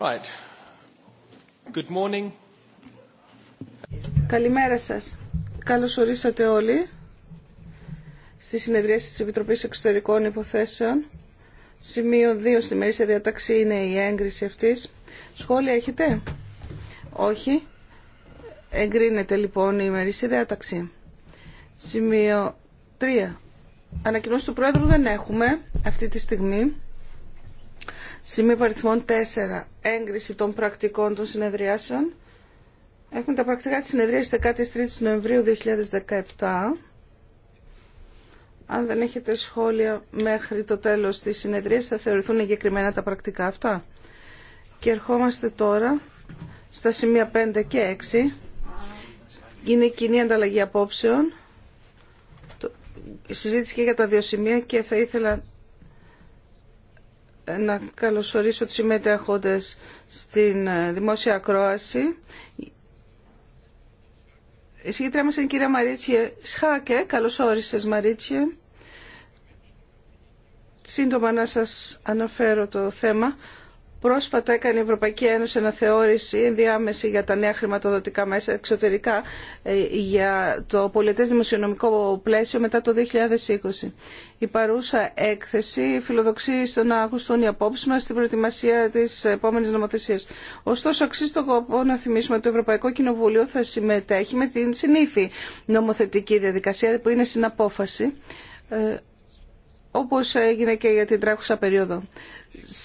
Right. Good Καλημέρα σας. Καλώς ορίσατε όλοι στη συνεδρίαση της Επιτροπής Εξωτερικών Υποθέσεων. Σημείο 2 στη μερίσια διαταξή είναι η έγκριση αυτής. Σχόλια έχετε? Όχι. Εγκρίνεται λοιπόν η μερίσια διαταξή. Σημείο 3. Ανακοινώσει του Πρόεδρου δεν έχουμε αυτή τη στιγμή. Σημείο αριθμών 4. Έγκριση των πρακτικών των συνεδριάσεων. Έχουμε τα πρακτικά της συνεδρίας 13 Νοεμβρίου 2017. Αν δεν έχετε σχόλια μέχρι το τέλος της συνεδρίας θα θεωρηθούν εγκεκριμένα τα πρακτικά αυτά. Και ερχόμαστε τώρα στα σημεία 5 και 6. Είναι κοινή ανταλλαγή απόψεων συζήτηση και για τα δύο σημεία και θα ήθελα να καλωσορίσω τους συμμετέχοντες στην ε, δημόσια ακρόαση. Η συγκεκριά μας είναι η κυρία Μαρίτσια Σχάκε. Καλώς όρισες Μαρίτσια. Σύντομα να σας αναφέρω το θέμα. Πρόσφατα έκανε η Ευρωπαϊκή Ένωση αναθεώρηση ενδιάμεση για τα νέα χρηματοδοτικά μέσα εξωτερικά ε, για το πολιτές δημοσιονομικό πλαίσιο μετά το 2020. Η παρούσα έκθεση φιλοδοξεί στο να ακουστούν οι απόψει μα στην προετοιμασία τη επόμενη νομοθεσία. Ωστόσο, αξίζει τον κόπο να θυμίσουμε ότι το Ευρωπαϊκό Κοινοβούλιο θα συμμετέχει με την συνήθι νομοθετική διαδικασία που είναι στην απόφαση ε, όπως έγινε και για την τρέχουσα περίοδο.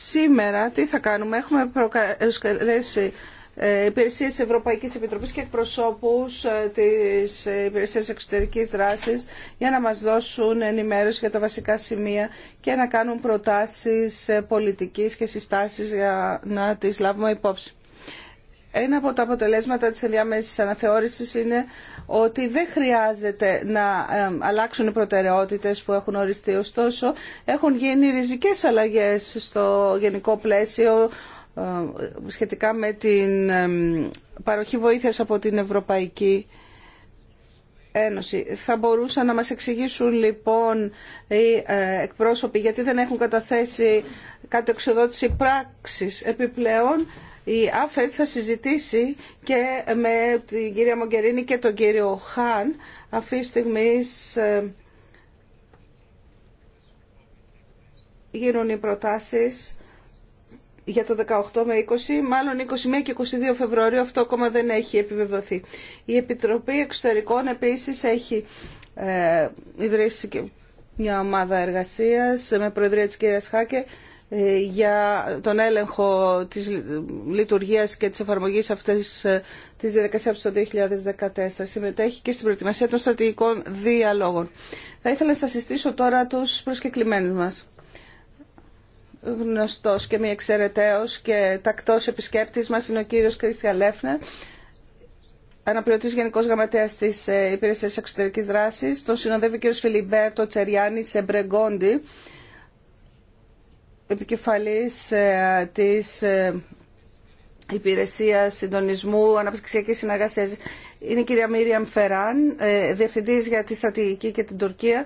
Σήμερα τι θα κάνουμε, έχουμε προκαλέσει ε, υπηρεσίε Ευρωπαϊκή Επιτροπής και εκπροσώπου ε, τη Υπηρεσία Εξωτερική Δράση για να μα δώσουν ενημέρωση για τα βασικά σημεία και να κάνουν προτάσει ε, πολιτική και συστάσει για να τι λάβουμε υπόψη. Ένα από τα αποτελέσματα της ενδιάμεσης αναθεώρησης είναι ότι δεν χρειάζεται να αλλάξουν οι προτεραιότητες που έχουν οριστεί. Ωστόσο, έχουν γίνει ριζικές αλλαγές στο γενικό πλαίσιο σχετικά με την παροχή βοήθειας από την Ευρωπαϊκή Ένωση. Θα μπορούσαν να μας εξηγήσουν λοιπόν οι ε, εκπρόσωποι γιατί δεν έχουν καταθέσει κάτι εξοδότηση πράξης επιπλέον η ΑΦΕΤ θα συζητήσει και με την κυρία Μογκερίνη και τον κύριο Χάν αυτή τη στιγμή ε, γίνουν οι προτάσεις για το 18 με 20, μάλλον 21 και 22 Φεβρουαρίου, αυτό ακόμα δεν έχει επιβεβαιωθεί. Η Επιτροπή Εξωτερικών επίσης έχει ε, ιδρύσει και μια ομάδα εργασίας με προεδρία της κυρίας Χάκε ε, για τον έλεγχο της λειτουργίας και της εφαρμογής αυτής ε, της διαδικασίας το 2014. Συμμετέχει και στην προετοιμασία των στρατηγικών διαλόγων. Θα ήθελα να σας συστήσω τώρα τους προσκεκλημένους μας. Γνωστός και μη εξαιρεταίος και τακτός επισκέπτης μας είναι ο κύριος Κρίστια Λέφνερ, Αναπληρωτή Γενικό Γραμματέα τη ε, Υπηρεσία Εξωτερική Δράση. Τον συνοδεύει ο κ. Φιλιμπέρτο Τσεριάνη Σεμπρεγκόντι, επικεφαλής ε, της ε, υπηρεσίας Συντονισμού Αναπτυξιακή συνεργασίας Είναι η κυρία Μίριαμ Φεράν, ε, Διευθυντή για τη Στρατηγική και την Τουρκία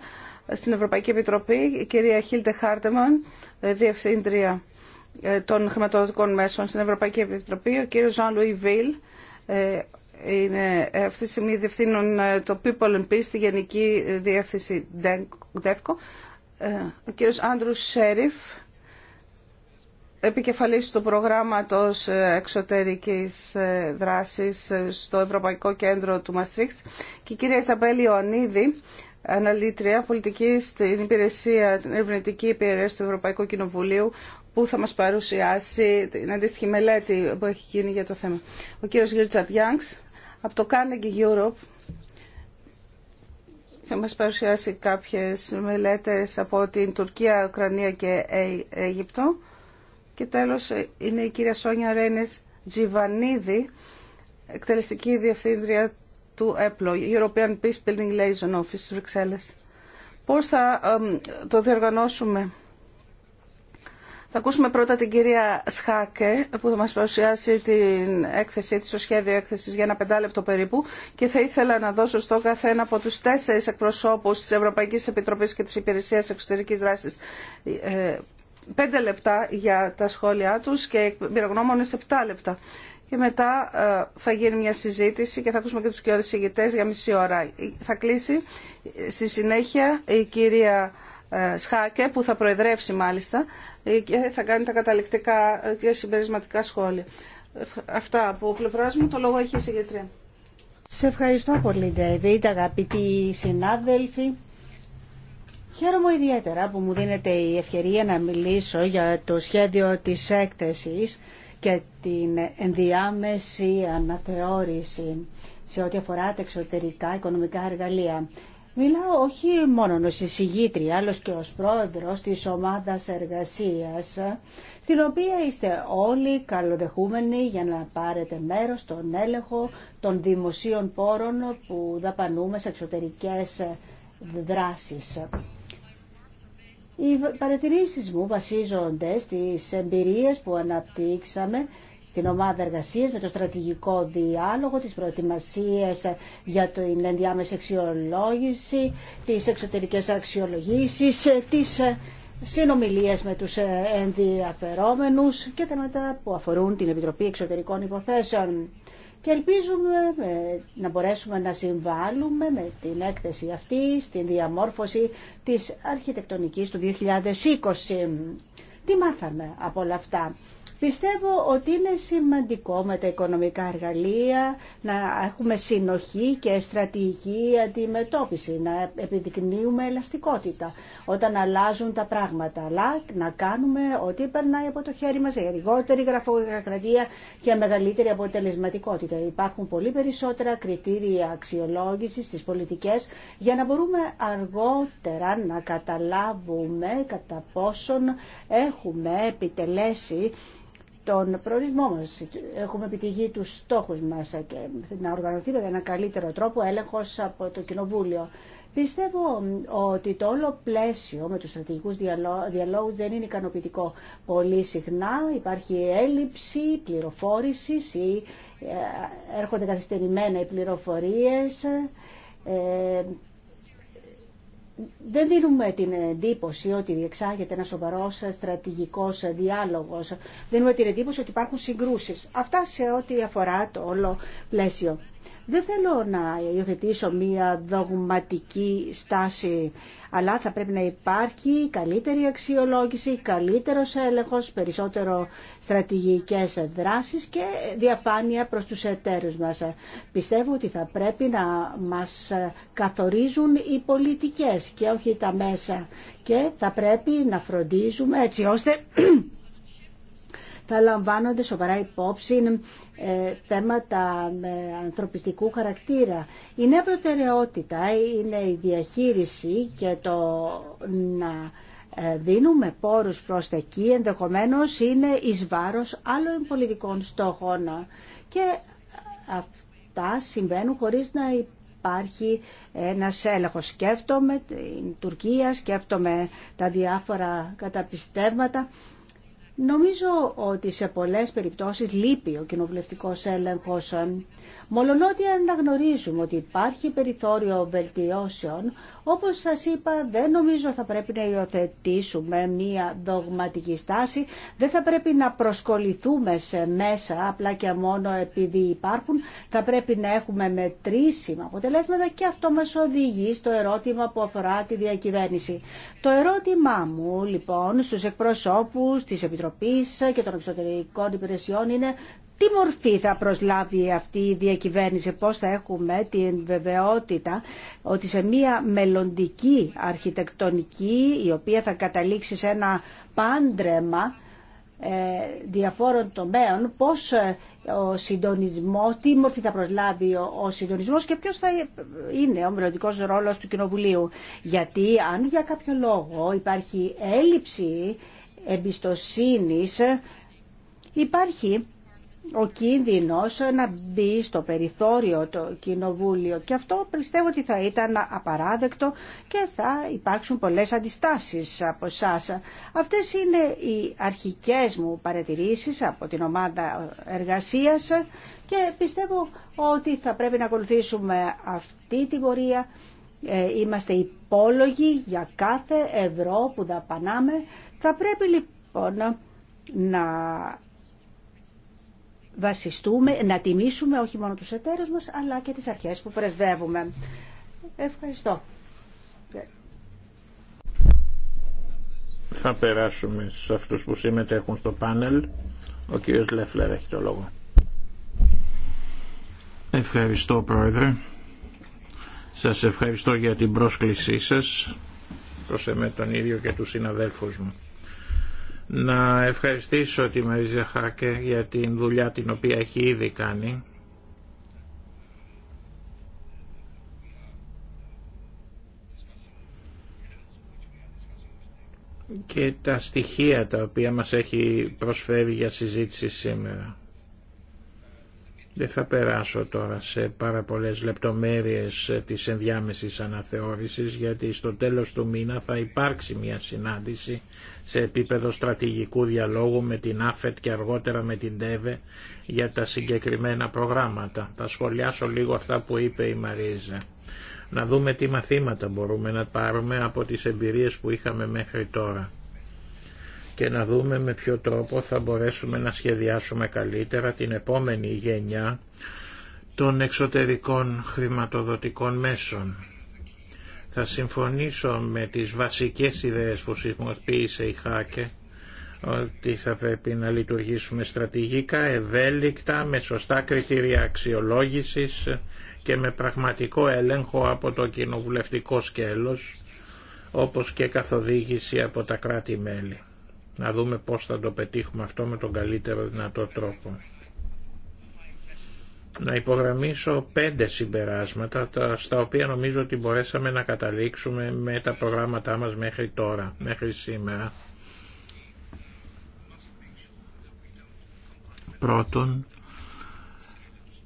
στην Ευρωπαϊκή Επιτροπή. Η κυρία Χίλτε Χάρτεμαν, Διευθύντρια των Χρηματοδοτικών Μέσων στην Ευρωπαϊκή Επιτροπή. Ο κύριο Ζαν Λουί Βίλ είναι αυτή τη στιγμή διευθύνων το People and Peace στη Γενική Διεύθυνση ΔΕΦΚΟ. Ο κύριο Άντρου Σέριφ επικεφαλής του προγράμματος εξωτερικής δράσης στο Ευρωπαϊκό Κέντρο του Μαστρίχτ και η κυρία Ισαμπέλη Ιωαννίδη, αναλύτρια πολιτική στην υπηρεσία, την ερευνητική υπηρεσία του Ευρωπαϊκού Κοινοβουλίου, που θα μας παρουσιάσει την αντίστοιχη μελέτη που έχει γίνει για το θέμα. Ο κύριος Γκίρτσαρτ Γιάνγκς από το Carnegie Europe θα μας παρουσιάσει κάποιες μελέτες από την Τουρκία, Ουκρανία και Αίγυπτο και τέλος είναι η κυρία Σόνια Ρένες Τζιβανίδη, εκτελεστική διευθύντρια του ΕΠΛΟ, European Peace Building Liaison Office, Βρυξέλλες. Πώς θα το διοργανώσουμε. Θα ακούσουμε πρώτα την κυρία Σχάκε που θα μας παρουσιάσει την έκθεσή της, το σχέδιο έκθεσης για ένα πεντάλεπτο περίπου και θα ήθελα να δώσω στο καθένα από τους τέσσερις εκπροσώπους της Ευρωπαϊκής Επιτροπής και της Υπηρεσίας Εξωτερικής Δράσης ε, Πέντε λεπτά για τα σχόλιά τους και σε επτά λεπτά. Και μετά ε, θα γίνει μια συζήτηση και θα ακούσουμε και τους κοιόδης ηγητές για μισή ώρα. Ε, θα κλείσει ε, στη συνέχεια η κυρία Σχάκε που θα προεδρεύσει μάλιστα και θα κάνει τα καταληκτικά και συμπερισματικά σχόλια. Αυτά από πλευρά μου το λόγο έχει η συγκεκριά. Σε ευχαριστώ πολύ Ντέβιτ, αγαπητοί συνάδελφοι. Χαίρομαι ιδιαίτερα που μου δίνεται η ευκαιρία να μιλήσω για το σχέδιο της έκθεσης και την ενδιάμεση αναθεώρηση σε ό,τι αφορά τα εξωτερικά οικονομικά εργαλεία. Μιλάω όχι μόνο ως εισηγήτρια, αλλά και ως πρόεδρος της ομάδας εργασίας, στην οποία είστε όλοι καλοδεχούμενοι για να πάρετε μέρος στον έλεγχο των δημοσίων πόρων που δαπανούμε σε εξωτερικές δράσεις. Οι παρατηρήσεις μου βασίζονται στις εμπειρίες που αναπτύξαμε στην ομάδα εργασίας με το στρατηγικό διάλογο, τις προετοιμασίες για την ενδιάμεση αξιολόγηση, τις εξωτερικές αξιολογήσεις, τις συνομιλίες με τους ενδιαφερόμενους και τα μετά που αφορούν την Επιτροπή Εξωτερικών Υποθέσεων και ελπίζουμε ε, να μπορέσουμε να συμβάλλουμε με την έκθεση αυτή στην διαμόρφωση της αρχιτεκτονικής του 2020. Τι μάθαμε από όλα αυτά. Πιστεύω ότι είναι σημαντικό με τα οικονομικά εργαλεία να έχουμε συνοχή και στρατηγική αντιμετώπιση, να επιδεικνύουμε ελαστικότητα όταν αλλάζουν τα πράγματα, αλλά να κάνουμε ό,τι περνάει από το χέρι μας για λιγότερη κρατία και μεγαλύτερη αποτελεσματικότητα. Υπάρχουν πολύ περισσότερα κριτήρια αξιολόγηση στις πολιτικές για να μπορούμε αργότερα να καταλάβουμε κατά πόσον έχουμε επιτελέσει τον προορισμό μα. Έχουμε επιτυχεί του στόχου μα και να οργανωθεί με έναν καλύτερο τρόπο έλεγχο από το Κοινοβούλιο. Πιστεύω ότι το όλο πλαίσιο με τους στρατηγικούς διαλόγους δεν είναι ικανοποιητικό. Πολύ συχνά υπάρχει έλλειψη πληροφόρησης ή ε, έρχονται καθυστερημένα οι πληροφορίες ε, δεν δίνουμε την εντύπωση ότι διεξάγεται ένα σοβαρό στρατηγικό διάλογο. Δίνουμε την εντύπωση ότι υπάρχουν συγκρούσει. Αυτά σε ό,τι αφορά το όλο πλαίσιο. Δεν θέλω να υιοθετήσω μία δογματική στάση, αλλά θα πρέπει να υπάρχει καλύτερη αξιολόγηση, καλύτερος έλεγχος, περισσότερο στρατηγικές δράσεις και διαφάνεια προς τους εταίρους μας. Πιστεύω ότι θα πρέπει να μας καθορίζουν οι πολιτικές και όχι τα μέσα και θα πρέπει να φροντίζουμε έτσι ώστε θα λαμβάνονται σοβαρά υπόψη ε, θέματα ανθρωπιστικού χαρακτήρα. Η νέα προτεραιότητα είναι η διαχείριση και το να ε, δίνουμε πόρους προς τα εκεί, ενδεχομένως είναι εις βάρος άλλων πολιτικών στόχων και αυτά συμβαίνουν χωρίς να υπάρχει ένας έλεγχος. Σκέφτομαι την Τουρκία, σκέφτομαι τα διάφορα καταπιστεύματα Νομίζω ότι σε πολλές περιπτώσεις λείπει ο κοινοβουλευτικός έλεγχος. Μολονότι αναγνωρίζουμε ότι υπάρχει περιθώριο βελτιώσεων, όπως σας είπα δεν νομίζω θα πρέπει να υιοθετήσουμε μία δογματική στάση, δεν θα πρέπει να προσκοληθούμε σε μέσα απλά και μόνο επειδή υπάρχουν, θα πρέπει να έχουμε μετρήσιμα αποτελέσματα και αυτό μας οδηγεί στο ερώτημα που αφορά τη διακυβέρνηση. Το ερώτημά μου λοιπόν στους εκπροσώπους της Επιτροπής και των Εξωτερικών Υπηρεσιών είναι τι μορφή θα προσλάβει αυτή η διακυβέρνηση, πώς θα έχουμε την βεβαιότητα ότι σε μια μελλοντική αρχιτεκτονική η οποία θα καταλήξει σε ένα πάντρεμα ε, διαφόρων τομέων, πώς ε, ο συντονισμός, τι μορφή θα προσλάβει ο, συντονισμός και ποιος θα είναι ο μελλοντικός ρόλος του Κοινοβουλίου. Γιατί αν για κάποιο λόγο υπάρχει έλλειψη εμπιστοσύνης, υπάρχει ο κίνδυνος να μπει στο περιθώριο το κοινοβούλιο και αυτό πιστεύω ότι θα ήταν απαράδεκτο και θα υπάρξουν πολλές αντιστάσεις από εσά. Αυτές είναι οι αρχικές μου παρατηρήσεις από την ομάδα εργασίας και πιστεύω ότι θα πρέπει να ακολουθήσουμε αυτή την πορεία. Ε, είμαστε υπόλογοι για κάθε ευρώ που δαπανάμε. Θα πρέπει λοιπόν να βασιστούμε, να τιμήσουμε όχι μόνο τους εταίρους μας, αλλά και τις αρχές που πρεσβεύουμε. Ευχαριστώ. Θα περάσουμε σε αυτούς που συμμετέχουν στο πάνελ. Ο κύριος Λεφλέρ έχει το λόγο. Ευχαριστώ Πρόεδρε. Σας ευχαριστώ για την πρόσκλησή σας προς τον ίδιο και τους συναδέλφους μου. Να ευχαριστήσω τη Μαρίζα Χάκε για την δουλειά την οποία έχει ήδη κάνει. και τα στοιχεία τα οποία μας έχει προσφέρει για συζήτηση σήμερα. Δεν θα περάσω τώρα σε πάρα πολλές λεπτομέρειες της ενδιάμεσης αναθεώρησης γιατί στο τέλος του μήνα θα υπάρξει μια συνάντηση σε επίπεδο στρατηγικού διαλόγου με την ΑΦΕΤ και αργότερα με την ΤΕΒΕ για τα συγκεκριμένα προγράμματα. Θα σχολιάσω λίγο αυτά που είπε η Μαρίζα. Να δούμε τι μαθήματα μπορούμε να πάρουμε από τις εμπειρίες που είχαμε μέχρι τώρα και να δούμε με ποιο τρόπο θα μπορέσουμε να σχεδιάσουμε καλύτερα την επόμενη γενιά των εξωτερικών χρηματοδοτικών μέσων. Θα συμφωνήσω με τις βασικές ιδέες που συμμορφήσε η Χάκε ότι θα πρέπει να λειτουργήσουμε στρατηγικά, ευέλικτα, με σωστά κριτήρια αξιολόγησης και με πραγματικό έλεγχο από το κοινοβουλευτικό σκέλος, όπως και καθοδήγηση από τα κράτη-μέλη να δούμε πώς θα το πετύχουμε αυτό με τον καλύτερο δυνατό τρόπο. Να υπογραμμίσω πέντε συμπεράσματα στα οποία νομίζω ότι μπορέσαμε να καταλήξουμε με τα προγράμματά μας μέχρι τώρα, μέχρι σήμερα. Πρώτον,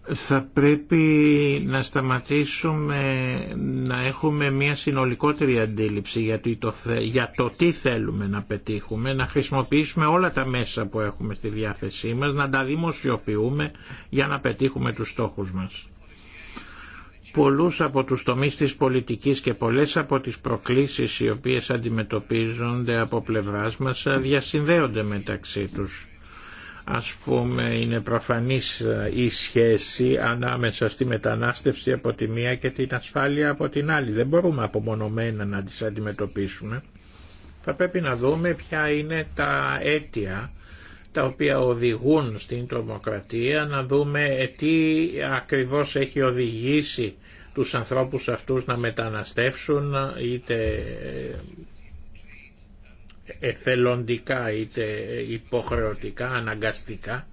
θα πρέπει να σταματήσουμε να έχουμε μια συνολικότερη αντίληψη για το, για το τι θέλουμε να πετύχουμε, να χρησιμοποιήσουμε όλα τα μέσα που έχουμε στη διάθεσή μας, να τα δημοσιοποιούμε για να πετύχουμε τους στόχους μας. Πολλούς από τους τομείς της πολιτικής και πολλές από τις προκλήσεις οι οποίες αντιμετωπίζονται από πλευράς μας διασυνδέονται μεταξύ τους ας πούμε είναι προφανής ε, η σχέση ανάμεσα στη μετανάστευση από τη μία και την ασφάλεια από την άλλη. Δεν μπορούμε απομονωμένα να τις αντιμετωπίσουμε. Θα πρέπει να δούμε ποια είναι τα αίτια τα οποία οδηγούν στην τρομοκρατία, να δούμε ε, τι ακριβώς έχει οδηγήσει τους ανθρώπους αυτούς να μεταναστεύσουν είτε ε, εθελοντικά είτε υποχρεωτικά, αναγκαστικά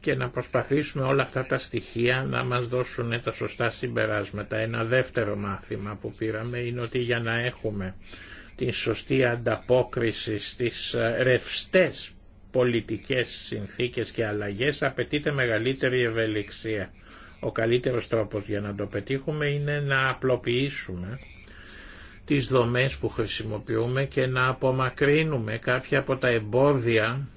και να προσπαθήσουμε όλα αυτά τα στοιχεία να μας δώσουν τα σωστά συμπεράσματα. Ένα δεύτερο μάθημα που πήραμε είναι ότι για να έχουμε την σωστή ανταπόκριση στις ρευστές πολιτικές συνθήκες και αλλαγές απαιτείται μεγαλύτερη ευελιξία. Ο καλύτερος τρόπος για να το πετύχουμε είναι να απλοποιήσουμε τις δομές που χρησιμοποιούμε και να απομακρύνουμε κάποια από τα εμπόδια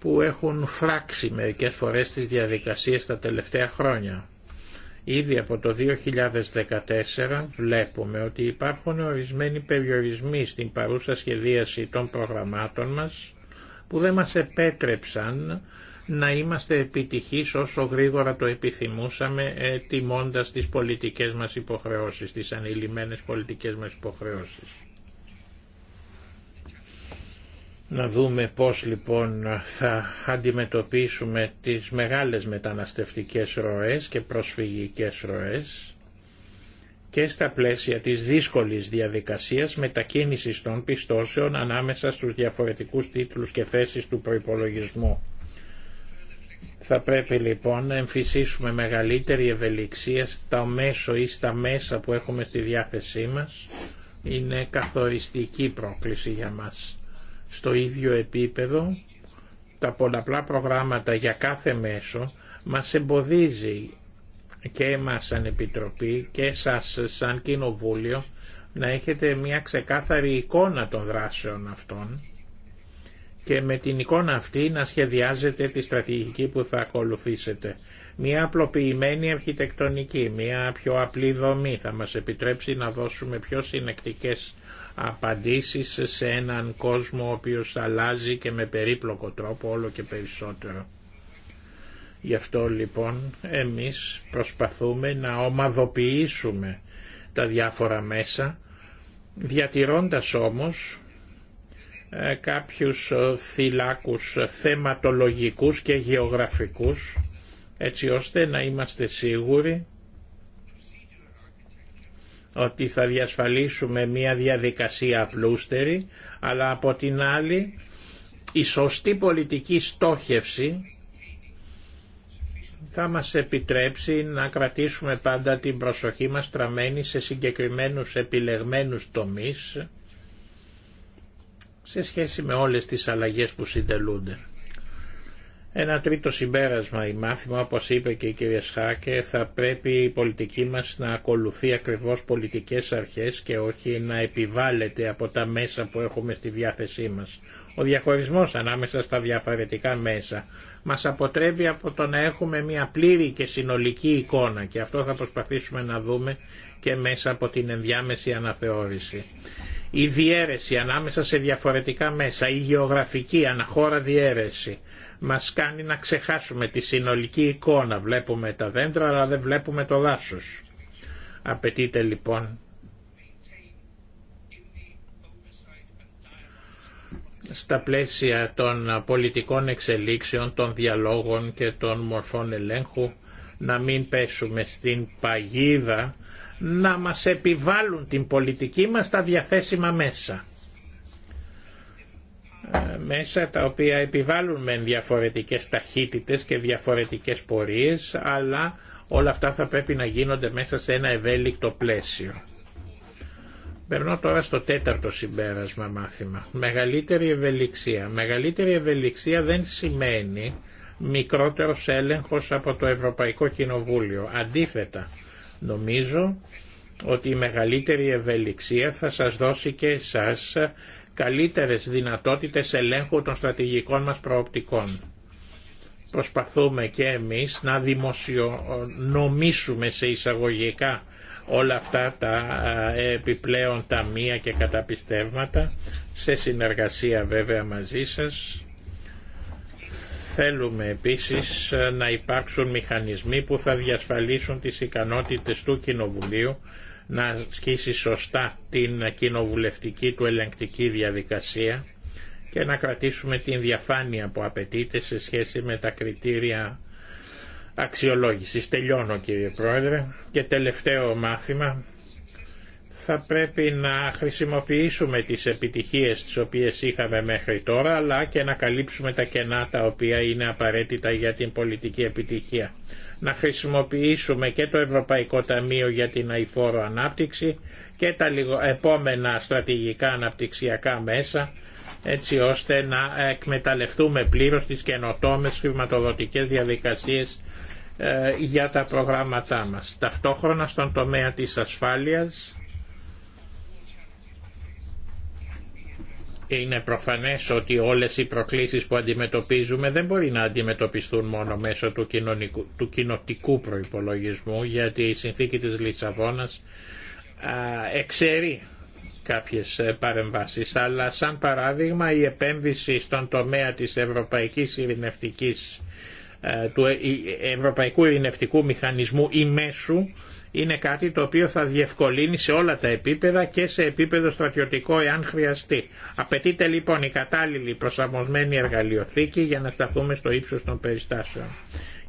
που έχουν φράξει μερικές φορές τις διαδικασίες τα τελευταία χρόνια. Ήδη από το 2014 βλέπουμε ότι υπάρχουν ορισμένοι περιορισμοί στην παρούσα σχεδίαση των προγραμμάτων μας που δεν μας επέτρεψαν να είμαστε επιτυχείς όσο γρήγορα το επιθυμούσαμε ε, τιμώντας τις πολιτικές μας υποχρεώσεις, τις ανηλυμένες πολιτικές μας υποχρεώσεις. Να δούμε πώς λοιπόν θα αντιμετωπίσουμε τις μεγάλες μεταναστευτικές ροές και προσφυγικές ροές και στα πλαίσια της δύσκολης διαδικασίας μετακίνησης των πιστώσεων ανάμεσα στους διαφορετικούς τίτλους και θέσεις του προϋπολογισμού. Θα πρέπει λοιπόν να εμφυσίσουμε μεγαλύτερη ευελιξία στα μέσο ή στα μέσα που έχουμε στη διάθεσή μας. Είναι καθοριστική πρόκληση για μας. Στο ίδιο επίπεδο, τα πολλαπλά προγράμματα για κάθε μέσο μας εμποδίζει και εμάς σαν Επιτροπή και σας σαν Κοινοβούλιο να έχετε μια ξεκάθαρη εικόνα των δράσεων αυτών και με την εικόνα αυτή να σχεδιάζετε τη στρατηγική που θα ακολουθήσετε. Μια απλοποιημένη αρχιτεκτονική, μια πιο απλή δομή θα μας επιτρέψει να δώσουμε πιο συνεκτικές απαντήσεις σε έναν κόσμο ο οποίος αλλάζει και με περίπλοκο τρόπο όλο και περισσότερο. Γι' αυτό λοιπόν εμείς προσπαθούμε να ομαδοποιήσουμε τα διάφορα μέσα, διατηρώντας όμως ε, κάποιους θυλάκους ε, ε, θεματολογικούς και γεωγραφικούς έτσι ώστε να είμαστε σίγουροι ότι θα διασφαλίσουμε μια διαδικασία απλούστερη αλλά από την άλλη η σωστή πολιτική στόχευση θα μας επιτρέψει να κρατήσουμε πάντα την προσοχή μας τραμμένη σε συγκεκριμένους επιλεγμένους τομείς σε σχέση με όλες τις αλλαγές που συντελούνται. Ένα τρίτο συμπέρασμα ή μάθημα, όπως είπε και η κυρία Σχάκε, θα πρέπει η πολιτική μας να ακολουθεί ακριβώς πολιτικές αρχές και όχι να επιβάλλεται από τα μέσα που έχουμε στη διάθεσή μας. Ο διαχωρισμός ανάμεσα στα διαφορετικά μέσα μας αποτρέπει από το να έχουμε μια πλήρη και συνολική εικόνα και αυτό θα προσπαθήσουμε να δούμε και μέσα από την ενδιάμεση αναθεώρηση η διέρεση ανάμεσα σε διαφορετικά μέσα, η γεωγραφική αναχώρα διέρεση μας κάνει να ξεχάσουμε τη συνολική εικόνα. Βλέπουμε τα δέντρα αλλά δεν βλέπουμε το δάσος. Απαιτείται λοιπόν στα πλαίσια των πολιτικών εξελίξεων, των διαλόγων και των μορφών ελέγχου να μην πέσουμε στην παγίδα να μας επιβάλλουν την πολιτική μας τα διαθέσιμα μέσα. Ε, μέσα τα οποία επιβάλλουν με διαφορετικές ταχύτητες και διαφορετικές πορείες, αλλά όλα αυτά θα πρέπει να γίνονται μέσα σε ένα ευέλικτο πλαίσιο. Περνώ τώρα στο τέταρτο συμπέρασμα μάθημα. Μεγαλύτερη ευελιξία. Μεγαλύτερη ευελιξία δεν σημαίνει μικρότερος έλεγχος από το Ευρωπαϊκό Κοινοβούλιο. Αντίθετα, Νομίζω ότι η μεγαλύτερη ευελιξία θα σας δώσει και εσάς καλύτερες δυνατότητες ελέγχου των στρατηγικών μας προοπτικών. Προσπαθούμε και εμείς να δημοσιονομήσουμε σε εισαγωγικά όλα αυτά τα ε, επιπλέον ταμεία και καταπιστεύματα, σε συνεργασία βέβαια μαζί σας Θέλουμε επίσης ε, να υπάρξουν μηχανισμοί που θα διασφαλίσουν τις ικανότητες του Κοινοβουλίου να ασκήσει σωστά την κοινοβουλευτική του ελεγκτική διαδικασία και να κρατήσουμε την διαφάνεια που απαιτείται σε σχέση με τα κριτήρια αξιολόγησης. Τελειώνω κύριε Πρόεδρε και τελευταίο μάθημα θα πρέπει να χρησιμοποιήσουμε τις επιτυχίες τις οποίες είχαμε μέχρι τώρα αλλά και να καλύψουμε τα κενά τα οποία είναι απαραίτητα για την πολιτική επιτυχία. Να χρησιμοποιήσουμε και το Ευρωπαϊκό Ταμείο για την αηφόρο ανάπτυξη και τα επόμενα στρατηγικά αναπτυξιακά μέσα έτσι ώστε να εκμεταλλευτούμε πλήρως τις καινοτόμες χρηματοδοτικές διαδικασίες ε, για τα προγράμματά μας. Ταυτόχρονα στον τομέα της ασφάλειας Είναι προφανές ότι όλες οι προκλήσεις που αντιμετωπίζουμε δεν μπορεί να αντιμετωπιστούν μόνο μέσω του, του κοινοτικού προϋπολογισμού γιατί η συνθήκη της Λισαβόνας εξαιρεί κάποιες ε, παρεμβάσεις αλλά σαν παράδειγμα η επέμβηση στον τομέα της Ευρωπαϊκής Ειρηνευτικής ε, του ε, Ευρωπαϊκού Ειρηνευτικού Μηχανισμού ή μέσου είναι κάτι το οποίο θα διευκολύνει σε όλα τα επίπεδα και σε επίπεδο στρατιωτικό εάν χρειαστεί. Απαιτείται λοιπόν η κατάλληλη προσαρμοσμένη εργαλειοθήκη για να σταθούμε στο ύψος των περιστάσεων.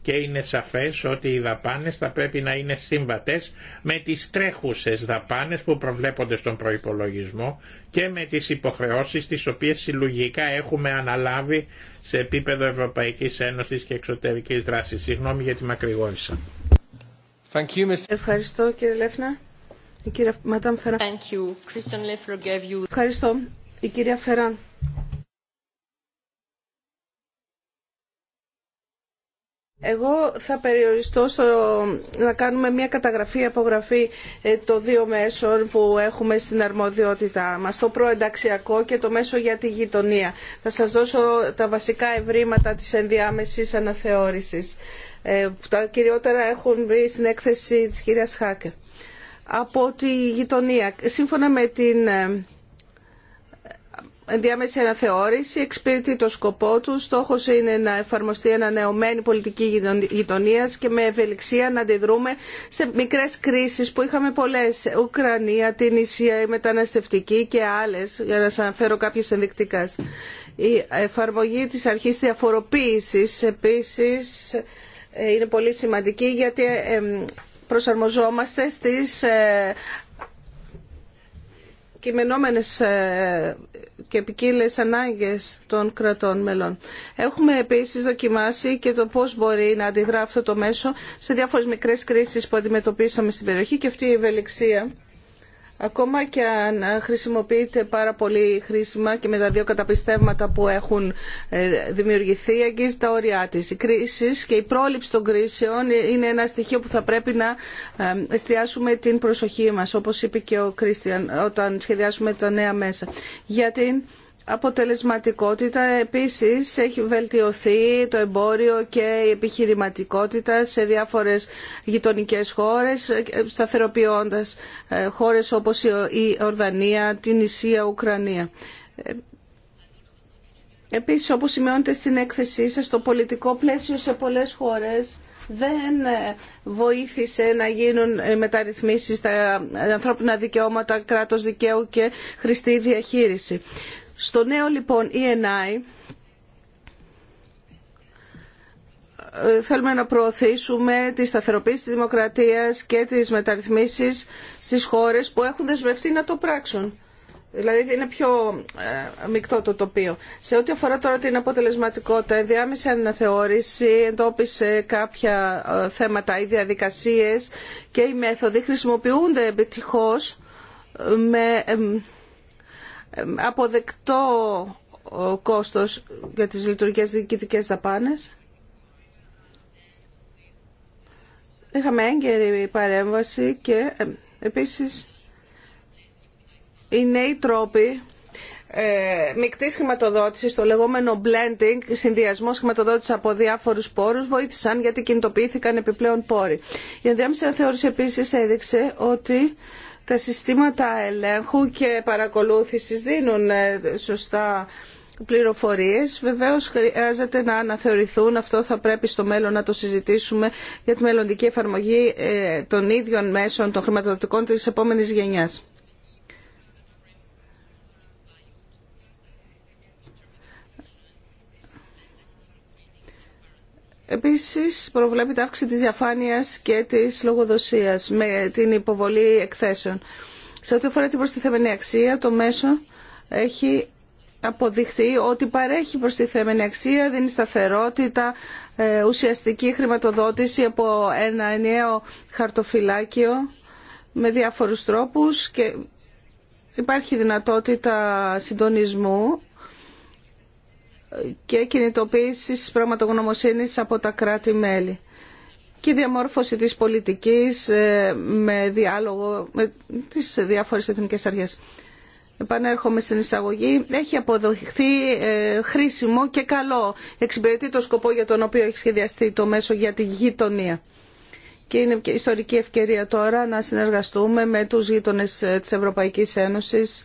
Και είναι σαφές ότι οι δαπάνες θα πρέπει να είναι σύμβατες με τις τρέχουσες δαπάνες που προβλέπονται στον προϋπολογισμό και με τις υποχρεώσεις τις οποίες συλλογικά έχουμε αναλάβει σε επίπεδο Ευρωπαϊκής Ένωσης και εξωτερικής δράσης. Συγγνώμη γιατί μακρηγόρησα. Thank you, Ευχαριστώ κύριε Λέφνα. Η Ευχαριστώ. Η κυρία Φεράν Εγώ θα περιοριστώ στο να κάνουμε μια καταγραφή-απογραφή ε, των δύο μέσων που έχουμε στην αρμοδιότητά μα το προενταξιακό και το μέσο για τη γειτονία. Θα σας δώσω τα βασικά ευρήματα της ενδιάμεσης αναθεώρησης, ε, που τα κυριότερα έχουν βρει στην έκθεση της κυρίας Χάκερ. Από τη γειτονία, σύμφωνα με την ε, διάμεση αναθεώρηση εξυπηρετεί το σκοπό του. Στόχο είναι να εφαρμοστεί ανανεωμένη πολιτική γειτονία και με ευελιξία να αντιδρούμε σε μικρέ κρίσει που είχαμε πολλέ. Ουκρανία, την Ισία, η μεταναστευτική και άλλε, για να σα αναφέρω κάποιε ενδεικτικά. Η εφαρμογή τη αρχή διαφοροποίηση επίση ε, είναι πολύ σημαντική γιατί ε, ε, προσαρμοζόμαστε στις κειμενόμενες ε, και ποικίλε ανάγκες των κρατών μελών. Έχουμε επίσης δοκιμάσει και το πώς μπορεί να αντιδρά αυτό το μέσο σε διάφορες μικρές κρίσεις που αντιμετωπίσαμε στην περιοχή και αυτή η ευελιξία Ακόμα και αν χρησιμοποιείται πάρα πολύ χρήσιμα και με τα δύο καταπιστεύματα που έχουν ε, δημιουργηθεί, αγγίζει τα όρια της. Η κρίση και η πρόληψη των κρίσεων είναι ένα στοιχείο που θα πρέπει να ε, εστιάσουμε την προσοχή μας, όπως είπε και ο Κρίστιαν, όταν σχεδιάσουμε τα νέα μέσα. γιατί. Αποτελεσματικότητα επίσης έχει βελτιωθεί το εμπόριο και η επιχειρηματικότητα σε διάφορες γειτονικές χώρες, σταθεροποιώντας ε, χώρες όπως η Ορδανία, την Ισία, Ουκρανία. Επίσης, όπως σημειώνεται στην έκθεσή σας, το πολιτικό πλαίσιο σε πολλές χώρες δεν ε, βοήθησε να γίνουν ε, μεταρρυθμίσεις στα ανθρώπινα δικαιώματα, κράτος δικαίου και χρηστή διαχείριση. Στο νέο λοιπόν ENI ε, θέλουμε να προωθήσουμε τη σταθεροποίηση της δημοκρατίας και τις μεταρρυθμίσεις στις χώρες που έχουν δεσμευτεί να το πράξουν. Δηλαδή είναι πιο ε, μεικτό το τοπίο. Σε ό,τι αφορά τώρα την αποτελεσματικότητα, η διάμεση αναθεώρηση εντόπισε κάποια ε, θέματα, οι διαδικασίες και οι μέθοδοι χρησιμοποιούνται επιτυχώς με αποδεκτό κόστος για τις λειτουργικές διοικητικές δαπάνες. Είχαμε έγκαιρη παρέμβαση και ε, επίσης οι νέοι τρόποι ε, μεικτής το λεγόμενο blending, συνδυασμό χρηματοδότηση από διάφορους πόρους, βοήθησαν γιατί κινητοποιήθηκαν επιπλέον πόροι. Η ενδιάμεση αναθεώρηση επίσης έδειξε ότι τα συστήματα ελέγχου και παρακολούθησης δίνουν ε, σωστά πληροφορίες. Βεβαίως χρειάζεται να αναθεωρηθούν, αυτό θα πρέπει στο μέλλον να το συζητήσουμε για τη μελλοντική εφαρμογή ε, των ίδιων μέσων των χρηματοδοτικών της επόμενης γενιάς. Επίσης προβλέπεται αύξηση της διαφάνειας και της λογοδοσίας με την υποβολή εκθέσεων. Σε ό,τι αφορά την προστιθέμενη αξία, το μέσο έχει αποδειχθεί ότι παρέχει προστιθέμενη αξία, δίνει σταθερότητα, ε, ουσιαστική χρηματοδότηση από ένα ενιαίο χαρτοφυλάκιο με διάφορους τρόπους και υπάρχει δυνατότητα συντονισμού και κινητοποίησης πραγματογνωμοσύνης από τα κράτη-μέλη και διαμόρφωση της πολιτικής ε, με διάλογο με τις διάφορες εθνικές αρχές. Επανέρχομαι στην εισαγωγή. Έχει αποδοχθεί ε, χρήσιμο και καλό. Εξυπηρετεί το σκοπό για τον οποίο έχει σχεδιαστεί το μέσο για τη γειτονία. Και είναι και ιστορική ευκαιρία τώρα να συνεργαστούμε με τους γείτονες ε, της Ευρωπαϊκής Ένωσης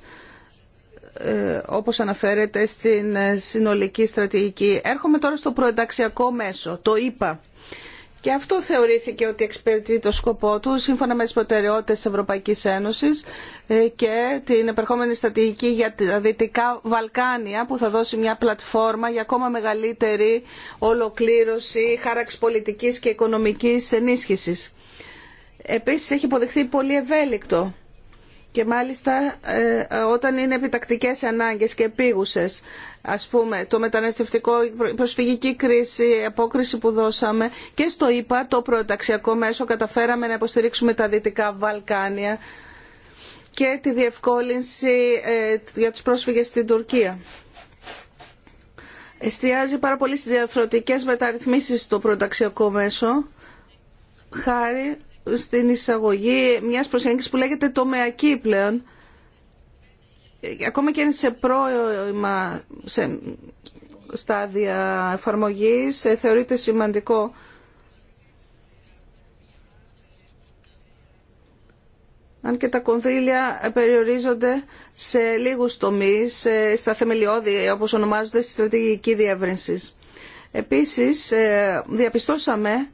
ε, όπως αναφέρεται στην ε, συνολική στρατηγική. Έρχομαι τώρα στο προενταξιακό μέσο, το ΙΠΑ. Και αυτό θεωρήθηκε ότι εξυπηρετεί το σκοπό του σύμφωνα με τις προτεραιότητες της Ευρωπαϊκής Ένωσης ε, και την επερχόμενη στρατηγική για τα Δυτικά Βαλκάνια που θα δώσει μια πλατφόρμα για ακόμα μεγαλύτερη ολοκλήρωση χάραξη πολιτικής και οικονομικής ενίσχυσης. Επίσης έχει υποδεχθεί πολύ ευέλικτο και μάλιστα ε, όταν είναι επιτακτικές ανάγκες και επίγουσες. Ας πούμε, το μεταναστευτικό, η προσφυγική κρίση, η απόκριση που δώσαμε και στο ΙΠΑ, το προεταξιακό μέσο, καταφέραμε να υποστηρίξουμε τα Δυτικά Βαλκάνια και τη διευκόλυνση ε, για τους πρόσφυγες στην Τουρκία. Εστιάζει πάρα πολύ στις διαφορετικές μεταρρυθμίσεις στο πρωταξιακό μέσο, χάρη στην εισαγωγή μιας προσέγγισης που λέγεται τομεακή πλέον. Ακόμα και είναι σε πρώιμα σε στάδια εφαρμογής, ε, θεωρείται σημαντικό. αν και τα κονδύλια περιορίζονται σε λίγους τομείς, στα θεμελιώδη όπως ονομάζονται στη στρατηγική διεύρυνση. Επίσης, ε, διαπιστώσαμε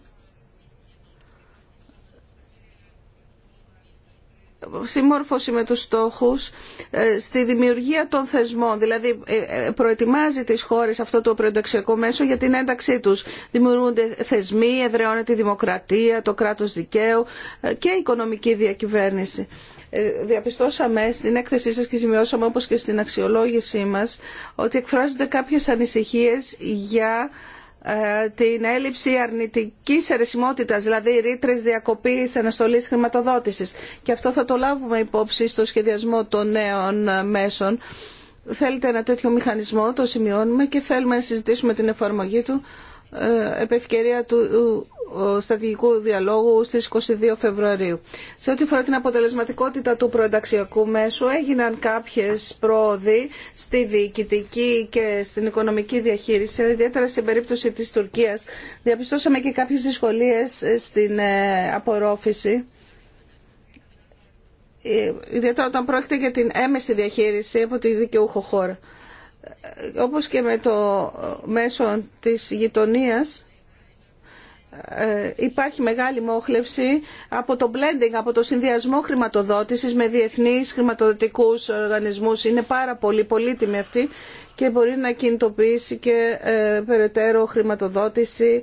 συμμόρφωση με τους στόχους ε, στη δημιουργία των θεσμών. Δηλαδή ε, ε, προετοιμάζει τις χώρες αυτό το προενταξιακό μέσο για την ένταξή τους. Δημιουργούνται θεσμοί, εδραιώνεται η δημοκρατία, το κράτος δικαίου και η οικονομική διακυβέρνηση. Διαπιστώσαμε στην έκθεσή σας και σημειώσαμε όπως και στην αξιολόγησή μας ότι εκφράζονται κάποιες ανησυχίες για ε, την έλλειψη αρνητική αιρεσιμότητα δηλαδή ρήτρε διακοπή αναστολή χρηματοδότηση. Και αυτό θα το λάβουμε υπόψη στο σχεδιασμό των νέων μέσων. Θέλετε ένα τέτοιο μηχανισμό, το σημειώνουμε και θέλουμε να συζητήσουμε την εφαρμογή του ε, επ' του στρατηγικού διαλόγου στις 22 Φεβρουαρίου. Σε ό,τι αφορά την αποτελεσματικότητα του προενταξιακού μέσου έγιναν κάποιε πρόοδοι στη διοικητική και στην οικονομική διαχείριση, ιδιαίτερα στην περίπτωση της Τουρκίας. Διαπιστώσαμε και κάποιες δυσκολίες στην ε, απορρόφηση ε, ιδιαίτερα όταν πρόκειται για την έμεση διαχείριση από τη δικαιούχο χώρα. Ε, όπως και με το μέσο της γειτονίας, ε, υπάρχει μεγάλη μόχλευση από το blending, από το συνδυασμό χρηματοδότησης με διεθνείς χρηματοδοτικούς οργανισμούς. Είναι πάρα πολύ πολύτιμη αυτή και μπορεί να κινητοποιήσει και ε, περαιτέρω χρηματοδότηση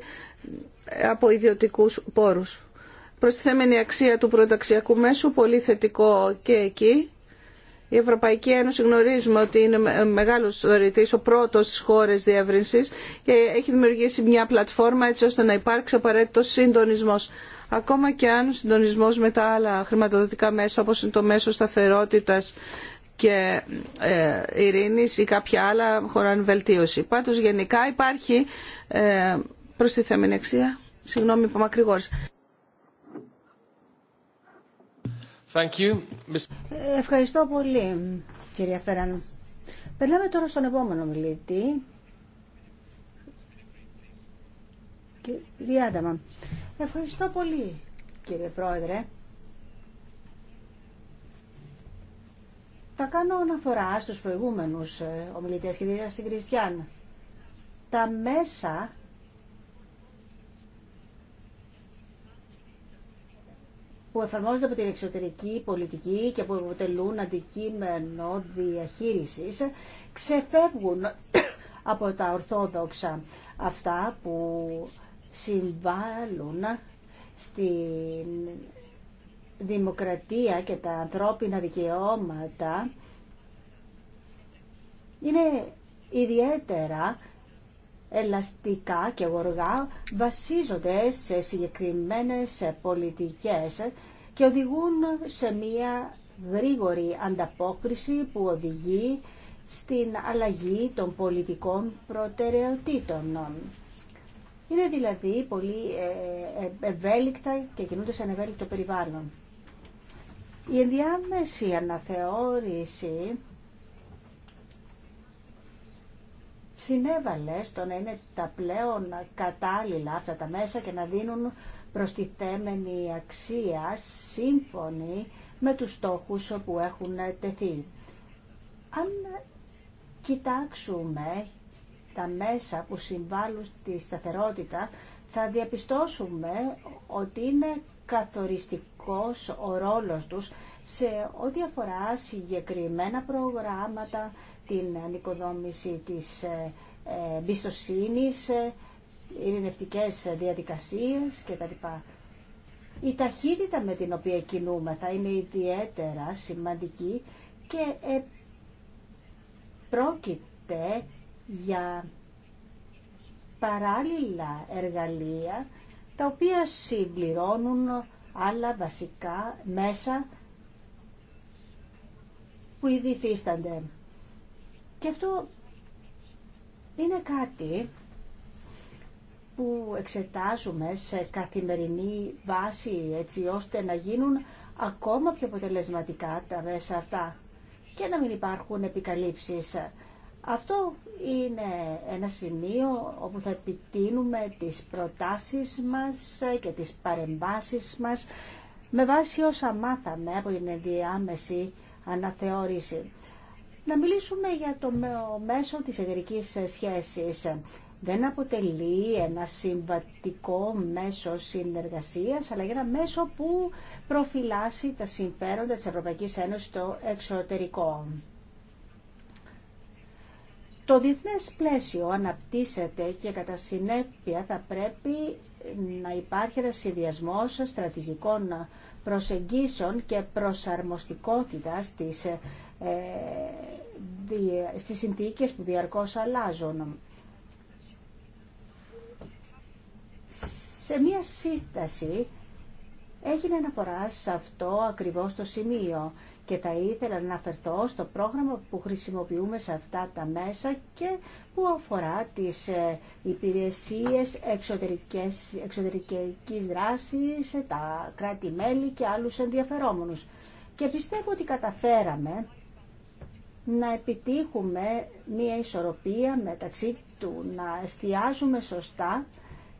ε, από ιδιωτικούς πόρους. Προστιθέμενη αξία του πρωταξιακού μέσου, πολύ θετικό και εκεί. Η Ευρωπαϊκή Ένωση γνωρίζουμε ότι είναι μεγάλος δωρητής, ο πρώτος στις χώρες διεύρυνσης και έχει δημιουργήσει μια πλατφόρμα έτσι ώστε να υπάρξει απαραίτητο συντονισμός. Ακόμα και αν ο συντονισμός με τα άλλα χρηματοδοτικά μέσα όπως είναι το μέσο σταθερότητας και ε, ειρήνης ή κάποια άλλα χωράν βελτίωση. Πάντως γενικά υπάρχει ε, προστιθέμενη αξία. Συγγνώμη που μακρηγόρησα. Ευχαριστώ πολύ, κυρία Φεράν. Περνάμε τώρα στον επόμενο μιλήτη. Κυρία Άνταμα. Ευχαριστώ πολύ, κύριε Πρόεδρε. Θα κάνω αναφορά στους προηγούμενους ε, ομιλητές και στην Κριστιαν. Τα μέσα που εφαρμόζονται από την εξωτερική πολιτική και που αποτελούν αντικείμενο διαχείρισης ξεφεύγουν από τα ορθόδοξα αυτά που συμβάλλουν στην δημοκρατία και τα ανθρώπινα δικαιώματα είναι ιδιαίτερα ελαστικά και γοργά βασίζονται σε συγκεκριμένες πολιτικές και οδηγούν σε μία γρήγορη ανταπόκριση που οδηγεί στην αλλαγή των πολιτικών προτεραιοτήτων. Είναι δηλαδή πολύ ε, ε, ευέλικτα και κινούνται σε ένα ευέλικτο περιβάλλον. Η ενδιάμεση αναθεώρηση συνέβαλε στο να είναι τα πλέον κατάλληλα αυτά τα μέσα και να δίνουν προστιθέμενη αξία σύμφωνη με τους στόχους που έχουν τεθεί. Αν κοιτάξουμε τα μέσα που συμβάλλουν στη σταθερότητα, θα διαπιστώσουμε ότι είναι καθοριστικός ο ρόλος τους σε ό,τι αφορά συγκεκριμένα προγράμματα, την ανοικοδόμηση της ε, ε, εμπιστοσύνη, ε, ειρηνευτικές διαδικασίες κτλ. Η ταχύτητα με την οποία κινούμε θα είναι ιδιαίτερα σημαντική και πρόκειται για παράλληλα εργαλεία τα οποία συμπληρώνουν άλλα βασικά μέσα που ήδη υφίστανται. Και αυτό είναι κάτι που εξετάζουμε σε καθημερινή βάση έτσι ώστε να γίνουν ακόμα πιο αποτελεσματικά τα μέσα αυτά και να μην υπάρχουν επικαλύψεις. Αυτό είναι ένα σημείο όπου θα επιτείνουμε τις προτάσεις μας και τις παρεμβάσεις μας με βάση όσα μάθαμε από την ενδιάμεση αναθεώρηση. Να μιλήσουμε για το μέσο της εταιρική σχέσης. Δεν αποτελεί ένα συμβατικό μέσο συνεργασίας, αλλά για ένα μέσο που προφυλάσσει τα συμφέροντα της Ευρωπαϊκής Ένωσης στο εξωτερικό. Το διεθνές πλαίσιο αναπτύσσεται και κατά συνέπεια θα πρέπει να υπάρχει ένα συνδυασμό στρατηγικών προσεγγίσεων και προσαρμοστικότητας ε, στις, ε, συνθήκες που διαρκώς αλλάζουν. Σε μία σύσταση έγινε αναφορά σε αυτό ακριβώς το σημείο και θα ήθελα να αναφερθώ στο πρόγραμμα που χρησιμοποιούμε σε αυτά τα μέσα και που αφορά τις ε, υπηρεσίες εξωτερικές, εξωτερικής δράσης, ε, τα κράτη-μέλη και άλλους ενδιαφερόμενους. Και πιστεύω ότι καταφέραμε να επιτύχουμε μία ισορροπία μεταξύ του να εστιάζουμε σωστά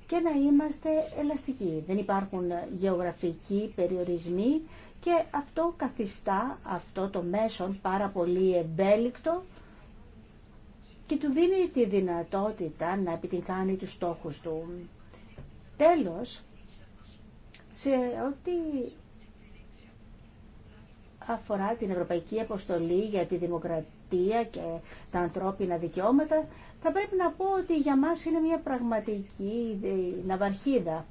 και να είμαστε ελαστικοί. Δεν υπάρχουν γεωγραφικοί περιορισμοί και αυτό καθιστά αυτό το μέσον πάρα πολύ εμπέλικτο και του δίνει τη δυνατότητα να επιτυγχάνει τους στόχους του. Τέλος, σε ό,τι αφορά την Ευρωπαϊκή Αποστολή για τη Δημοκρατία και τα ανθρώπινα δικαιώματα, θα πρέπει να πω ότι για μας είναι μια πραγματική ναυαρχίδα.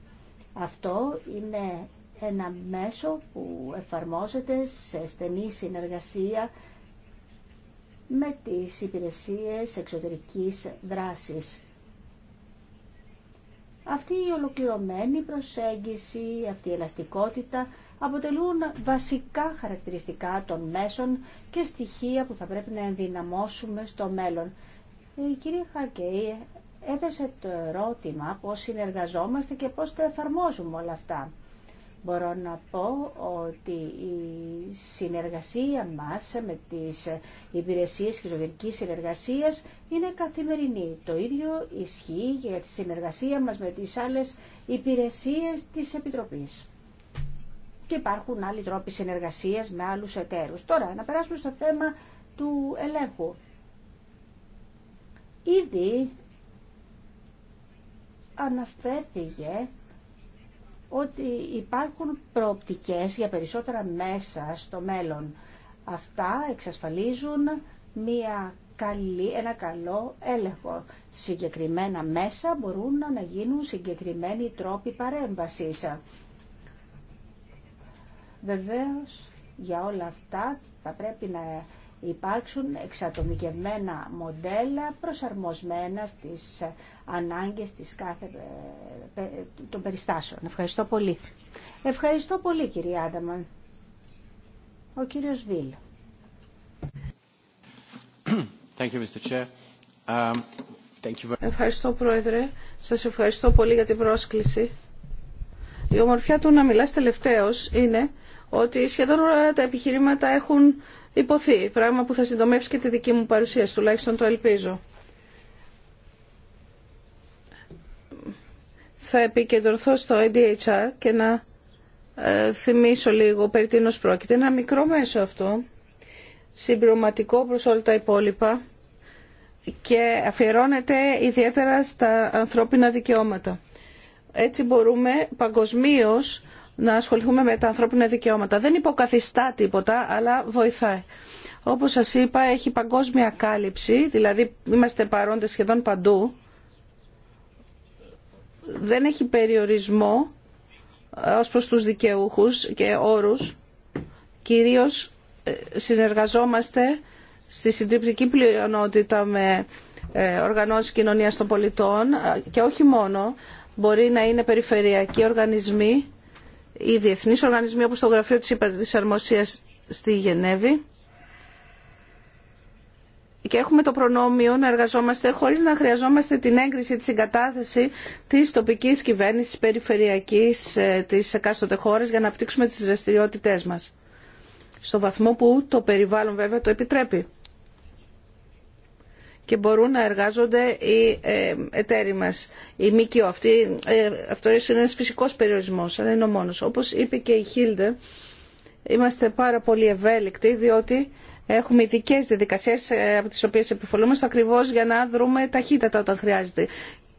Αυτό είναι ένα μέσο που εφαρμόζεται σε στενή συνεργασία με τις υπηρεσίες εξωτερικής δράσης. Αυτή η ολοκληρωμένη προσέγγιση, αυτή η ελαστικότητα αποτελούν βασικά χαρακτηριστικά των μέσων και στοιχεία που θα πρέπει να ενδυναμώσουμε στο μέλλον. Η κυρία Χακέη έθεσε το ερώτημα πώς συνεργαζόμαστε και πώς τα εφαρμόζουμε όλα αυτά. Μπορώ να πω ότι η συνεργασία μας με τις υπηρεσίες οδηγικές συνεργασίας είναι καθημερινή. Το ίδιο ισχύει και για τη συνεργασία μας με τις άλλες υπηρεσίες της Επιτροπής. Και υπάρχουν άλλοι τρόποι συνεργασίας με άλλους εταίρους. Τώρα, να περάσουμε στο θέμα του ελέγχου. Ήδη αναφέρθηκε ότι υπάρχουν προοπτικές για περισσότερα μέσα στο μέλλον. Αυτά εξασφαλίζουν μια καλή, ένα καλό έλεγχο. Συγκεκριμένα μέσα μπορούν να γίνουν συγκεκριμένοι τρόποι παρέμβασης. Βεβαίως, για όλα αυτά θα πρέπει να υπάρξουν εξατομικευμένα μοντέλα προσαρμοσμένα στις ανάγκες της κάθε, ε, των περιστάσεων. Ευχαριστώ πολύ. Ευχαριστώ πολύ κύριε Άνταμαν. Ο κύριος Βίλ. Thank you, Mr. Chair. Um, thank you Ευχαριστώ Πρόεδρε. Σας ευχαριστώ πολύ για την πρόσκληση. Η ομορφιά του να μιλάς τελευταίος είναι ότι σχεδόν όλα τα επιχειρήματα έχουν υποθεί, πράγμα που θα συντομεύσει και τη δική μου παρουσίαση, τουλάχιστον το ελπίζω. Θα επικεντρωθώ στο ADHR και να ε, θυμίσω λίγο περί τίνος πρόκειται. Ένα μικρό μέσο αυτό, συμπληρωματικό προς όλα τα υπόλοιπα και αφιερώνεται ιδιαίτερα στα ανθρώπινα δικαιώματα. Έτσι μπορούμε παγκοσμίως να ασχοληθούμε με τα ανθρώπινα δικαιώματα. Δεν υποκαθιστά τίποτα, αλλά βοηθάει. Όπως σας είπα, έχει παγκόσμια κάλυψη, δηλαδή είμαστε παρόντες σχεδόν παντού. Δεν έχει περιορισμό ε, ως προς τους δικαιούχους και όρους. Κυρίως ε, συνεργαζόμαστε στη συντριπτική πλειονότητα με ε, οργανώσεις κοινωνίας των πολιτών και όχι μόνο, μπορεί να είναι περιφερειακοί οργανισμοί οι διεθνείς οργανισμοί όπως το Γραφείο της Υπερδυσαρμοσίας στη Γενέβη και έχουμε το προνόμιο να εργαζόμαστε χωρίς να χρειαζόμαστε την έγκριση τη συγκατάθεση της τοπικής κυβέρνησης περιφερειακής ε, της εκάστοτε χώρας για να απτύξουμε τις δραστηριότητε μας. Στο βαθμό που το περιβάλλον βέβαια το επιτρέπει και μπορούν να εργάζονται οι ε, εταίροι μας. Η ΜΚΟ αυτή, ε, αυτό είναι ένας φυσικός περιορισμός, αλλά είναι ο μόνος. Όπως είπε και η Χίλντε, είμαστε πάρα πολύ ευέλικτοι, διότι έχουμε ειδικέ διαδικασίες ε, από τις οποίες επιφωλούμαστε ακριβώς για να δρούμε ταχύτατα όταν χρειάζεται.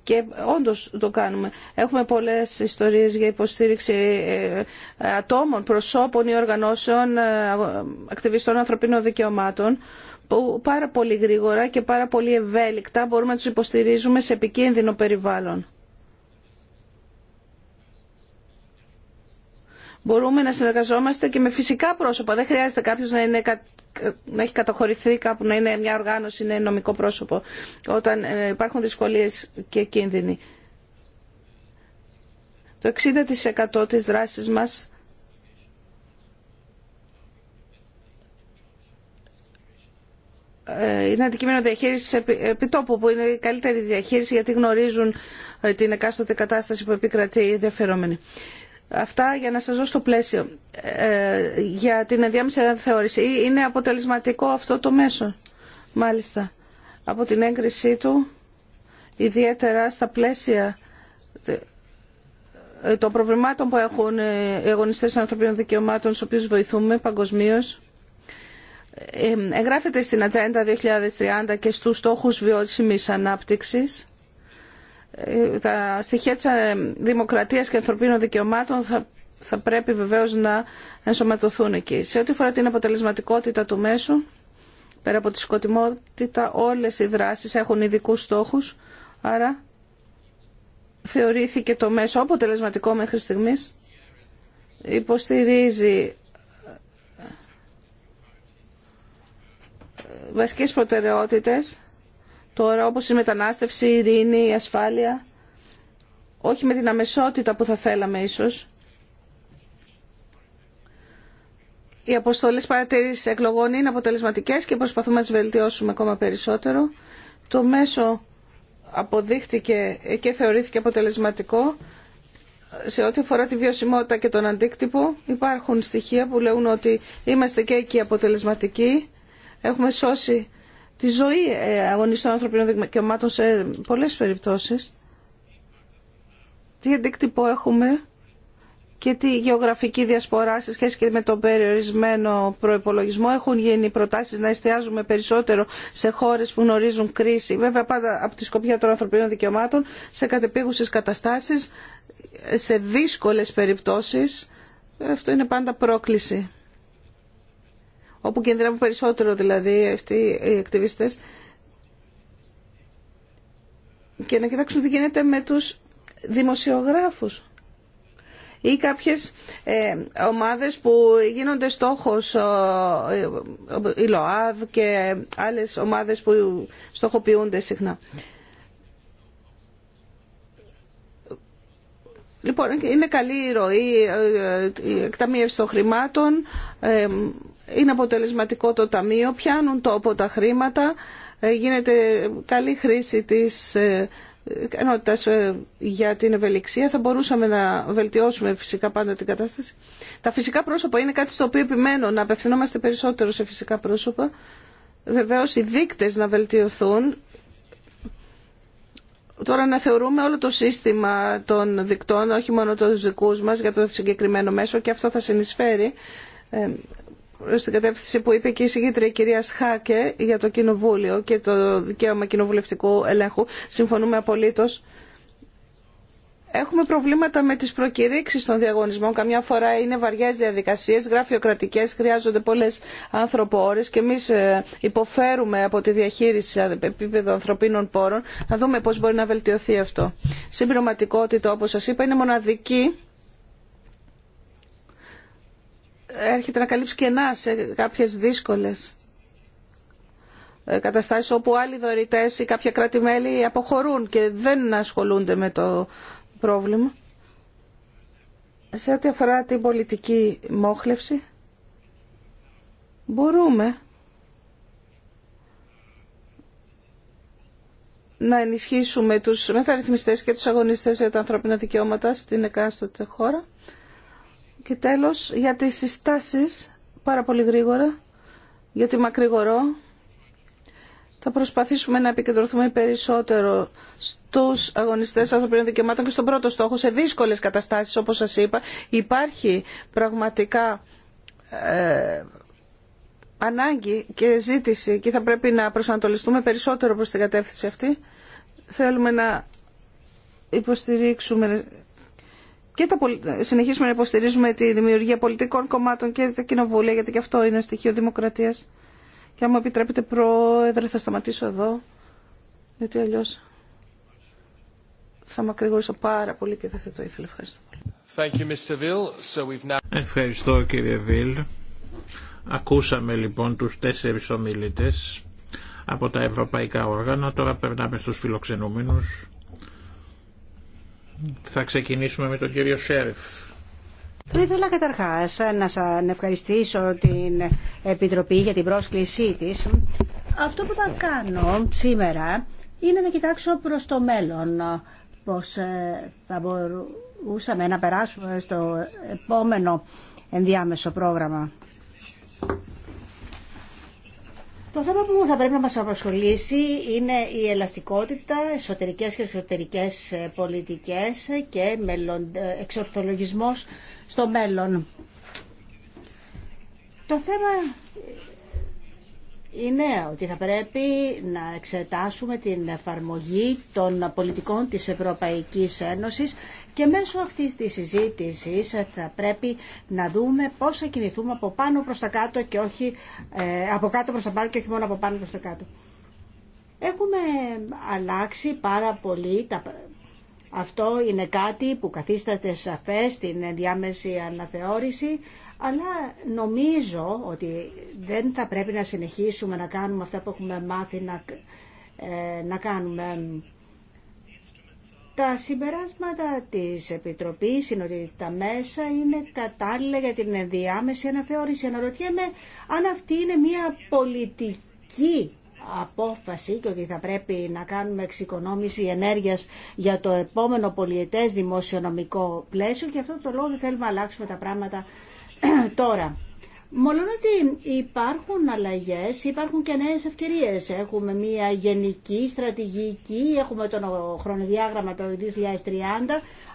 Και όντω το κάνουμε. Έχουμε πολλέ ιστορίε για υποστήριξη ατόμων, προσώπων ή οργανώσεων ακτιβιστών ανθρωπίνων δικαιωμάτων που πάρα πολύ γρήγορα και πάρα πολύ ευέλικτα μπορούμε να τους υποστηρίζουμε σε επικίνδυνο περιβάλλον. Μπορούμε να συνεργαζόμαστε και με φυσικά πρόσωπα. Δεν χρειάζεται κάποιο να, είναι, να έχει καταχωρηθεί κάπου, να είναι μια οργάνωση, να είναι νομικό πρόσωπο, όταν ε, υπάρχουν δυσκολίες και κίνδυνοι. Το 60% της δράσης μας Ε, είναι αντικείμενο διαχείριση επιτόπου, που είναι η καλύτερη διαχείριση γιατί γνωρίζουν ε, την εκάστοτε κατάσταση που επικρατεί οι ενδιαφερόμενοι. Αυτά για να σας δώσω το πλαίσιο. Ε, για την ενδιάμεση θεώρηση. Είναι αποτελεσματικό αυτό το μέσο. Μάλιστα. Από την έγκρισή του, ιδιαίτερα στα πλαίσια των προβλημάτων που έχουν οι αγωνιστές των ανθρωπίνων δικαιωμάτων, στους οποίους βοηθούμε παγκοσμίως, εγγράφεται στην Ατζέντα 2030 και στους στόχους βιώσιμης ανάπτυξης. Ε, τα στοιχεία της ε, δημοκρατίας και ανθρωπίνων δικαιωμάτων θα, θα πρέπει βεβαίως να ενσωματωθούν εκεί. Σε ό,τι αφορά την αποτελεσματικότητα του μέσου, πέρα από τη σκοτιμότητα, όλες οι δράσεις έχουν ειδικού στόχους, άρα θεωρήθηκε το μέσο αποτελεσματικό μέχρι στιγμής υποστηρίζει βασικές προτεραιότητες τώρα όπως η μετανάστευση, η ειρήνη, η ασφάλεια όχι με την αμεσότητα που θα θέλαμε ίσως οι αποστολές παρατηρήσεις εκλογών είναι αποτελεσματικές και προσπαθούμε να τις βελτιώσουμε ακόμα περισσότερο το μέσο αποδείχτηκε και θεωρήθηκε αποτελεσματικό σε ό,τι αφορά τη βιωσιμότητα και τον αντίκτυπο υπάρχουν στοιχεία που λέγουν ότι είμαστε και εκεί αποτελεσματικοί Έχουμε σώσει τη ζωή ε, αγωνιστών ανθρωπίνων δικαιωμάτων σε πολλές περιπτώσεις. Τι αντίκτυπο έχουμε και τι γεωγραφική διασπορά σε σχέση και με τον περιορισμένο προπολογισμό. Έχουν γίνει προτάσει να εστιάζουμε περισσότερο σε χώρε που γνωρίζουν κρίση. Βέβαια, πάντα από τη σκοπιά των ανθρωπίνων δικαιωμάτων, σε κατεπίγουσε καταστάσει, σε δύσκολε περιπτώσει. Ε, αυτό είναι πάντα πρόκληση όπου κινδυνεύουν περισσότερο δηλαδή αυτοί οι ακτιβιστές και να κοιτάξουμε τι γίνεται με τους δημοσιογράφους ή κάποιες ε, ομάδες που γίνονται στόχος ε, η ΛΟΑΔ και άλλες ομάδες που στοχοποιούνται συχνά. Λοιπόν, είναι καλή η ροή, ε, η εκταμίευση των χρημάτων, είναι αποτελεσματικό το ταμείο, πιάνουν τόπο τα χρήματα, ε, γίνεται καλή χρήση της ε, ενότητας ε, για την ευελιξία. Θα μπορούσαμε να βελτιώσουμε φυσικά πάντα την κατάσταση. Τα φυσικά πρόσωπα είναι κάτι στο οποίο επιμένω να απευθυνόμαστε περισσότερο σε φυσικά πρόσωπα. Βεβαίως οι δείκτες να βελτιωθούν. Τώρα να θεωρούμε όλο το σύστημα των δικτών, όχι μόνο τους δικούς μας για το συγκεκριμένο μέσο και αυτό θα συνεισφέρει στην κατεύθυνση που είπε και η συγκήτρια κυρία Σχάκε για το Κοινοβούλιο και το δικαίωμα κοινοβουλευτικού ελέγχου. Συμφωνούμε απολύτω. Έχουμε προβλήματα με τις προκηρύξεις των διαγωνισμών. Καμιά φορά είναι βαριές διαδικασίες, γραφειοκρατικές, χρειάζονται πολλές άνθρωπο και εμείς ε, υποφέρουμε από τη διαχείριση σε επίπεδο ανθρωπίνων πόρων. να δούμε πώς μπορεί να βελτιωθεί αυτό. Συμπληρωματικότητα, όπως σας είπα, είναι μοναδική έρχεται να καλύψει κενά σε κάποιες δύσκολες ε, καταστάσεις όπου άλλοι δωρητές ή κάποια κράτη-μέλη αποχωρούν και δεν ασχολούνται με το πρόβλημα. Σε ό,τι αφορά την πολιτική μόχλευση, μπορούμε να ενισχύσουμε τους μεταρρυθμιστές και τους αγωνιστές για τα ανθρώπινα δικαιώματα στην εκάστοτε χώρα. Και τέλος, για τις συστάσεις, πάρα πολύ γρήγορα, γιατί μακρηγορώ, θα προσπαθήσουμε να επικεντρωθούμε περισσότερο στους αγωνιστές ανθρωπίνων δικαιωμάτων και στον πρώτο στόχο, σε δύσκολες καταστάσεις, όπως σας είπα. Υπάρχει πραγματικά ε, ανάγκη και ζήτηση και θα πρέπει να προσανατολιστούμε περισσότερο προς την κατεύθυνση αυτή. Θέλουμε να υποστηρίξουμε και τα συνεχίσουμε να υποστηρίζουμε τη δημιουργία πολιτικών κομμάτων και τα κοινοβούλια, γιατί και αυτό είναι στοιχείο Δημοκρατία. Και αν μου επιτρέπετε, Πρόεδρε, θα σταματήσω εδώ, γιατί αλλιώ θα με ακριβώσω πάρα πολύ και δεν θα το ήθελα. Ευχαριστώ πολύ. Ευχαριστώ, κύριε Βίλ. Ακούσαμε λοιπόν τους τέσσερις ομιλητές από τα ευρωπαϊκά όργανα. Τώρα περνάμε στους φιλοξενούμενους. Θα ξεκινήσουμε με τον κύριο Σέρεφ. Θα ήθελα καταρχάς να σας ευχαριστήσω την Επιτροπή για την πρόσκλησή της. Αυτό που θα κάνω σήμερα είναι να κοιτάξω προς το μέλλον πώς ε, θα μπορούσαμε να περάσουμε στο επόμενο ενδιάμεσο πρόγραμμα. Το θέμα που θα πρέπει να μας απασχολήσει είναι η ελαστικότητα, εσωτερικές και εξωτερικές ε, πολιτικές και ε, εξορθολογισμός στο μέλλον. Το θέμα είναι ότι θα πρέπει να εξετάσουμε την εφαρμογή των πολιτικών της Ευρωπαϊκής Ένωσης και μέσω αυτής της συζήτησης θα πρέπει να δούμε πώς θα κινηθούμε από πάνω προς τα κάτω και όχι ε, από κάτω προς τα πάνω και όχι μόνο από πάνω προς τα κάτω. Έχουμε αλλάξει πάρα πολύ Αυτό είναι κάτι που καθίσταται σαφές στην διάμεση αναθεώρηση αλλά νομίζω ότι δεν θα πρέπει να συνεχίσουμε να κάνουμε αυτά που έχουμε μάθει να, ε, να κάνουμε. Τα συμπεράσματα της Επιτροπής είναι ότι τα μέσα είναι κατάλληλα για την ενδιάμεση αναθεώρηση. Αναρωτιέμαι αν αυτή είναι μια πολιτική απόφαση και ότι θα πρέπει να κάνουμε εξοικονόμηση ενέργειας για το επόμενο πολιετές δημοσιονομικό πλαίσιο και αυτό το λόγο δεν θέλουμε να αλλάξουμε τα πράγματα Τώρα, μόνο ότι υπάρχουν αλλαγές, υπάρχουν και νέες ευκαιρίες. Έχουμε μια γενική στρατηγική, έχουμε το χρονοδιάγραμμα το 2030,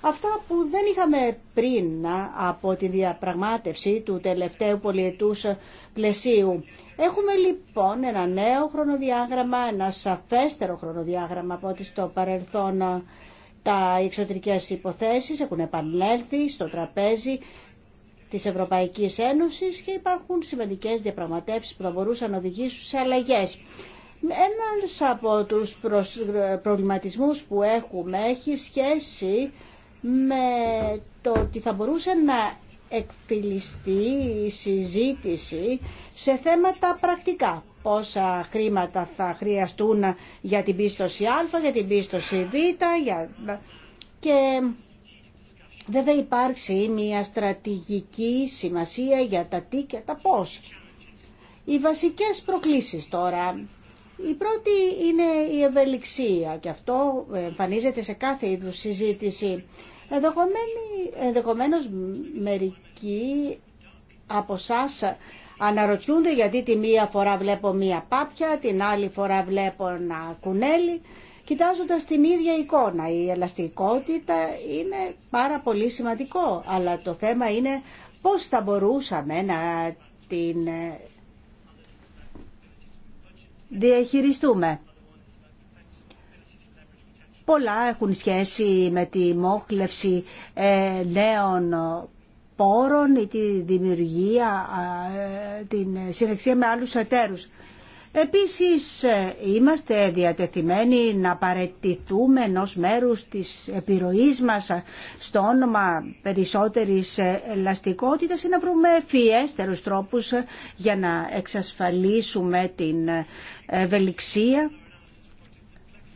αυτά που δεν είχαμε πριν από τη διαπραγμάτευση του τελευταίου πολιετούς πλαισίου. Έχουμε λοιπόν ένα νέο χρονοδιάγραμμα, ένα σαφέστερο χρονοδιάγραμμα από ό,τι στο παρελθόν τα εξωτερικές υποθέσεις έχουν επανέλθει στο τραπέζι της Ευρωπαϊκής Ένωσης και υπάρχουν σημαντικές διαπραγματεύσεις που θα μπορούσαν να οδηγήσουν σε αλλαγές. Ένα από τους προβληματισμούς που έχουμε έχει σχέση με το ότι θα μπορούσε να εκφυλιστεί η συζήτηση σε θέματα πρακτικά. Πόσα χρήματα θα χρειαστούν για την πίστοση Α, για την πίστοση Β, για... και δεν θα υπάρξει μια στρατηγική σημασία για τα τι και τα πώς. Οι βασικές προκλήσεις τώρα. Η πρώτη είναι η ευελιξία και αυτό εμφανίζεται σε κάθε είδους συζήτηση. Ενδεχομένω μερικοί από εσά αναρωτιούνται γιατί τη μία φορά βλέπω μία πάπια, την άλλη φορά βλέπω ένα κουνέλι κοιτάζοντας την ίδια εικόνα. Η ελαστικότητα είναι πάρα πολύ σημαντικό, αλλά το θέμα είναι πώς θα μπορούσαμε να την ε, διαχειριστούμε. Πολλά έχουν σχέση με τη μόχλευση ε, νέων πόρων ή τη δημιουργία, ε, την συνεργασία με άλλους εταίρους. Επίσης είμαστε διατεθειμένοι να παρετηθούμε ενό μέρους της επιρροής μας στο όνομα περισσότερης ελαστικότητας ή να βρούμε φιέστερους τρόπους για να εξασφαλίσουμε την ευελιξία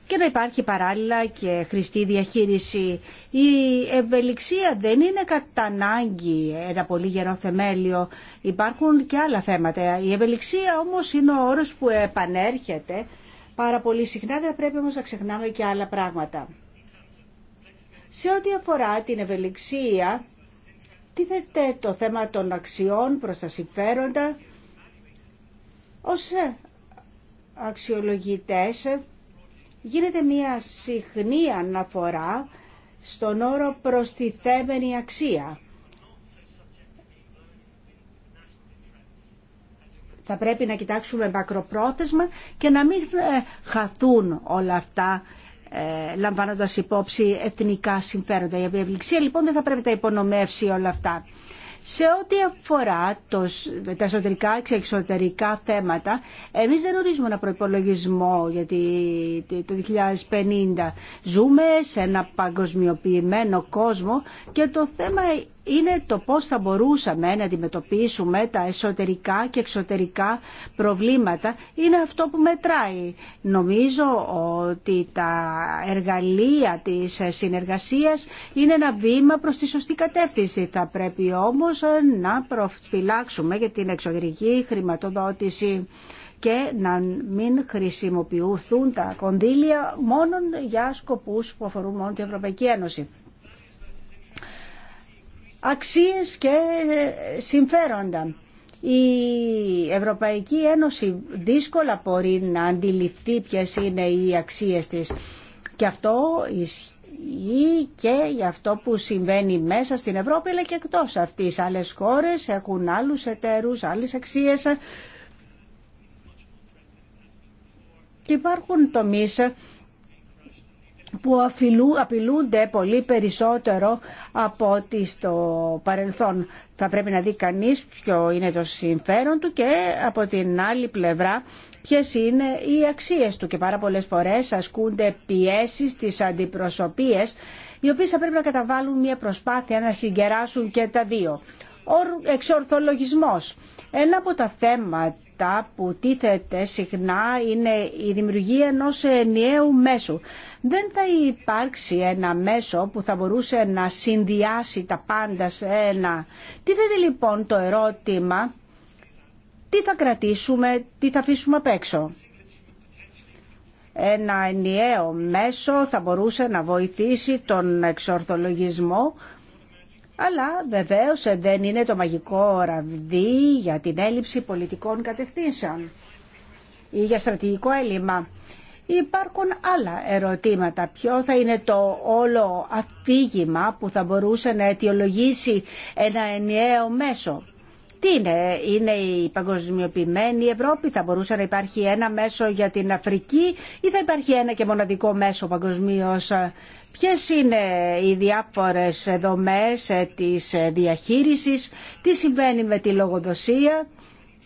και να υπάρχει παράλληλα και χρηστή διαχείριση. Η ευελιξία δεν είναι κατά ανάγκη ένα πολύ γερό θεμέλιο. Υπάρχουν και άλλα θέματα. Η ευελιξία όμως είναι ο όρος που επανέρχεται πάρα πολύ συχνά. Δεν πρέπει όμως να ξεχνάμε και άλλα πράγματα. Σε ό,τι αφορά την ευελιξία, τίθεται το θέμα των αξιών προς τα συμφέροντα ως αξιολογητές γίνεται μια συχνή αναφορά στον όρο προστιθέμενη αξία. Θα πρέπει να κοιτάξουμε μακροπρόθεσμα και να μην ε, χαθούν όλα αυτά ε, λαμβάνοντας υπόψη εθνικά συμφέροντα. Η ευελιξία λοιπόν δεν θα πρέπει να υπονομεύσει όλα αυτά. Σε ό,τι αφορά το, τα εσωτερικά και εξωτερικά θέματα, εμείς δεν ορίζουμε ένα προπολογισμό γιατί το 2050. Ζούμε σε ένα παγκοσμιοποιημένο κόσμο και το θέμα είναι το πώς θα μπορούσαμε να αντιμετωπίσουμε τα εσωτερικά και εξωτερικά προβλήματα. Είναι αυτό που μετράει. Νομίζω ότι τα εργαλεία της συνεργασίας είναι ένα βήμα προς τη σωστή κατεύθυνση. Θα πρέπει όμως να προφυλάξουμε για την εξωτερική χρηματοδότηση και να μην χρησιμοποιηθούν τα κονδύλια μόνο για σκοπούς που αφορούν μόνο την Ευρωπαϊκή Ένωση αξίες και συμφέροντα. Η Ευρωπαϊκή Ένωση δύσκολα μπορεί να αντιληφθεί ποιες είναι οι αξίες της και αυτό ισχύει και για αυτό που συμβαίνει μέσα στην Ευρώπη αλλά και εκτός αυτής. Άλλες χώρες έχουν άλλους εταίρους, άλλες αξίες και υπάρχουν τομείς που αφιλού, απειλούνται πολύ περισσότερο από ό,τι στο παρελθόν. Θα πρέπει να δει κανείς ποιο είναι το συμφέρον του και από την άλλη πλευρά ποιες είναι οι αξίες του. Και πάρα πολλές φορές ασκούνται πιέσεις στις αντιπροσωπείες οι οποίες θα πρέπει να καταβάλουν μια προσπάθεια να συγκεράσουν και τα δύο. Ο εξορθολογισμός. Ένα από τα θέματα που τίθεται συχνά είναι η δημιουργία ενός ενιαίου μέσου. Δεν θα υπάρξει ένα μέσο που θα μπορούσε να συνδυάσει τα πάντα σε ένα. Τι Τίθεται λοιπόν το ερώτημα τι θα κρατήσουμε, τι θα αφήσουμε απ' έξω. Ένα ενιαίο μέσο θα μπορούσε να βοηθήσει τον εξορθολογισμό αλλά βεβαίω ε, δεν είναι το μαγικό ραβδί για την έλλειψη πολιτικών κατευθύνσεων ή για στρατηγικό έλλειμμα. Υπάρχουν άλλα ερωτήματα. Ποιο θα είναι το όλο αφήγημα που θα μπορούσε να αιτιολογήσει ένα ενιαίο μέσο. Τι είναι, είναι η παγκοσμιοποιημένη Ευρώπη, θα μπορούσε να υπάρχει ένα μέσο για την Αφρική ή θα υπάρχει ένα και μοναδικό μέσο παγκοσμίω. Ποιες είναι οι διάφορες δομές ε, της ε, διαχείρισης, τι συμβαίνει με τη λογοδοσία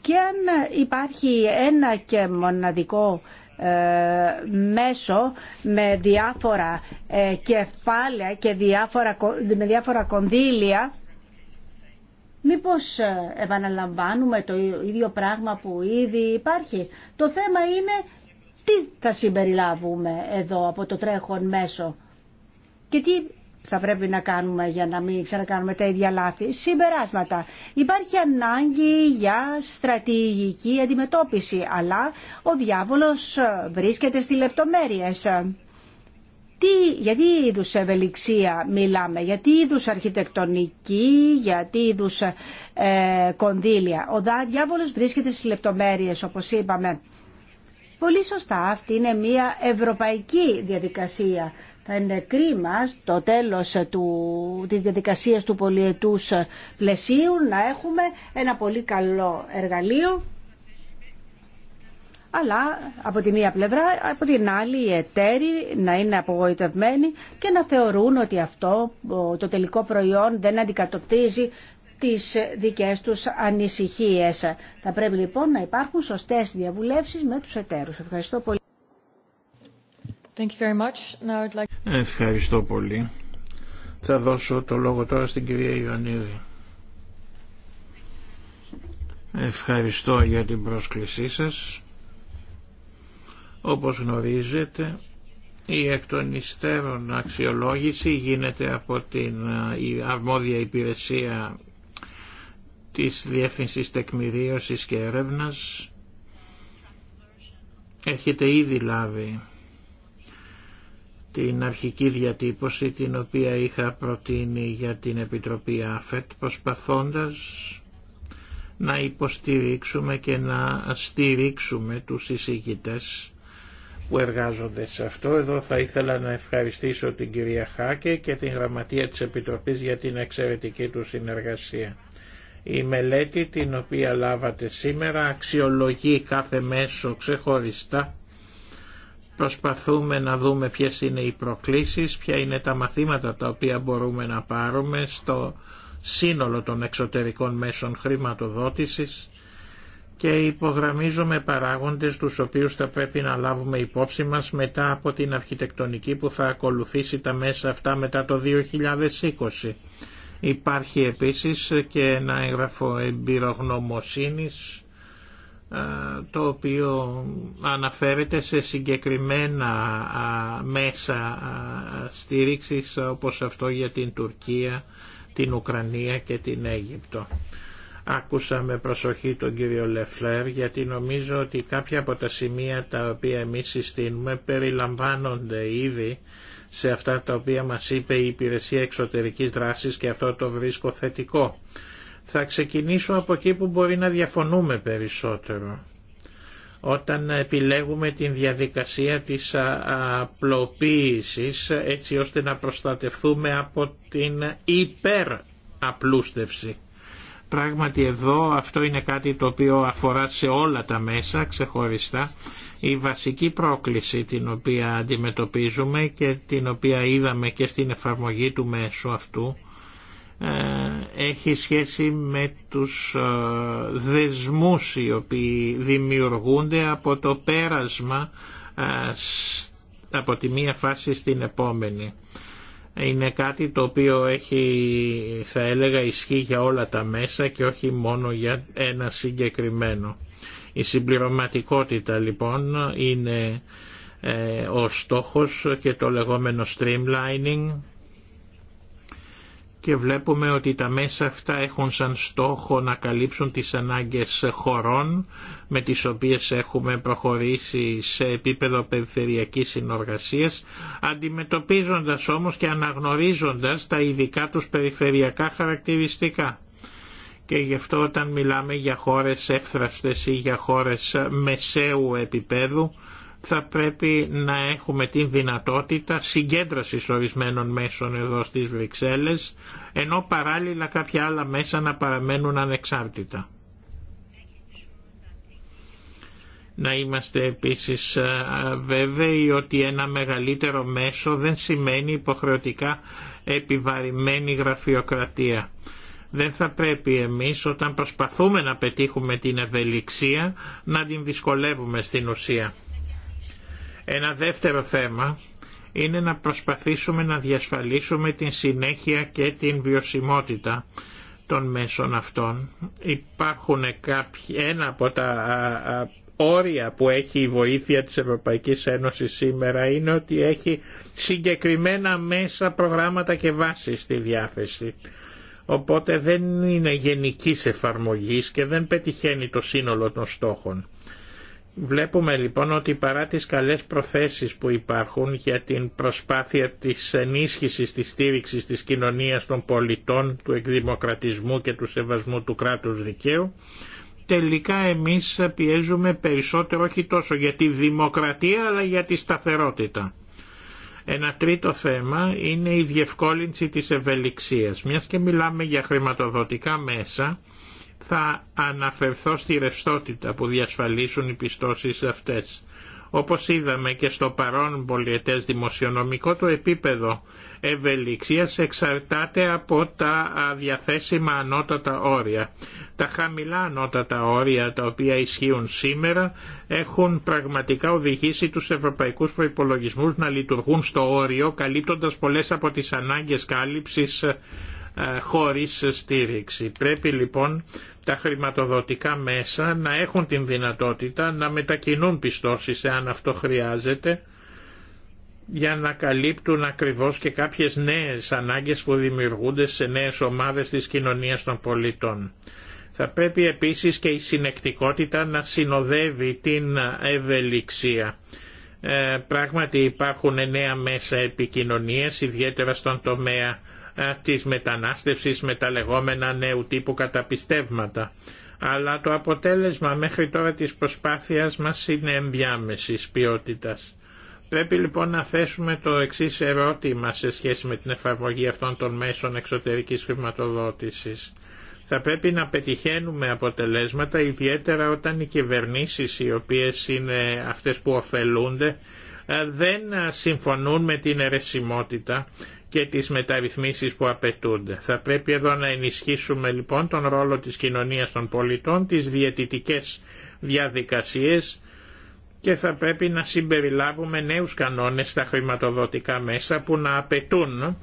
και αν υπάρχει ένα και μοναδικό ε, μέσο με διάφορα κεφάλαια και διάφορα, με διάφορα κονδύλια Μήπως επαναλαμβάνουμε το ίδιο πράγμα που ήδη υπάρχει. Το θέμα είναι τι θα συμπεριλάβουμε εδώ από το τρέχον μέσο. Και τι θα πρέπει να κάνουμε για να μην ξανακάνουμε τα ίδια λάθη. Συμπεράσματα. Υπάρχει ανάγκη για στρατηγική αντιμετώπιση, αλλά ο διάβολος βρίσκεται στις λεπτομέρειες. Τι, για τι είδους ευελιξία μιλάμε, για τι είδους αρχιτεκτονική, για τι είδους ε, κονδύλια. Ο διάβολος βρίσκεται στις λεπτομέρειες, όπως είπαμε. Πολύ σωστά αυτή είναι μια ευρωπαϊκή διαδικασία θα είναι κρίμα στο τέλος του, της διαδικασίας του πολιετούς πλαισίου να έχουμε ένα πολύ καλό εργαλείο αλλά από τη μία πλευρά, από την άλλη οι εταίροι να είναι απογοητευμένοι και να θεωρούν ότι αυτό το τελικό προϊόν δεν αντικατοπτρίζει τις δικές τους ανησυχίες. Θα πρέπει λοιπόν να υπάρχουν σωστές διαβουλεύσεις με τους εταίρους. Ευχαριστώ πολύ. Ευχαριστώ πολύ. Θα δώσω το λόγο τώρα στην κυρία Ιωαννίδη. Ευχαριστώ για την πρόσκλησή σας. Όπως γνωρίζετε, η εκ των υστέρων αξιολόγηση γίνεται από την ε, αρμόδια υπηρεσία της Διεύθυνσης Τεκμηρίωσης και Έρευνας. Έχετε ήδη λάβει την αρχική διατύπωση την οποία είχα προτείνει για την Επιτροπή ΑΦΕΤ προσπαθώντας να υποστηρίξουμε και να στηρίξουμε τους εισηγητές που εργάζονται σε αυτό. Εδώ θα ήθελα να ευχαριστήσω την κυρία Χάκε και την Γραμματεία της Επιτροπής για την εξαιρετική του συνεργασία. Η μελέτη την οποία λάβατε σήμερα αξιολογεί κάθε μέσο ξεχωριστά Προσπαθούμε να δούμε ποιες είναι οι προκλήσεις, ποια είναι τα μαθήματα τα οποία μπορούμε να πάρουμε στο σύνολο των εξωτερικών μέσων χρηματοδότησης και υπογραμμίζουμε παράγοντες τους οποίους θα πρέπει να λάβουμε υπόψη μας μετά από την αρχιτεκτονική που θα ακολουθήσει τα μέσα αυτά μετά το 2020. Υπάρχει επίσης και ένα έγγραφο εμπειρογνωμοσύνης ε, το οποίο αναφέρεται σε συγκεκριμένα μέσα στήριξης όπως αυτό για την Τουρκία, την Ουκρανία και την Αίγυπτο. Άκουσα με προσοχή τον κύριο Λεφλέρ γιατί νομίζω ότι κάποια από τα σημεία τα οποία εμείς συστήνουμε περιλαμβάνονται ήδη σε αυτά τα οποία μας είπε η Υπηρεσία Εξωτερικής Δράσης και αυτό το βρίσκω θετικό. Θα ξεκινήσω από εκεί που μπορεί να διαφωνούμε περισσότερο. Όταν επιλέγουμε την διαδικασία της απλοποίησης έτσι ώστε να προστατευθούμε από την υπεραπλούστευση. Πράγματι εδώ αυτό είναι κάτι το οποίο αφορά σε όλα τα μέσα ξεχωριστά. Η βασική πρόκληση την οποία αντιμετωπίζουμε και την οποία είδαμε και στην εφαρμογή του μέσου αυτού ε, έχει σχέση με τους ε, δεσμούς οι οποίοι δημιουργούνται από το πέρασμα ε, από τη μία φάση στην επόμενη. Είναι κάτι το οποίο έχει, θα έλεγα, ισχύει για όλα τα μέσα και όχι μόνο για ένα συγκεκριμένο. Η συμπληρωματικότητα λοιπόν είναι ο στόχος και το λεγόμενο streamlining και βλέπουμε ότι τα μέσα αυτά έχουν σαν στόχο να καλύψουν τις ανάγκες χωρών με τις οποίες έχουμε προχωρήσει σε επίπεδο περιφερειακής συνεργασίας, αντιμετωπίζοντας όμως και αναγνωρίζοντας τα ειδικά τους περιφερειακά χαρακτηριστικά. Και γι' αυτό όταν μιλάμε για χώρες εύθραστες ή για χώρες μεσαίου επίπεδου, θα πρέπει να έχουμε την δυνατότητα συγκέντρωσης ορισμένων μέσων εδώ στις Βρυξέλλες, ενώ παράλληλα κάποια άλλα μέσα να παραμένουν ανεξάρτητα. Να είμαστε επίσης ε, βέβαιοι ότι ένα μεγαλύτερο μέσο δεν σημαίνει υποχρεωτικά επιβαρημένη γραφειοκρατία. Δεν θα πρέπει εμείς όταν προσπαθούμε να πετύχουμε την ευελιξία να την δυσκολεύουμε στην ουσία. Ένα δεύτερο θέμα είναι να προσπαθήσουμε να διασφαλίσουμε την συνέχεια και την βιωσιμότητα των μέσων αυτών. Υπάρχουν ένα από τα όρια που έχει η βοήθεια της Ευρωπαϊκής Ένωσης σήμερα είναι ότι έχει συγκεκριμένα μέσα προγράμματα και βάσεις στη διάθεση. Οπότε δεν είναι γενικής εφαρμογής και δεν πετυχαίνει το σύνολο των στόχων. Βλέπουμε λοιπόν ότι παρά τις καλές προθέσεις που υπάρχουν για την προσπάθεια της ενίσχυσης της στήριξης της κοινωνίας των πολιτών, του εκδημοκρατισμού και του σεβασμού του κράτους δικαίου, τελικά εμείς πιέζουμε περισσότερο όχι τόσο για τη δημοκρατία αλλά για τη σταθερότητα. Ένα τρίτο θέμα είναι η διευκόλυνση της ευελιξίας. Μιας και μιλάμε για χρηματοδοτικά μέσα, θα αναφερθώ στη ρευστότητα που διασφαλίσουν οι πιστώσεις αυτές. Όπως είδαμε και στο παρόν πολιετές δημοσιονομικό το επίπεδο ευελιξίας εξαρτάται από τα διαθέσιμα ανώτατα όρια. Τα χαμηλά ανώτατα όρια τα οποία ισχύουν σήμερα έχουν πραγματικά οδηγήσει τους ευρωπαϊκούς προϋπολογισμούς να λειτουργούν στο όριο καλύπτοντας πολλές από τις ανάγκες κάλυψης ε, χωρίς στήριξη. Πρέπει λοιπόν τα χρηματοδοτικά μέσα να έχουν την δυνατότητα να μετακινούν πιστώσεις εάν αυτό χρειάζεται για να καλύπτουν ακριβώς και κάποιες νέες ανάγκες που δημιουργούνται σε νέες ομάδες της κοινωνίας των πολιτών. Θα πρέπει επίσης και η συνεκτικότητα να συνοδεύει την ευελιξία. Ε, πράγματι υπάρχουν νέα μέσα επικοινωνίας, ιδιαίτερα στον τομέα της μετανάστευσης με τα λεγόμενα νέου τύπου καταπιστεύματα. Αλλά το αποτέλεσμα μέχρι τώρα της προσπάθειας μας είναι ενδιάμεσης ποιότητας. Πρέπει λοιπόν να θέσουμε το εξής ερώτημα σε σχέση με την εφαρμογή αυτών των μέσων εξωτερικής χρηματοδότησης. Θα πρέπει να πετυχαίνουμε αποτελέσματα ιδιαίτερα όταν οι κυβερνήσεις οι οποίες είναι αυτές που ωφελούνται ε, δεν ε, συμφωνούν με την αιρεσιμότητα και τις μεταρρυθμίσεις που απαιτούνται. Θα πρέπει εδώ να ενισχύσουμε λοιπόν τον ρόλο της κοινωνίας των πολιτών, τις διαιτητικές διαδικασίες και θα πρέπει να συμπεριλάβουμε νέους κανόνες στα χρηματοδοτικά μέσα που να απαιτούν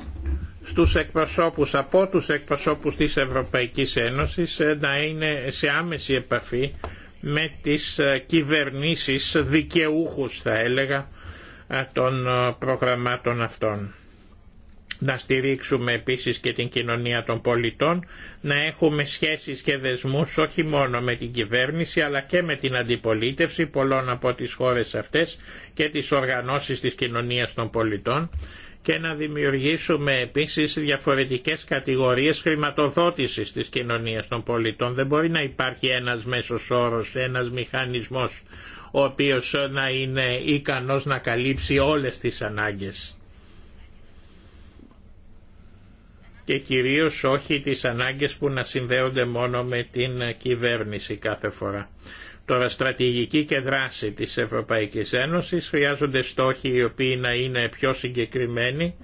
στους εκπροσώπους από τους εκπροσώπους της Ευρωπαϊκής Ένωσης ε, να είναι σε άμεση επαφή με τις κυβερνήσεις δικαιούχους θα έλεγα των ε, προγραμμάτων αυτών. Να στηρίξουμε επίσης και την κοινωνία των πολιτών, να έχουμε σχέσεις και δεσμούς όχι μόνο με την κυβέρνηση αλλά και με την αντιπολίτευση πολλών από τις χώρες αυτές και τις οργανώσεις της κοινωνίας των πολιτών και να δημιουργήσουμε επίσης διαφορετικές κατηγορίες χρηματοδότησης της κοινωνίας των πολιτών. Δεν μπορεί να υπάρχει ένας μέσος όρος, ένας μηχανισμός ο οποίος να είναι ικανός να καλύψει όλες τις ανάγκες. και κυρίως όχι τις ανάγκες που να συνδέονται μόνο με την κυβέρνηση κάθε φορά. Τώρα στρατηγική και δράση της Ευρωπαϊκής Ένωσης χρειάζονται στόχοι οι οποίοι να είναι πιο συγκεκριμένοι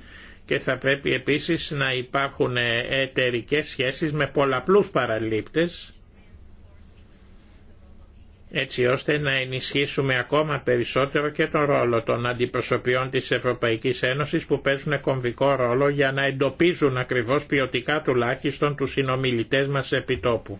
και θα πρέπει επίσης να υπάρχουν εταιρικέ σχέσεις με πολλαπλούς παραλήπτες έτσι ώστε να ενισχύσουμε ακόμα περισσότερο και τον ρόλο των αντιπροσωπιών της Ευρωπαϊκής Ένωσης που παίζουν κομβικό ρόλο για να εντοπίζουν ακριβώς ποιοτικά τουλάχιστον τους συνομιλητές μας επιτόπου.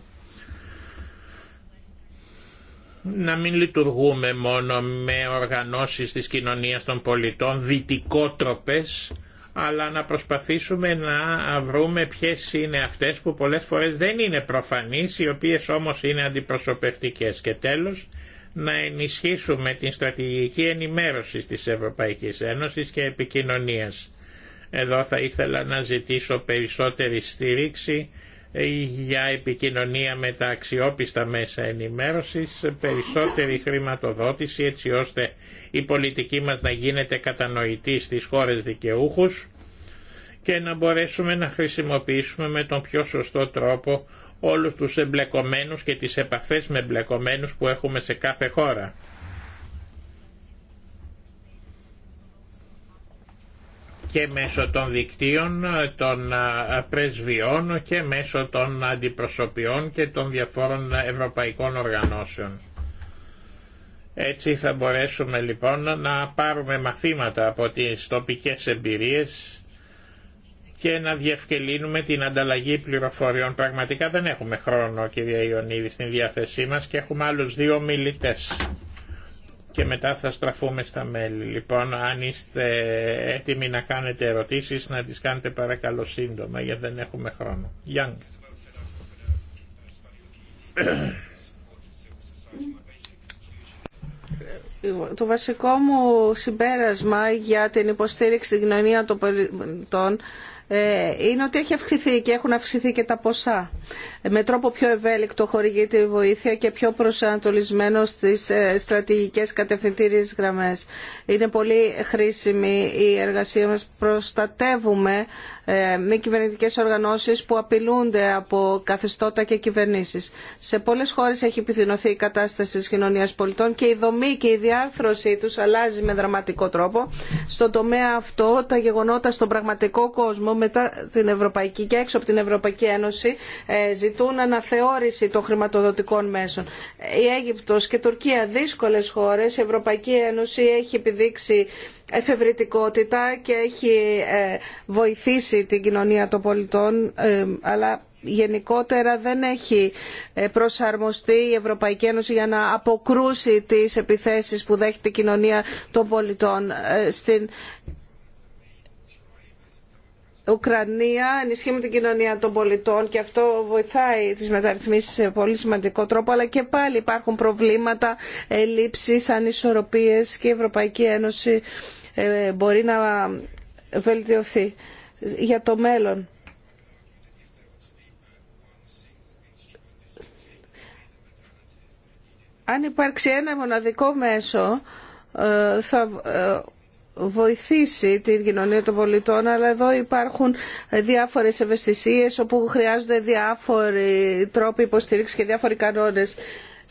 Να μην λειτουργούμε μόνο με οργανώσεις της κοινωνίας των πολιτών δυτικότροπες, αλλά να προσπαθήσουμε να βρούμε ποιες είναι αυτές που πολλές φορές δεν είναι προφανείς, οι οποίες όμως είναι αντιπροσωπευτικές. Και τέλος, να ενισχύσουμε την στρατηγική ενημέρωση της Ευρωπαϊκής Ένωσης και επικοινωνίας. Εδώ θα ήθελα να ζητήσω περισσότερη στήριξη ε, για επικοινωνία με τα αξιόπιστα μέσα ενημέρωσης, περισσότερη χρηματοδότηση έτσι ώστε η πολιτική μας να γίνεται κατανοητή στις χώρες δικαιούχους και να μπορέσουμε να χρησιμοποιήσουμε με τον πιο σωστό τρόπο όλους τους εμπλεκομένους και τις επαφές με εμπλεκομένους που έχουμε σε κάθε χώρα. και μέσω των δικτύων των πρεσβειών και μέσω των αντιπροσωπιών και των διαφόρων ευρωπαϊκών οργανώσεων. Έτσι θα μπορέσουμε λοιπόν να πάρουμε μαθήματα από τις τοπικές εμπειρίες και να διευκελύνουμε την ανταλλαγή πληροφοριών. Πραγματικά δεν έχουμε χρόνο κυρία Ιωνίδη στην διάθεσή μας και έχουμε άλλους δύο μιλητές και μετά θα στραφούμε στα μέλη. Λοιπόν, αν είστε έτοιμοι να κάνετε ερωτήσεις, να τις κάνετε παρακαλώ σύντομα, γιατί δεν έχουμε χρόνο. Το βασικό μου συμπέρασμα για την υποστήριξη στην κοινωνία των πολιτών ε, είναι ότι έχει αυξηθεί και έχουν αυξηθεί και τα ποσά με τρόπο πιο ευέλικτο χορηγεί τη βοήθεια και πιο προσανατολισμένο στις ε, στρατηγικές κατευθυντήριες γραμμές. Είναι πολύ χρήσιμη η εργασία μας. Προστατεύουμε ε, μη κυβερνητικές οργανώσεις που απειλούνται από καθεστώτα και κυβερνήσεις. Σε πολλές χώρες έχει επιθυνωθεί η κατάσταση της κοινωνίας πολιτών και η δομή και η διάρθρωσή τους αλλάζει με δραματικό τρόπο. Στον τομέα αυτό τα γεγονότα στον πραγματικό κόσμο μετά την Ευρωπαϊκή και έξω από την Ευρωπαϊκή Ένωση ε, ζητούν αναθεώρηση των χρηματοδοτικών μέσων. Η Αίγυπτος και η Τουρκία δύσκολες χώρες, η Ευρωπαϊκή Ένωση έχει επιδείξει εφευρετικότητα και έχει ε, βοηθήσει την κοινωνία των πολιτών, ε, αλλά γενικότερα δεν έχει προσαρμοστεί η Ευρωπαϊκή Ένωση για να αποκρούσει τις επιθέσεις που δέχεται η κοινωνία των πολιτών. Στην Ουκρανία ενισχύουμε την κοινωνία των πολιτών και αυτό βοηθάει τις μεταρρυθμίσεις σε πολύ σημαντικό τρόπο αλλά και πάλι υπάρχουν προβλήματα, ελλείψεις, ανισορροπίες και η Ευρωπαϊκή Ένωση ε, μπορεί να βελτιωθεί για το μέλλον. Αν υπάρξει ένα μοναδικό μέσο ε, θα ε, βοηθήσει την κοινωνία των πολιτών, αλλά εδώ υπάρχουν διάφορες ευαισθησίες όπου χρειάζονται διάφοροι τρόποι υποστήριξη και διάφοροι κανόνε.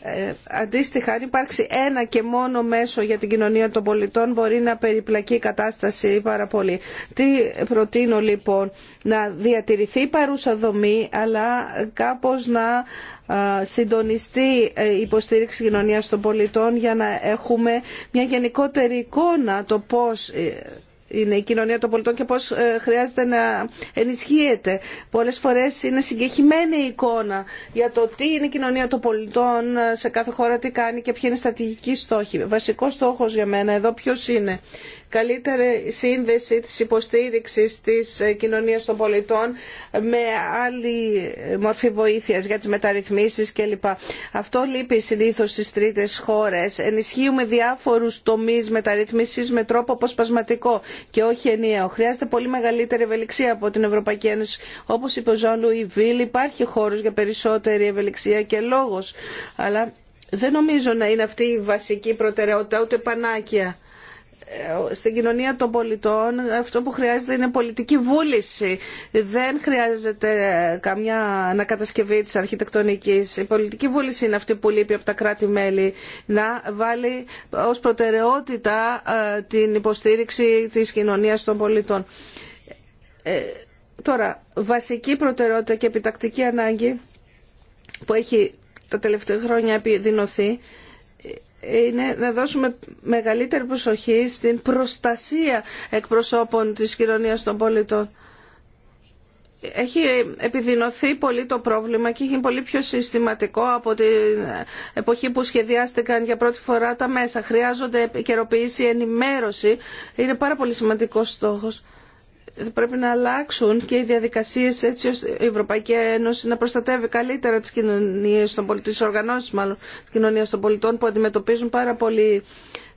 Ε, αντίστοιχα, αν υπάρξει ένα και μόνο μέσο για την κοινωνία των πολιτών μπορεί να περιπλακεί η κατάσταση πάρα πολύ. Τι προτείνω λοιπόν, να διατηρηθεί η παρούσα δομή, αλλά κάπως να συντονιστεί ε, η υποστήριξη κοινωνίας των πολιτών για να έχουμε μια γενικότερη εικόνα το πώς ε, είναι η κοινωνία των πολιτών και πώς ε, χρειάζεται να ενισχύεται. Πολλές φορές είναι συγκεχημένη η εικόνα για το τι είναι η κοινωνία των πολιτών ε, σε κάθε χώρα, τι κάνει και ποιοι είναι στατηγικοί στόχοι. Βασικός στόχος για μένα εδώ ποιος είναι. Καλύτερη σύνδεση της υποστήριξης της ε, κοινωνίας των πολιτών με άλλη μορφή βοήθειας για τις μεταρρυθμίσεις κλπ. Αυτό λείπει συνήθως στις τρίτες χώρες. Ενισχύουμε διάφορους τομείς μεταρρυθμίσεις με τρόπο αποσπασματικό και όχι ενιαίο. Χρειάζεται πολύ μεγαλύτερη ευελιξία από την Ευρωπαϊκή Ένωση. Όπω είπε ο Ζαν Λουί υπάρχει χώρο για περισσότερη ευελιξία και λόγο. Αλλά δεν νομίζω να είναι αυτή η βασική προτεραιότητα ούτε πανάκια στην κοινωνία των πολιτών αυτό που χρειάζεται είναι πολιτική βούληση. Δεν χρειάζεται καμιά ανακατασκευή της αρχιτεκτονικής. Η πολιτική βούληση είναι αυτή που λείπει από τα κράτη-μέλη να βάλει ως προτεραιότητα ε, την υποστήριξη της κοινωνίας των πολιτών. Ε, τώρα, βασική προτεραιότητα και επιτακτική ανάγκη που έχει τα τελευταία χρόνια επιδεινωθεί είναι να δώσουμε μεγαλύτερη προσοχή στην προστασία εκπροσώπων της κοινωνίας των πολιτών. Έχει επιδεινωθεί πολύ το πρόβλημα και είναι πολύ πιο συστηματικό από την εποχή που σχεδιάστηκαν για πρώτη φορά τα μέσα. Χρειάζονται επικαιροποίηση, ενημέρωση. Είναι πάρα πολύ σημαντικός στόχος πρέπει να αλλάξουν και οι διαδικασίε έτσι ώστε η Ευρωπαϊκή Ένωση να προστατεύει καλύτερα τι οργανώσει, των πολιτών, μάλλον τη κοινωνία των πολιτών που αντιμετωπίζουν πάρα πολύ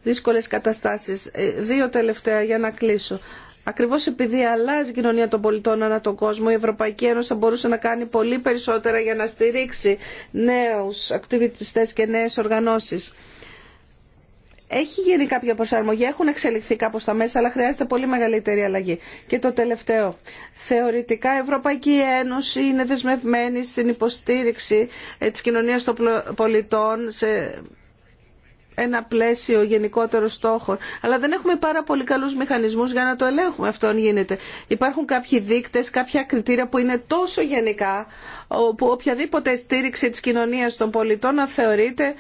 δύσκολε καταστάσει. Ε, δύο τελευταία για να κλείσω. Ακριβώ επειδή αλλάζει η κοινωνία των πολιτών ανά τον κόσμο, η Ευρωπαϊκή Ένωση θα μπορούσε να κάνει πολύ περισσότερα για να στηρίξει νέου ακτιβιστέ και νέε οργανώσει έχει γίνει κάποια προσαρμογή, έχουν εξελιχθεί κάπως τα μέσα, αλλά χρειάζεται πολύ μεγαλύτερη αλλαγή. Και το τελευταίο, θεωρητικά η Ευρωπαϊκή Ένωση είναι δεσμευμένη στην υποστήριξη ε, της κοινωνίας των πολιτών σε ένα πλαίσιο γενικότερο στόχο, Αλλά δεν έχουμε πάρα πολύ καλούς μηχανισμούς για να το ελέγχουμε αυτό αν γίνεται. Υπάρχουν κάποιοι δείκτες, κάποια κριτήρια που είναι τόσο γενικά που οποιαδήποτε στήριξη της κοινωνίας των πολιτών να θεωρείται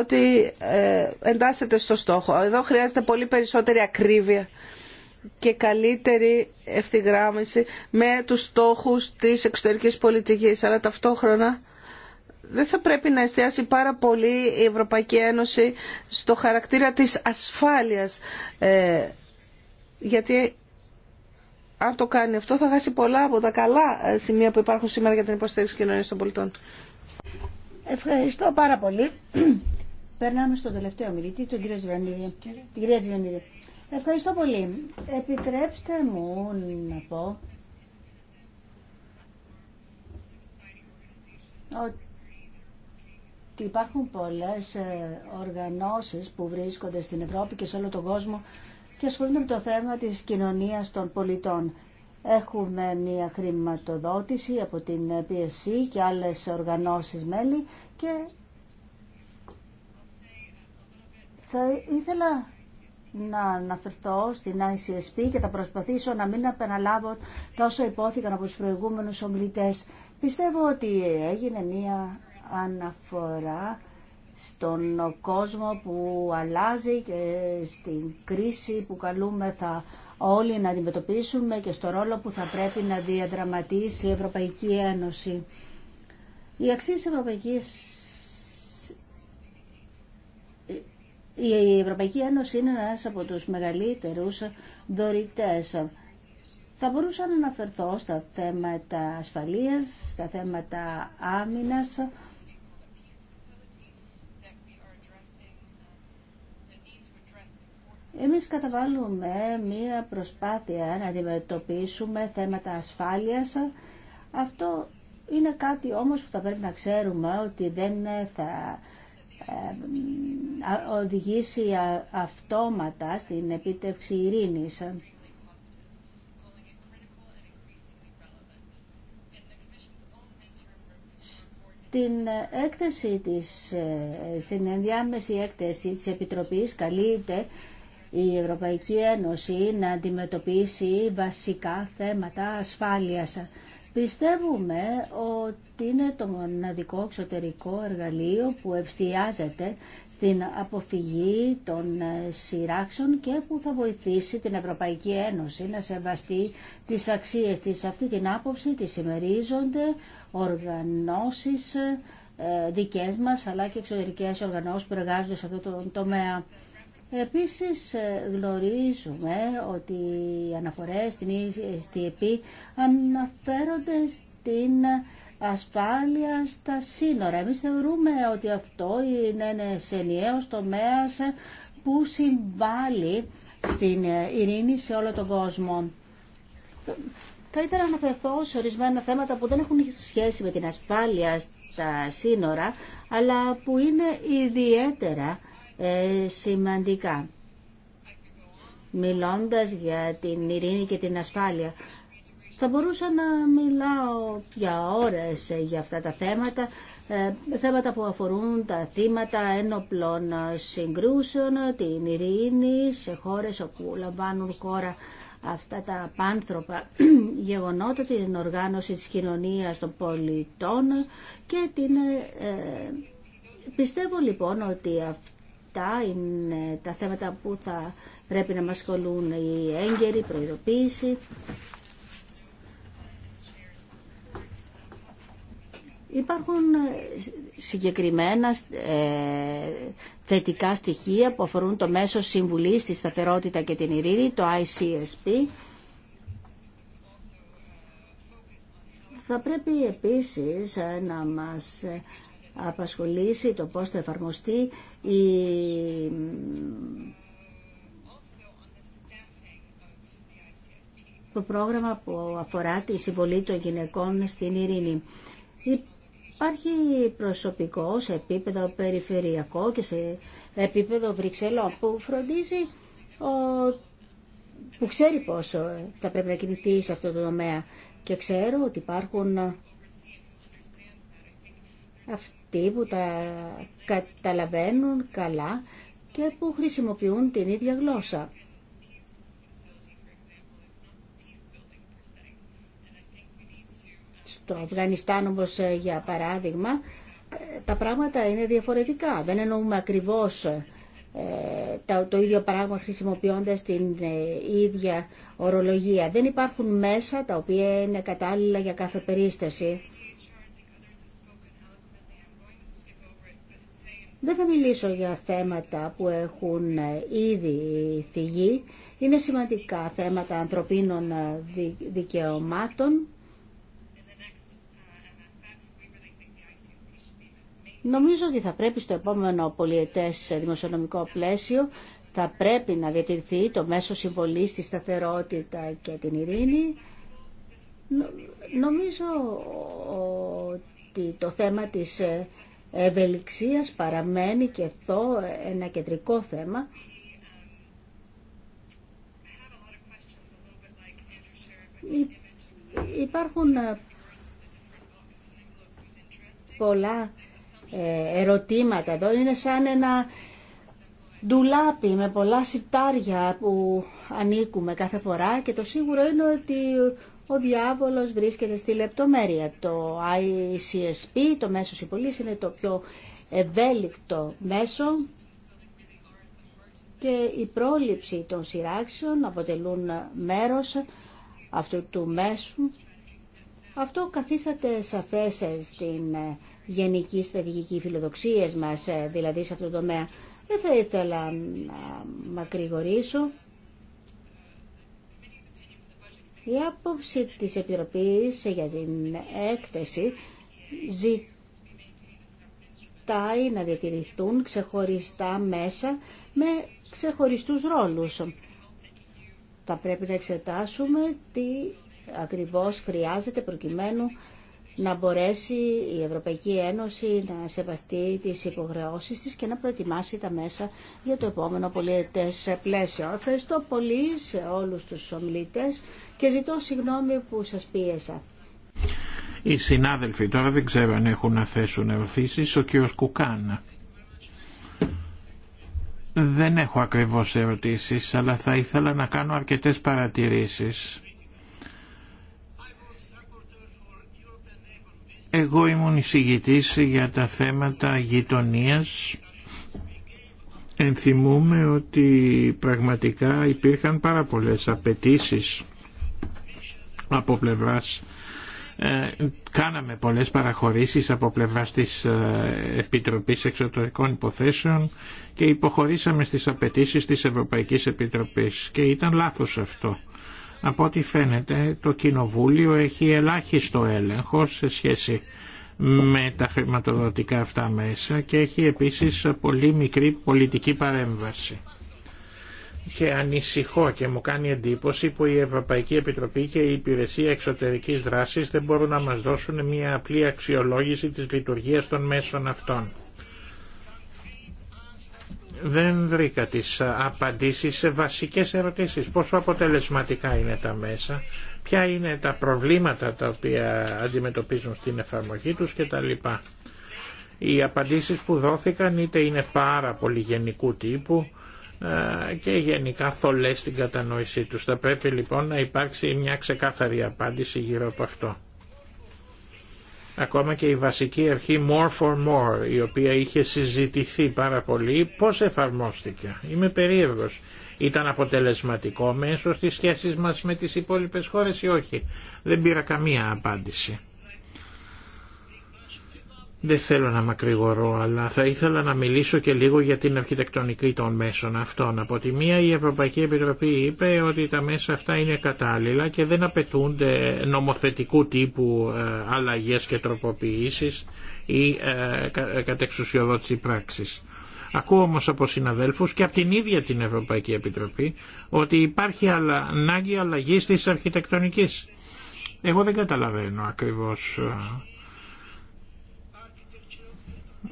ότι ε, εντάσσεται στο στόχο. Εδώ χρειάζεται πολύ περισσότερη ακρίβεια και καλύτερη ευθυγράμμιση με τους στόχους της εξωτερικής πολιτικής. Αλλά ταυτόχρονα δεν θα πρέπει να εστιάσει πάρα πολύ η Ευρωπαϊκή Ένωση στο χαρακτήρα της ασφάλειας ε, γιατί αν το κάνει αυτό θα χάσει πολλά από τα καλά ε, σημεία που υπάρχουν σήμερα για την υποστήριξη κοινωνίας των πολιτών. Ευχαριστώ πάρα πολύ. Περνάμε στον τελευταίο μιλητή, τον κύριο Ζιβανίδη. Την κυρία Ζιβανίδη. Ευχαριστώ πολύ. Επιτρέψτε μου να πω ότι υπάρχουν πολλές ε, οργανώσεις που βρίσκονται στην Ευρώπη και σε όλο τον κόσμο και ασχολούνται με το θέμα της κοινωνίας των πολιτών. Έχουμε μια χρηματοδότηση από την PSC και άλλες οργανώσεις μέλη και θα ήθελα να αναφερθώ στην ICSP και θα προσπαθήσω να μην επαναλάβω τα όσα υπόθηκαν από τους προηγούμενους ομιλητές. Πιστεύω ότι έγινε μια αναφορά στον κόσμο που αλλάζει και στην κρίση που καλούμε όλοι να αντιμετωπίσουμε και στο ρόλο που θα πρέπει να διαδραματίσει η Ευρωπαϊκή Ένωση. αξία της Ευρωπαϊκής Η Ευρωπαϊκή Ένωση είναι ένας από τους μεγαλύτερους δωρητές. Θα μπορούσα να αναφερθώ στα θέματα ασφαλείας, στα θέματα άμυνας, Εμείς καταβάλουμε μία προσπάθεια να αντιμετωπίσουμε θέματα ασφάλειας. Αυτό είναι κάτι όμως που θα πρέπει να ξέρουμε ότι δεν θα ε, οδηγήσει αυτόματα στην επίτευξη ειρήνης. Στην έκθεση της, ε, στην ενδιάμεση έκθεση της Επιτροπής καλείται η Ευρωπαϊκή Ένωση να αντιμετωπίσει βασικά θέματα ασφάλειας. Πιστεύουμε ότι είναι το μοναδικό εξωτερικό εργαλείο που ευστιάζεται στην αποφυγή των σειράξεων και που θα βοηθήσει την Ευρωπαϊκή Ένωση να σεβαστεί τις αξίες της. Σε αυτή την άποψη τη συμμερίζονται οργανώσεις ε, δικές μας αλλά και εξωτερικές οργανώσεις που εργάζονται σε αυτό το τομέα. Επίσης ε, γνωρίζουμε ότι οι αναφορές στην ΕΣΤΕΠΗ αναφέρονται στην ασφάλεια στα σύνορα. Εμείς θεωρούμε ότι αυτό είναι ένας ενιαίος τομέας που συμβάλλει στην ε, ειρήνη σε όλο τον κόσμο. Θα ήθελα να αναφερθώ σε ορισμένα θέματα που δεν έχουν σχέση με την ασφάλεια στα σύνορα, αλλά που είναι ιδιαίτερα ε, σημαντικά. Μιλώντας για την ειρήνη και την ασφάλεια, θα μπορούσα να μιλάω για ώρες για αυτά τα θέματα, ε, θέματα που αφορούν τα θύματα ένοπλων συγκρούσεων, την ειρήνη σε χώρες όπου λαμβάνουν χώρα αυτά τα πάνθρωπα γεγονότα, την οργάνωση της κοινωνίας των πολιτών και την... Ε, πιστεύω λοιπόν ότι αυτό είναι τα θέματα που θα πρέπει να μας ασχολούν η έγκαιρη, η προειδοποίηση. Υπάρχουν ε, συγκεκριμένα ε, θετικά στοιχεία που αφορούν το μέσο συμβουλή στη σταθερότητα και την ειρήνη, το ICSP. Θα πρέπει επίσης ε, να μας απασχολήσει, το πώς θα εφαρμοστεί η το πρόγραμμα που αφορά τη συμβολή των γυναικών στην ειρήνη. Υπάρχει προσωπικό σε επίπεδο περιφερειακό και σε επίπεδο Βρυξελών που φροντίζει, που ξέρει πόσο θα πρέπει να κινηθεί σε αυτό το τομέα. Και ξέρω ότι υπάρχουν αυτοί που τα καταλαβαίνουν καλά και που χρησιμοποιούν την ίδια γλώσσα. Στο Αφγανιστάν όμως ε, για παράδειγμα ε, τα πράγματα είναι διαφορετικά. Δεν εννοούμε ακριβώς ε, το ίδιο πράγμα χρησιμοποιώντας την ίδια ορολογία. Δεν υπάρχουν μέσα τα οποία είναι κατάλληλα για κάθε περίσταση. Δεν θα μιλήσω για θέματα που έχουν ήδη θυγεί. Είναι σημαντικά θέματα ανθρωπίνων δικαιωμάτων. Νομίζω ότι θα πρέπει στο επόμενο πολιετές δημοσιονομικό πλαίσιο θα πρέπει να διατηρηθεί το μέσο συμβολή στη σταθερότητα και την ειρήνη. Νομίζω ότι το θέμα της ευελιξίας παραμένει και αυτό ένα κεντρικό θέμα. Υπάρχουν ε, πολλά ε, ερωτήματα εδώ. Είναι σαν ένα ντουλάπι με πολλά σιτάρια που ανήκουμε κάθε φορά και το σίγουρο είναι ότι ο διάβολος βρίσκεται στη λεπτομέρεια. Το ICSP, το μέσο συμπολής, είναι το πιο ευέλικτο μέσο και η πρόληψη των σειράξεων αποτελούν μέρος αυτού του μέσου. Αυτό καθίσατε σαφές στην γενική στρατηγική φιλοδοξίες μας, ε, δηλαδή σε αυτό το τομέα. Δεν θα ήθελα να μακρηγορήσω. Η άποψη της Επιτροπής για την έκθεση ζητάει να διατηρηθούν ξεχωριστά μέσα με ξεχωριστούς ρόλους. Θα πρέπει να εξετάσουμε τι ακριβώς χρειάζεται προκειμένου να μπορέσει η Ευρωπαϊκή Ένωση να σεβαστεί τις υποχρεώσεις της και να προετοιμάσει τα μέσα για το επόμενο πολιετές πλαίσιο. Ευχαριστώ πολύ σε όλους τους ομιλητές και ζητώ συγγνώμη που σας πίεσα. Οι συνάδελφοι τώρα δεν ξέρω αν έχουν να θέσουν ερωτήσεις. Ο κύριος Κουκάν. Δεν έχω ακριβώς ερωτήσεις, αλλά θα ήθελα να κάνω αρκετές παρατηρήσεις Εγώ ήμουν εισηγητής για τα θέματα γειτονίας. Ενθυμούμε ότι πραγματικά υπήρχαν πάρα πολλές απαιτήσει από πλευράς ε, κάναμε πολλές παραχωρήσεις από πλευράς της ε, Επιτροπής Εξωτερικών Υποθέσεων και υποχωρήσαμε στις απαιτήσεις της Ευρωπαϊκής Επιτροπής και ήταν λάθος αυτό. Από ό,τι φαίνεται το Κοινοβούλιο έχει ελάχιστο έλεγχο σε σχέση με τα χρηματοδοτικά αυτά μέσα και έχει επίσης πολύ μικρή πολιτική παρέμβαση. Και ανησυχώ και μου κάνει εντύπωση που η Ευρωπαϊκή Επιτροπή και η Υπηρεσία Εξωτερικής Δράσης δεν μπορούν να μας δώσουν μια απλή αξιολόγηση της λειτουργίας των μέσων αυτών δεν βρήκα τις απαντήσεις σε βασικές ερωτήσεις. Πόσο αποτελεσματικά είναι τα μέσα, ποια είναι τα προβλήματα τα οποία αντιμετωπίζουν στην εφαρμογή τους κτλ. Οι απαντήσεις που δόθηκαν είτε είναι πάρα πολύ γενικού τύπου ε, και γενικά θολές στην κατανόησή τους. Θα πρέπει λοιπόν να υπάρξει μια ξεκάθαρη απάντηση γύρω από αυτό. Ακόμα και η βασική αρχή more for more, η οποία είχε συζητηθεί πάρα πολύ, πώς εφαρμόστηκε. Είμαι περίεργος. Ήταν αποτελεσματικό μέσω στις σχέσεις μας με τις υπόλοιπες χώρες ή όχι. Δεν πήρα καμία απάντηση. Δεν θέλω να μακρηγορώ, αλλά θα ήθελα να μιλήσω και λίγο για την αρχιτεκτονική των μέσων αυτών. Από τη μία η Ευρωπαϊκή Επιτροπή είπε ότι τα μέσα αυτά είναι κατάλληλα και δεν απαιτούνται νομοθετικού τύπου ε, αλλαγές και τροποποιήσεις ή ε, ε, κατεξουσιοδότηση πράξης. Ακούω όμως από συναδέλφους και από την ίδια την Ευρωπαϊκή Επιτροπή ότι υπάρχει ανάγκη αλλαγής της αρχιτεκτονικής. Εγώ δεν καταλαβαίνω ακριβώς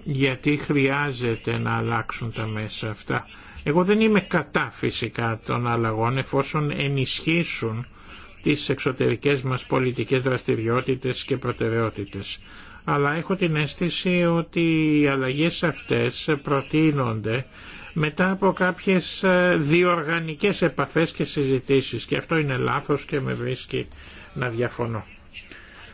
γιατί χρειάζεται να αλλάξουν τα μέσα αυτά. Εγώ δεν είμαι κατά φυσικά των αλλαγών εφόσον ενισχύσουν τις εξωτερικές μας πολιτικές δραστηριότητες και προτεραιότητες. Αλλά έχω την αίσθηση ότι οι αλλαγές αυτές προτείνονται μετά από κάποιες διοργανικές επαφές και συζητήσεις και αυτό είναι λάθος και με βρίσκει να διαφωνώ.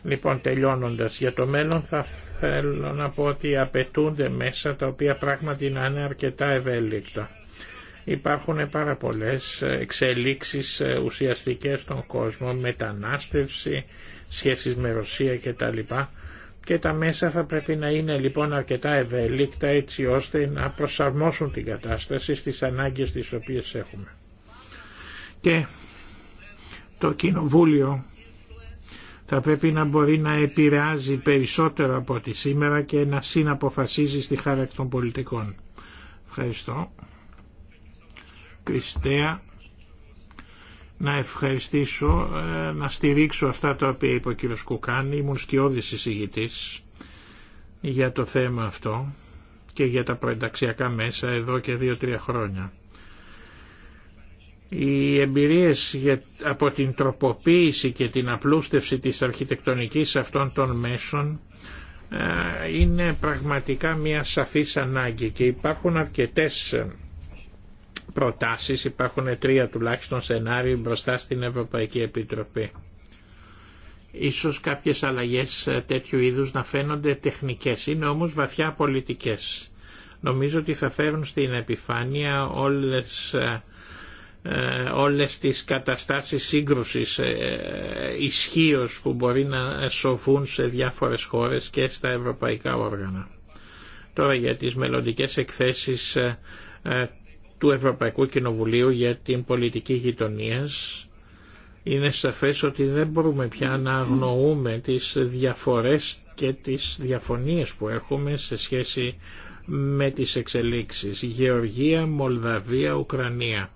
Λοιπόν, τελειώνοντα για το μέλλον θα θέλω να πω ότι απαιτούνται μέσα τα οποία πράγματι να είναι αρκετά ευέλικτα. Υπάρχουν πάρα πολλέ εξελίξεις ε, ουσιαστικέ στον κόσμο, μετανάστευση, σχέσεις με Ρωσία κτλ. Και τα μέσα θα πρέπει να είναι λοιπόν αρκετά ευέλικτα έτσι ώστε να προσαρμόσουν την κατάσταση στις ανάγκες τις οποίες έχουμε. Και το Κοινοβούλιο θα πρέπει να μπορεί να επηρεάζει περισσότερο από ό,τι σήμερα και να συναποφασίζει στη χάραξη των πολιτικών. Ευχαριστώ. Κριστέα, να ευχαριστήσω, ε, να στηρίξω αυτά τα οποία είπε ο κ. Κουκάνη. Ήμουν σκιώδης εισηγητής για το θέμα αυτό και για τα προενταξιακά μέσα εδώ και δύο-τρία χρόνια. Οι εμπειρίες από την τροποποίηση και την απλούστευση της αρχιτεκτονικής αυτών των μέσων ε, είναι πραγματικά μια σαφής ανάγκη και υπάρχουν αρκετές ε, προτάσεις, υπάρχουν τρία τουλάχιστον σενάρια μπροστά στην Ευρωπαϊκή Επιτροπή. Ίσως κάποιες αλλαγές ε, τέτοιου είδους να φαίνονται τεχνικές, είναι όμως βαθιά πολιτικές. Νομίζω ότι θα φέρουν στην επιφάνεια όλες ε, όλες τις καταστάσεις σύγκρουσης ε, ισχύω που μπορεί να σοφούν σε διάφορες χώρες και στα ευρωπαϊκά όργανα. Τώρα για τις μελλοντικέ εκθέσεις ε, του Ευρωπαϊκού Κοινοβουλίου για την πολιτική γειτονίας είναι σαφές ότι δεν μπορούμε πια να αγνοούμε τις διαφορές και τις διαφωνίες που έχουμε σε σχέση με τις εξελίξεις Γεωργία, Μολδαβία, Ουκρανία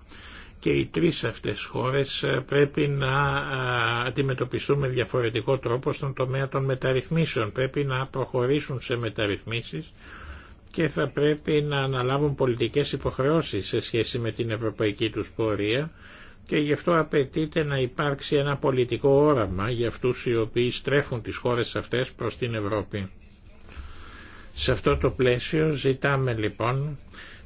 και οι τρεις αυτές χώρες ε, πρέπει να ε, αντιμετωπιστούν με διαφορετικό τρόπο στον τομέα των μεταρρυθμίσεων. Πρέπει να προχωρήσουν σε μεταρρυθμίσεις και θα πρέπει να αναλάβουν πολιτικές υποχρεώσεις σε σχέση με την ευρωπαϊκή τους πορεία και γι' αυτό απαιτείται να υπάρξει ένα πολιτικό όραμα για αυτούς οι οποίοι στρέφουν τις χώρες αυτές προς την Ευρώπη. Σε αυτό το πλαίσιο ζητάμε λοιπόν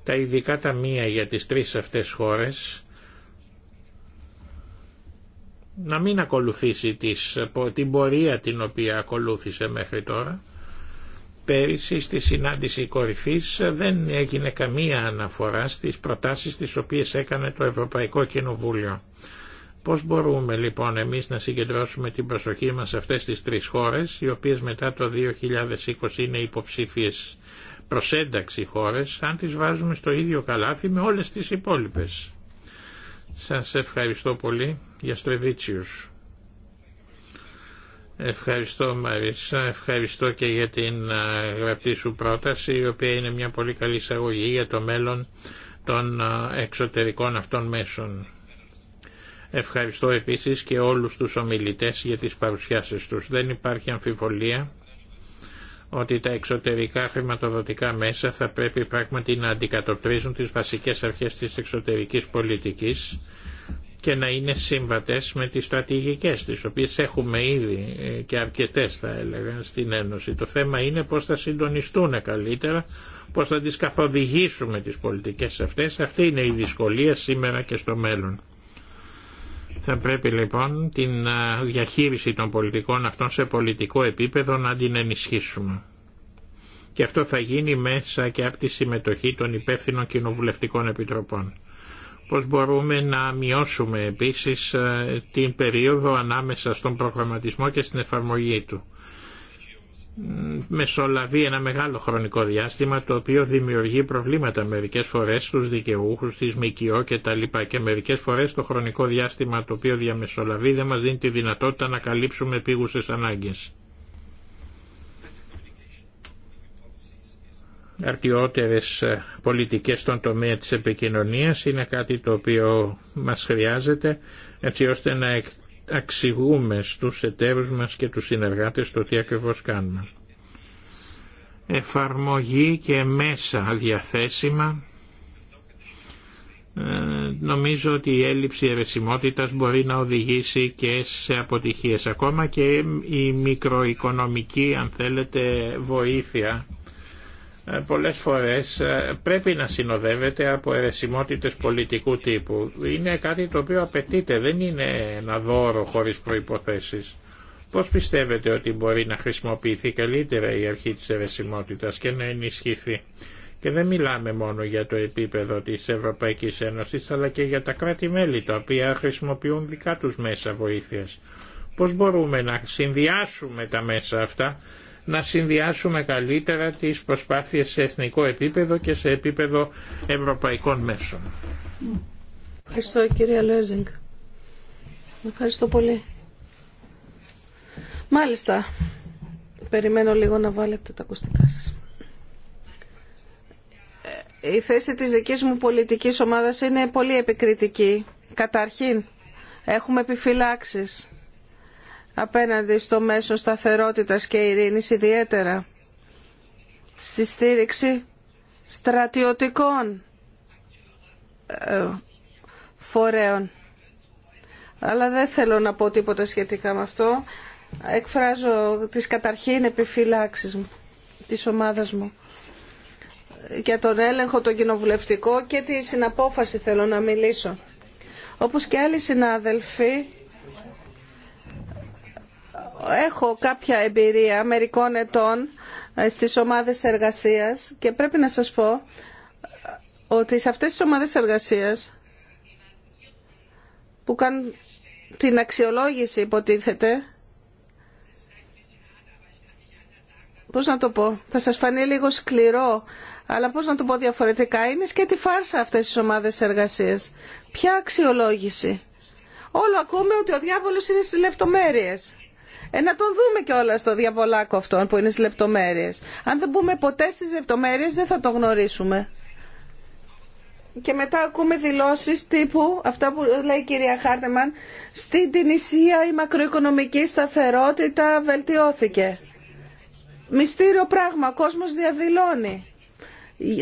τα ειδικά ταμεία για τις τρεις αυτές χώρες να μην ακολουθήσει τις, την πορεία την οποία ακολούθησε μέχρι τώρα. Πέρυσι στη συνάντηση κορυφής δεν έγινε καμία αναφορά στις προτάσεις τις οποίες έκανε το Ευρωπαϊκό Κοινοβούλιο. Πώς μπορούμε λοιπόν εμείς να συγκεντρώσουμε την προσοχή μας σε αυτές τις τρεις χώρες, οι οποίες μετά το 2020 είναι υποψήφιες προσένταξη χώρες, αν τις βάζουμε στο ίδιο καλάθι με όλες τις υπόλοιπες. Σας ευχαριστώ πολύ για Στρεβίτσιους. Ευχαριστώ Μαρίσα, ευχαριστώ και για την ε, γραπτή σου πρόταση η οποία είναι μια πολύ καλή εισαγωγή για το μέλλον των ε, εξωτερικών αυτών μέσων. Ευχαριστώ επίσης και όλους τους ομιλητές για τις παρουσιάσεις τους. Δεν υπάρχει αμφιβολία ότι τα εξωτερικά χρηματοδοτικά μέσα θα πρέπει πράγματι να αντικατοπτρίζουν τις βασικές αρχές της εξωτερικής πολιτικής και να είναι σύμβατες με τις στρατηγικές τις οποίες έχουμε ήδη ε, και αρκετές θα έλεγα στην Ένωση. Το θέμα είναι πώς θα συντονιστούν καλύτερα, πώς θα τις καθοδηγήσουμε τις πολιτικές αυτές. Αυτή είναι η δυσκολία σήμερα και στο μέλλον. Θα πρέπει λοιπόν την διαχείριση των πολιτικών αυτών σε πολιτικό επίπεδο να την ενισχύσουμε. Και αυτό θα γίνει μέσα και από τη συμμετοχή των υπεύθυνων κοινοβουλευτικών επιτροπών. Πώς μπορούμε να μειώσουμε επίσης την περίοδο ανάμεσα στον προγραμματισμό και στην εφαρμογή του μεσολαβεί ένα μεγάλο χρονικό διάστημα το οποίο δημιουργεί προβλήματα μερικές φορές στους δικαιούχους, στις ΜΚΟ και τα λοιπά και μερικές φορές το χρονικό διάστημα το οποίο διαμεσολαβεί δεν μας δίνει τη δυνατότητα να καλύψουμε επίγουσες ανάγκες. Αρτιότερες ε, πολιτικές στον τομέα της επικοινωνίας είναι κάτι το οποίο μας χρειάζεται έτσι ώστε να αξιγούμε στους εταίρους μας και τους συνεργάτες το τι ακριβώς κάνουμε. Εφαρμογή και μέσα διαθέσιμα. Ε, νομίζω ότι η έλλειψη ερεσιμότητας μπορεί να οδηγήσει και σε αποτυχίες ακόμα και η μικροοικονομική αν θέλετε βοήθεια ε, πολλές φορές ε, πρέπει να συνοδεύεται από αιρεσιμότητες πολιτικού τύπου. Είναι κάτι το οποίο απαιτείται, δεν είναι ένα δώρο χωρίς προϋποθέσεις. Πώς πιστεύετε ότι μπορεί να χρησιμοποιηθεί καλύτερα η αρχή της αιρεσιμότητας και να ενισχυθεί. Και δεν μιλάμε μόνο για το επίπεδο της Ευρωπαϊκής Ένωσης, αλλά και για τα κράτη-μέλη, τα οποία χρησιμοποιούν δικά τους μέσα βοήθειας. Πώς μπορούμε να συνδυάσουμε τα μέσα αυτά να συνδυάσουμε καλύτερα τις προσπάθειες σε εθνικό επίπεδο και σε επίπεδο ευρωπαϊκών μέσων. Ευχαριστώ κυρία Λέζινγκ. Ευχαριστώ πολύ. Μάλιστα, περιμένω λίγο να βάλετε τα ακουστικά σας. Ε, η θέση της δικής μου πολιτικής ομάδας είναι πολύ επικριτική. Καταρχήν, έχουμε επιφυλάξεις απέναντι στο μέσο σταθερότητας και ειρήνης ιδιαίτερα στη στήριξη στρατιωτικών ε, φορέων. Αλλά δεν θέλω να πω τίποτα σχετικά με αυτό. Εκφράζω τις καταρχήν επιφυλάξεις μου, της ομάδας μου. Για τον έλεγχο, τον κοινοβουλευτικό και τη συναπόφαση θέλω να μιλήσω. Όπως και άλλοι συνάδελφοι, έχω κάποια εμπειρία μερικών ετών ε, στις ομάδες εργασίας και πρέπει να σας πω ότι σε αυτές τις ομάδες εργασίας που κάνουν την αξιολόγηση υποτίθεται πώς να το πω, θα σας φανεί λίγο σκληρό, αλλά πώς να το πω διαφορετικά, είναι σκέτη φάρσα αυτές τις ομάδες εργασίας. Ποια αξιολόγηση. Όλο ακούμε ότι ο διάβολος είναι στις λεπτομέρειες ε, να τον δούμε όλα στο διαβολάκο αυτόν που είναι στι λεπτομέρειε. Αν δεν μπούμε ποτέ στι λεπτομέρειε, δεν θα το γνωρίσουμε. Και μετά ακούμε δηλώσει τύπου, αυτά που λέει η κυρία Χάρτεμαν, στην Τινησία η μακροοικονομική σταθερότητα βελτιώθηκε. Μυστήριο πράγμα, ο κόσμος διαδηλώνει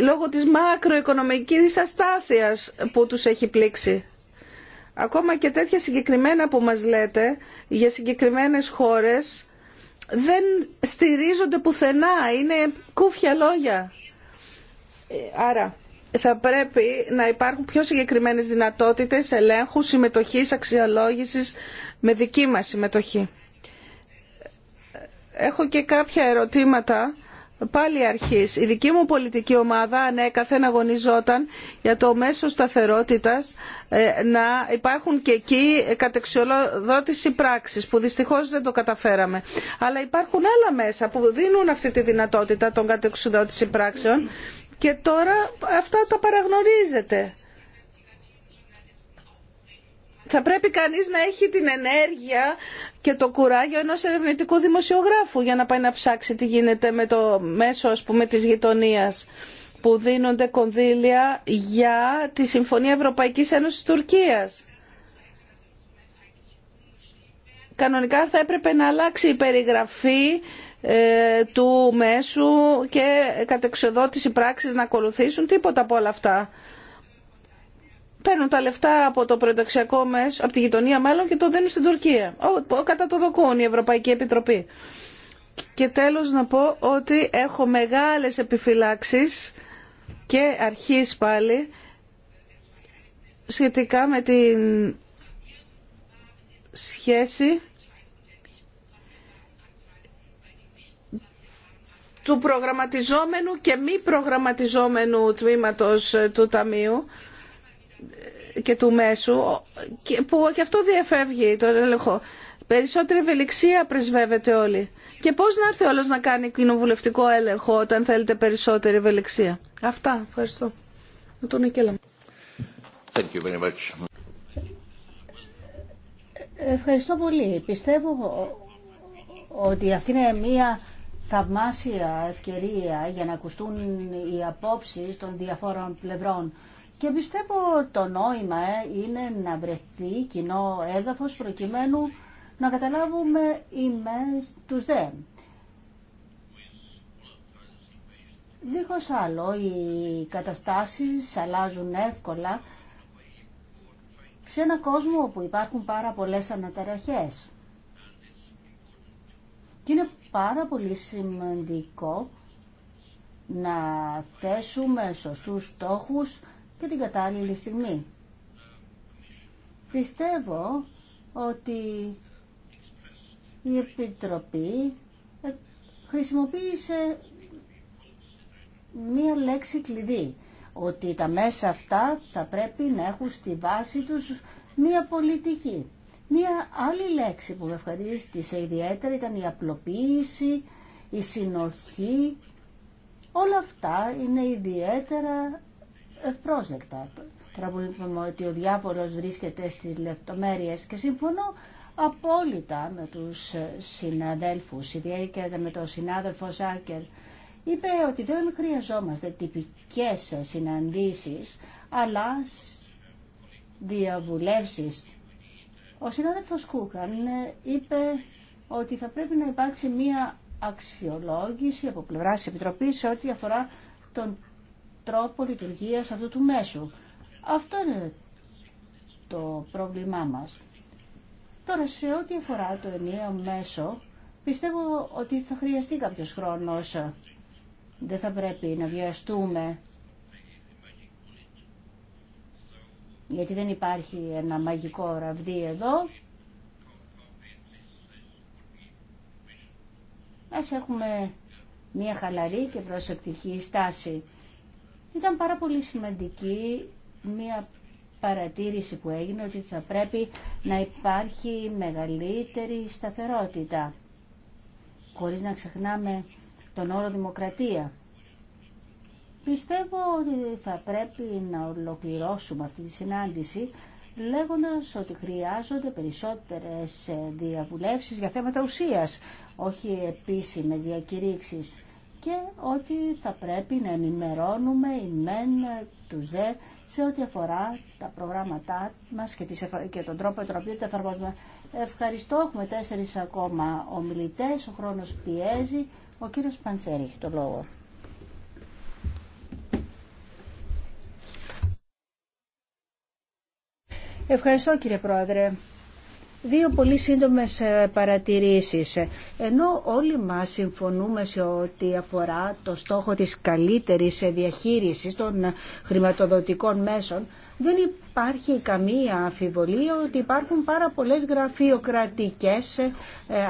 λόγω της μακροοικονομικής αστάθειας που τους έχει πλήξει. Ακόμα και τέτοια συγκεκριμένα που μας λέτε για συγκεκριμένες χώρες δεν στηρίζονται πουθενά, είναι κούφια λόγια. Άρα θα πρέπει να υπάρχουν πιο συγκεκριμένες δυνατότητες ελέγχου, συμμετοχής, αξιολόγησης με δική μας συμμετοχή. Έχω και κάποια ερωτήματα πάλι αρχής. Η δική μου πολιτική ομάδα ανέκαθεν αγωνιζόταν για το μέσο σταθερότητας ε, να υπάρχουν και εκεί κατεξιολόδότηση πράξης που δυστυχώς δεν το καταφέραμε. Αλλά υπάρχουν άλλα μέσα που δίνουν αυτή τη δυνατότητα των κατεξιολόδότηση πράξεων και τώρα αυτά τα παραγνωρίζετε θα πρέπει κανείς να έχει την ενέργεια και το κουράγιο ενός ερευνητικού δημοσιογράφου για να πάει να ψάξει τι γίνεται με το μέσο ας πούμε της γειτονίας που δίνονται κονδύλια για τη Συμφωνία Ευρωπαϊκής Ένωσης Τουρκίας. Κανονικά θα έπρεπε να αλλάξει η περιγραφή ε, του μέσου και κατεξοδότηση πράξης να ακολουθήσουν τίποτα από όλα αυτά παίρνουν τα λεφτά από το πρωταξιακό μέσο, από τη γειτονία μάλλον και το δίνουν στην Τουρκία. Ο, κατά το δοκούν η Ευρωπαϊκή Επιτροπή. Και τέλος να πω ότι έχω μεγάλες επιφυλάξεις και αρχής πάλι σχετικά με την σχέση του προγραμματιζόμενου και μη προγραμματιζόμενου τμήματος ε, του Ταμείου και του μέσου που και αυτό διεφεύγει το έλεγχο. Περισσότερη ευελιξία πρεσβεύεται όλοι. Και πώς να έρθει όλος να κάνει κοινοβουλευτικό έλεγχο όταν θέλετε περισσότερη ευελιξία. Αυτά. Ευχαριστώ. τον Thank Ευχαριστώ πολύ. Πιστεύω ότι αυτή είναι μια θαυμάσια ευκαιρία για να ακουστούν οι απόψεις των διαφόρων πλευρών και πιστεύω το νόημα ε, είναι να βρεθεί κοινό έδαφος προκειμένου να καταλάβουμε είμαι τους δε. Δίχως άλλο, οι καταστάσεις αλλάζουν εύκολα σε ένα κόσμο όπου υπάρχουν πάρα πολλές αναταραχές. Και είναι πάρα πολύ σημαντικό να θέσουμε σωστούς στόχους και την κατάλληλη στιγμή. Πιστεύω ότι η Επιτροπή ε, χρησιμοποίησε μία λέξη κλειδί, ότι τα μέσα αυτά θα πρέπει να έχουν στη βάση τους μία πολιτική. Μία άλλη λέξη που με ευχαρίστησε ιδιαίτερα ήταν η απλοποίηση, η συνοχή. Όλα αυτά είναι ιδιαίτερα ευπρόσδεκτα. Τώρα που είπαμε ότι ο διάφορος βρίσκεται στις λεπτομέρειες και συμφωνώ απόλυτα με τους ε, συναδέλφους, ιδιαίτερα με τον συνάδελφο Σάκερ, είπε ότι δεν χρειαζόμαστε τυπικές συναντήσεις, αλλά διαβουλεύσεις. Ο συνάδελφος Κούκαν ε, είπε ότι θα πρέπει να υπάρξει μία αξιολόγηση από πλευράς της Επιτροπής σε ό,τι αφορά τον τρόπο λειτουργίας αυτού του μέσου. Αυτό είναι το πρόβλημά μας. Τώρα, σε ό,τι αφορά το ενιαίο μέσο, πιστεύω ότι θα χρειαστεί κάποιος χρόνος. Δεν θα πρέπει να βιαστούμε, γιατί δεν υπάρχει ένα μαγικό ραβδί εδώ. Ας έχουμε μια χαλαρή και προσεκτική στάση. Ήταν πάρα πολύ σημαντική μια παρατήρηση που έγινε ότι θα πρέπει να υπάρχει μεγαλύτερη σταθερότητα χωρίς να ξεχνάμε τον όρο δημοκρατία. Πιστεύω ότι θα πρέπει να ολοκληρώσουμε αυτή τη συνάντηση λέγοντας ότι χρειάζονται περισσότερες διαβουλεύσεις για θέματα ουσίας, όχι επίσημες διακηρύξεις και ότι θα πρέπει να ενημερώνουμε οι μεν τους δε σε ό,τι αφορά τα προγράμματά μας και, και τον τρόπο τον οποίο τα εφαρμόζουμε. Ευχαριστώ, έχουμε τέσσερις ακόμα ομιλητές, ο χρόνος πιέζει. Ο κύριος Πανσέρη έχει το λόγο. Ευχαριστώ κύριε Πρόεδρε. Δύο πολύ σύντομες ε, παρατηρήσεις. Ενώ όλοι μας συμφωνούμε σε ό,τι αφορά το στόχο της καλύτερης διαχείρισης των χρηματοδοτικών μέσων, δεν υπάρχει καμία αφιβολία ότι υπάρχουν πάρα πολλές γραφειοκρατικές ε,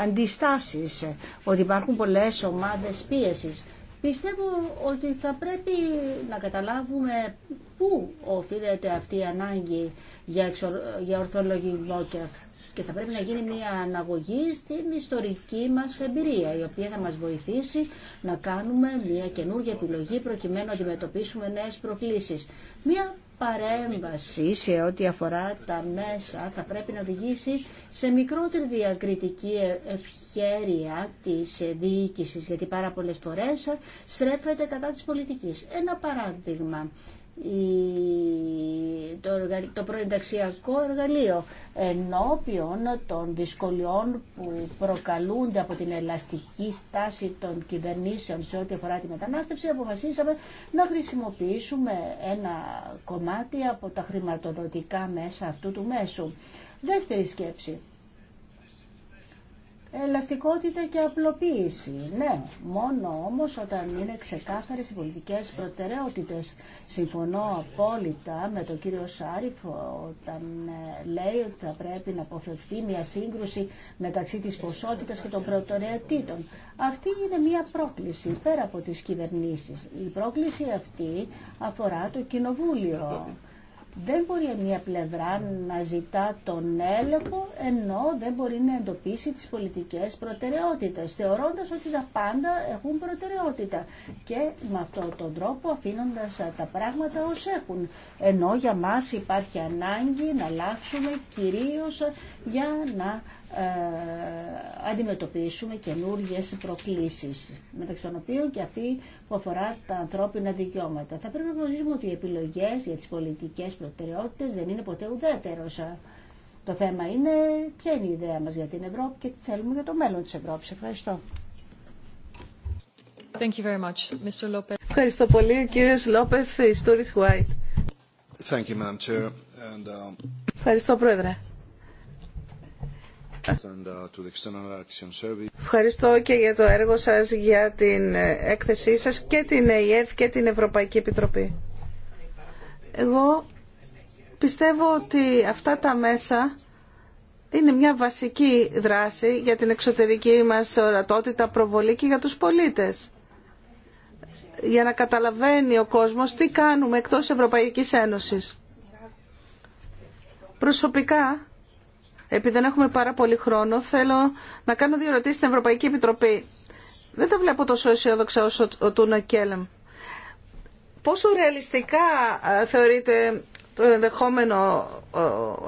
αντιστάσεις, ότι υπάρχουν πολλές ομάδες πίεσης. Πιστεύω ότι θα πρέπει να καταλάβουμε πού οφείλεται αυτή η ανάγκη για ορθολογικό και και θα πρέπει να γίνει μια αναγωγή στην ιστορική μας εμπειρία η οποία θα μας βοηθήσει να κάνουμε μια καινούργια επιλογή προκειμένου να αντιμετωπίσουμε νέες προκλήσεις. Μια παρέμβαση σε ό,τι αφορά τα μέσα θα πρέπει να οδηγήσει σε μικρότερη διακριτική ε, ευχέρεια της διοίκησης γιατί πάρα πολλέ φορές στρέφεται κατά της πολιτικής. Ένα παράδειγμα το, το προενταξιακό εργαλείο ενώπιον των δυσκολιών που προκαλούνται από την ελαστική στάση των κυβερνήσεων σε ό,τι αφορά τη μετανάστευση αποφασίσαμε να χρησιμοποιήσουμε ένα κομμάτι από τα χρηματοδοτικά μέσα αυτού του μέσου. Δεύτερη σκέψη ελαστικότητα και απλοποίηση. Ναι, μόνο όμως όταν είναι ξεκάθαρες οι πολιτικές προτεραιότητες. Συμφωνώ απόλυτα με τον κύριο Σάριφ όταν ε, λέει ότι θα πρέπει να αποφευθεί μια σύγκρουση μεταξύ της ποσότητας και των προτεραιοτήτων. Αυτή είναι μια πρόκληση πέρα από τις κυβερνήσεις. Η πρόκληση αυτή αφορά το Κοινοβούλιο δεν μπορεί μια πλευρά να ζητά τον έλεγχο ενώ δεν μπορεί να εντοπίσει τις πολιτικές προτεραιότητες, θεωρώντας ότι τα πάντα έχουν προτεραιότητα και με αυτόν τον τρόπο αφήνοντας τα πράγματα ως έχουν. Ενώ για μας υπάρχει ανάγκη να αλλάξουμε κυρίως για να ε, αντιμετωπίσουμε καινούριε προκλήσει μεταξύ των οποίων και αυτή που αφορά τα ανθρώπινα δικαιώματα. Θα πρέπει να γνωρίζουμε ότι οι επιλογέ για τι πολιτικέ προτεραιότητε δεν είναι ποτέ ουδέτερο. Το θέμα είναι ποια είναι η ιδέα μα για την Ευρώπη και τι θέλουμε για το μέλλον τη Ευρώπη. Ευχαριστώ. Thank you very Ευχαριστώ πολύ, κύριε Λόπεθ, Στούριθ White. Uh, Ευχαριστώ, Πρόεδρε. Ευχαριστώ και για το έργο σας, για την έκθεσή σας και την ΕΕ και την Ευρωπαϊκή Επιτροπή. Εγώ πιστεύω ότι αυτά τα μέσα είναι μια βασική δράση για την εξωτερική μας ορατότητα, προβολή και για τους πολίτες. Για να καταλαβαίνει ο κόσμος τι κάνουμε εκτός Ευρωπαϊκής Ένωσης. Προσωπικά επειδή δεν έχουμε πάρα πολύ χρόνο, θέλω να κάνω δύο ερωτήσει στην Ευρωπαϊκή Επιτροπή. Δεν τα βλέπω τόσο αισιόδοξα όσο ο Τούνα Κέλεμ. Πόσο ρεαλιστικά ε, θεωρείτε το ενδεχόμενο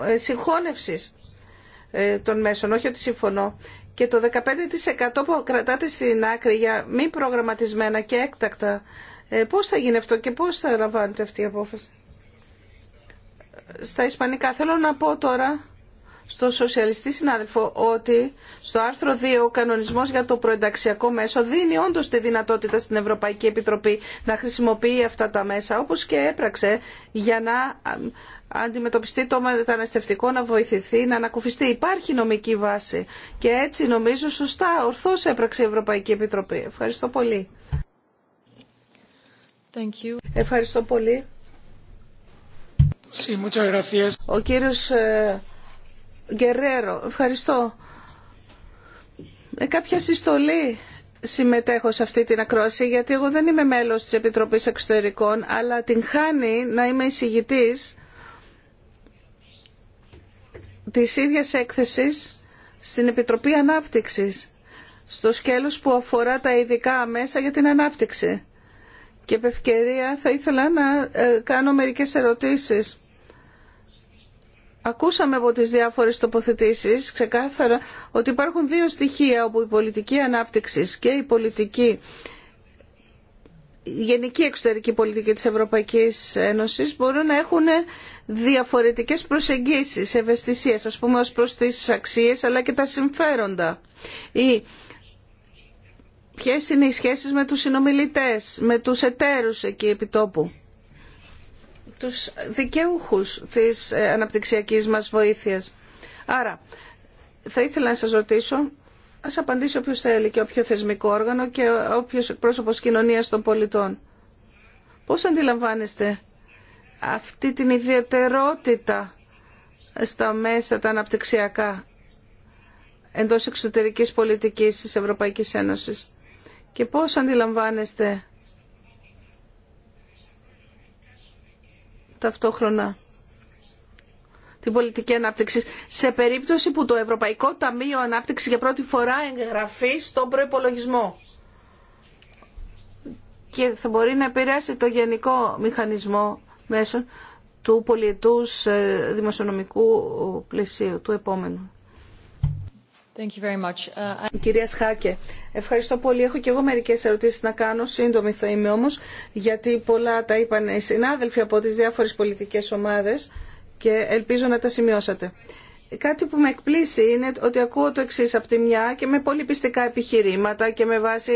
ε, ε, συγχώνευση των μέσων, όχι ότι συμφωνώ, και το 15% που κρατάτε στην άκρη για μη προγραμματισμένα και έκτακτα, πώς θα γίνει αυτό και πώς θα λαμβάνετε αυτή η απόφαση. Στα ισπανικά θέλω να πω τώρα στο σοσιαλιστή συνάδελφο ότι στο άρθρο 2 ο κανονισμό για το προενταξιακό μέσο δίνει όντω τη δυνατότητα στην Ευρωπαϊκή Επιτροπή να χρησιμοποιεί αυτά τα μέσα όπως και έπραξε για να αντιμετωπιστεί το μεταναστευτικό, να βοηθηθεί, να ανακουφιστεί. Υπάρχει νομική βάση και έτσι νομίζω σωστά, ορθώ έπραξε η Ευρωπαϊκή Επιτροπή. Ευχαριστώ πολύ. Thank you. Ευχαριστώ πολύ. Sí, muchas gracias. Ο κύριος ε, Γκερέρο, ευχαριστώ. Με κάποια συστολή συμμετέχω σε αυτή την ακρόαση, γιατί εγώ δεν είμαι μέλος της Επιτροπής Εξωτερικών, αλλά την χάνει να είμαι εισηγητής της ίδιας έκθεσης στην Επιτροπή Ανάπτυξης, στο σκέλος που αφορά τα ειδικά μέσα για την ανάπτυξη. Και επ' ευκαιρία θα ήθελα να ε, κάνω μερικές ερωτήσεις Ακούσαμε από τις διάφορες τοποθετήσεις ξεκάθαρα ότι υπάρχουν δύο στοιχεία όπου η πολιτική ανάπτυξης και η πολιτική γενική εξωτερική πολιτική της Ευρωπαϊκής Ένωσης μπορούν να έχουν διαφορετικές προσεγγίσεις, ευαισθησίες, ας πούμε ως προς τις αξίες αλλά και τα συμφέροντα. Ή ποιες είναι οι σχέσεις με τους συνομιλητές, με τους εταίρους εκεί επί τους δικαιούχους της ε, αναπτυξιακής μας βοήθειας. Άρα, θα ήθελα να σας ρωτήσω, ας απαντήσει όποιος θέλει και όποιο θεσμικό όργανο και όποιος πρόσωπος κοινωνίας των πολιτών. Πώς αντιλαμβάνεστε αυτή την ιδιαιτερότητα στα μέσα τα αναπτυξιακά εντός εξωτερικής πολιτικής της Ευρωπαϊκής Ένωσης και πώς αντιλαμβάνεστε ταυτόχρονα την πολιτική ανάπτυξη. Σε περίπτωση που το Ευρωπαϊκό Ταμείο Ανάπτυξη για πρώτη φορά εγγραφεί στον προπολογισμό και θα μπορεί να επηρεάσει το γενικό μηχανισμό μέσων του πολιετούς ε, δημοσιονομικού πλαισίου του επόμενου. Uh, Κυρία Σχάκε, ευχαριστώ πολύ. Έχω και εγώ μερικέ ερωτήσει να κάνω, σύντομη θα είμαι όμω, γιατί πολλά τα είπαν οι συνάδελφοι από τι διάφορε πολιτικέ ομάδε, και ελπίζω να τα σημειώσατε. Κάτι που με εκπλήσει είναι ότι ακούω το εξή από τη μια και με πολύ πιστικά επιχειρήματα και με βάση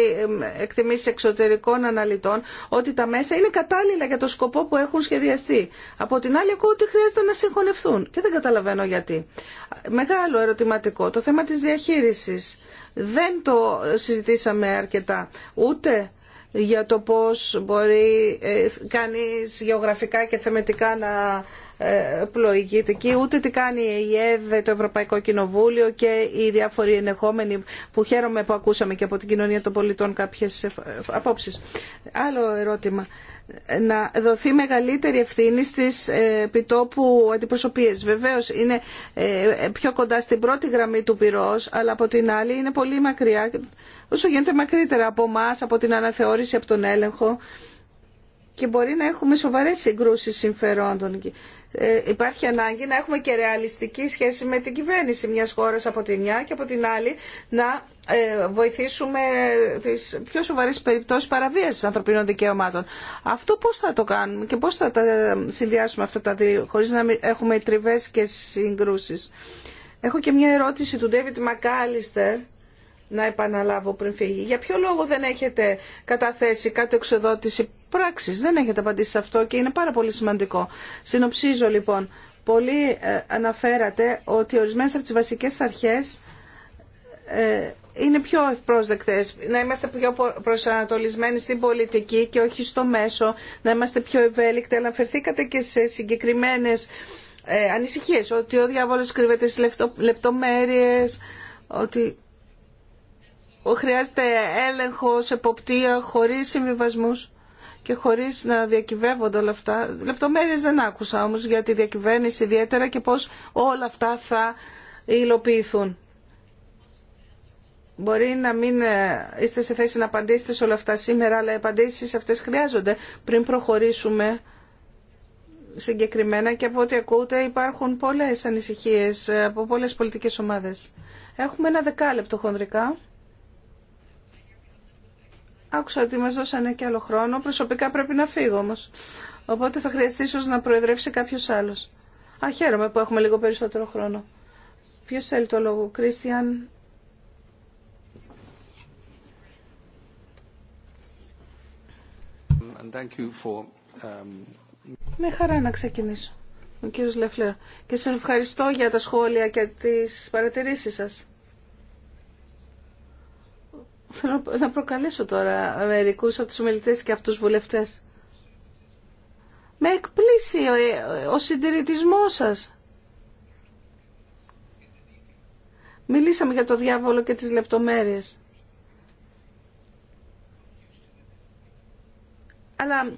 εκτιμήσει εξωτερικών αναλυτών ότι τα μέσα είναι κατάλληλα για το σκοπό που έχουν σχεδιαστεί. Από την άλλη ακούω ότι χρειάζεται να συγχωνευτούν και δεν καταλαβαίνω γιατί. Μεγάλο ερωτηματικό, το θέμα της διαχείρισης. Δεν το συζητήσαμε αρκετά ούτε για το πώς μπορεί ε, κανείς γεωγραφικά και θεμετικά να ε, πλοηγητική, ούτε τι κάνει η ΕΔ, το Ευρωπαϊκό Κοινοβούλιο και οι διάφοροι ενεχόμενοι που χαίρομαι που ακούσαμε και από την κοινωνία των πολιτών κάποιες ε, απόψεις. Άλλο ερώτημα. Να δοθεί μεγαλύτερη ευθύνη στις ε, επιτόπου αντιπροσωπείες. Βεβαίως είναι πιο κοντά στην πρώτη γραμμή του πυρός, αλλά από την άλλη είναι πολύ μακριά, όσο γίνεται μακρύτερα από εμά, από την αναθεώρηση, από τον έλεγχο και μπορεί να έχουμε σοβαρές συγκρούσεις συμφερόντων ε, υπάρχει ανάγκη να έχουμε και ρεαλιστική σχέση με την κυβέρνηση μιας χώρας από τη μια και από την άλλη να ε, βοηθήσουμε τις πιο σοβαρές περιπτώσεις παραβίασης ανθρωπίνων δικαιωμάτων. Αυτό πώς θα το κάνουμε και πώς θα τα συνδυάσουμε αυτά τα δύο χωρίς να έχουμε τριβές και συγκρούσεις. Έχω και μια ερώτηση του David McAllister να επαναλάβω πριν φύγει. Για ποιο λόγο δεν έχετε καταθέσει κάτι εξοδότηση πράξης. Δεν έχετε απαντήσει σε αυτό και είναι πάρα πολύ σημαντικό. Συνοψίζω λοιπόν. Πολύ ε, αναφέρατε ότι ορισμένες από τις βασικές αρχές ε, είναι πιο ευπρόσδεκτες, να είμαστε πιο προσανατολισμένοι στην πολιτική και όχι στο μέσο, να είμαστε πιο ευέλικτοι. Αναφερθήκατε και σε συγκεκριμένε ε, ανησυχίες, ότι ο διάβολος κρύβεται στι λεπτομέρειες, ότι χρειάζεται έλεγχος, εποπτεία, χωρίς συμβιβασμού και χωρίς να διακυβεύονται όλα αυτά. Λεπτομέρειες δεν άκουσα όμως για τη διακυβέρνηση ιδιαίτερα και πώς όλα αυτά θα υλοποιηθούν. Μπορεί να μην ε, είστε σε θέση να απαντήσετε σε όλα αυτά σήμερα, αλλά οι απαντήσει αυτές χρειάζονται πριν προχωρήσουμε συγκεκριμένα και από ό,τι ακούτε υπάρχουν πολλές ανησυχίες από πολλές πολιτικές ομάδες. Έχουμε ένα δεκάλεπτο χονδρικά. Άκουσα ότι μας δώσανε και άλλο χρόνο. Προσωπικά πρέπει να φύγω όμως. Οπότε θα χρειαστεί ίσως να προεδρεύσει κάποιος άλλος. Α, χαίρομαι που έχουμε λίγο περισσότερο χρόνο. Ποιος θέλει το λόγο, Κρίστιαν. Um, Με χαρά να ξεκινήσω, ο κύριος Λεφλέρ. Και σας ευχαριστώ για τα σχόλια και τις παρατηρήσεις σας. Θέλω να προκαλέσω τώρα μερικού από του ομιλητέ και από του βουλευτέ. Με εκπλήσει ο συντηρητισμό σα. Μιλήσαμε για το διάβολο και τις λεπτομέρειες. Αλλά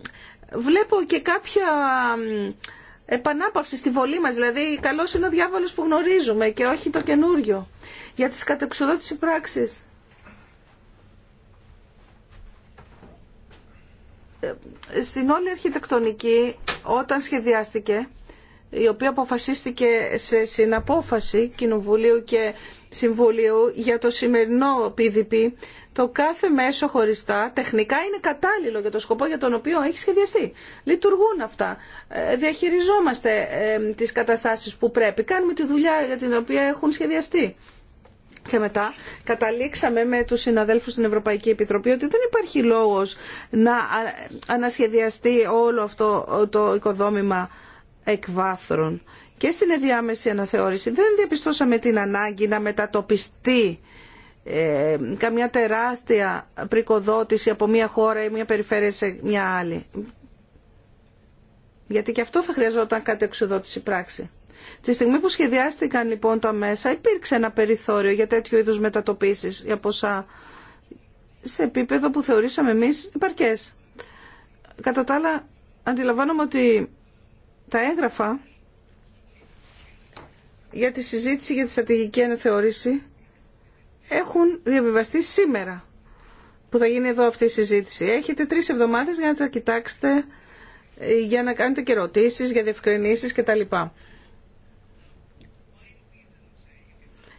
βλέπω και κάποια επανάπαυση στη βολή μας. Δηλαδή, καλός είναι ο διάβολος που γνωρίζουμε και όχι το καινούριο. Για τις κατεξοδότηση πράξεις. στην όλη αρχιτεκτονική όταν σχεδιάστηκε η οποία αποφασίστηκε σε συναπόφαση Κοινοβουλίου και Συμβουλίου για το σημερινό PDP, το κάθε μέσο χωριστά τεχνικά είναι κατάλληλο για το σκοπό για τον οποίο έχει σχεδιαστεί. Λειτουργούν αυτά. Ε, διαχειριζόμαστε ε, τις καταστάσεις που πρέπει. Κάνουμε τη δουλειά για την οποία έχουν σχεδιαστεί. Και μετά καταλήξαμε με τους συναδέλφους στην Ευρωπαϊκή Επιτροπή ότι δεν υπάρχει λόγος να ανασχεδιαστεί όλο αυτό το οικοδόμημα εκβάθρων. Και στην ενδιάμεση αναθεώρηση δεν διαπιστώσαμε την ανάγκη να μετατοπιστεί ε, καμιά τεράστια πρικοδότηση από μια χώρα ή μια περιφέρεια σε μια άλλη. Γιατί και αυτό θα χρειαζόταν κάτι εξουδότηση πράξη. Τη στιγμή που σχεδιάστηκαν λοιπόν τα μέσα υπήρξε ένα περιθώριο για τέτοιου είδους μετατοπίσεις για ποσά σε επίπεδο που θεωρήσαμε εμείς υπαρκές. Κατά τα άλλα αντιλαμβάνομαι ότι τα έγγραφα για τη συζήτηση για τη στρατηγική αναθεώρηση έχουν διαβιβαστεί σήμερα που θα γίνει εδώ αυτή η συζήτηση. Έχετε τρεις εβδομάδες για να τα κοιτάξετε, για να κάνετε και ερωτήσεις, για διευκρινήσεις κτλ.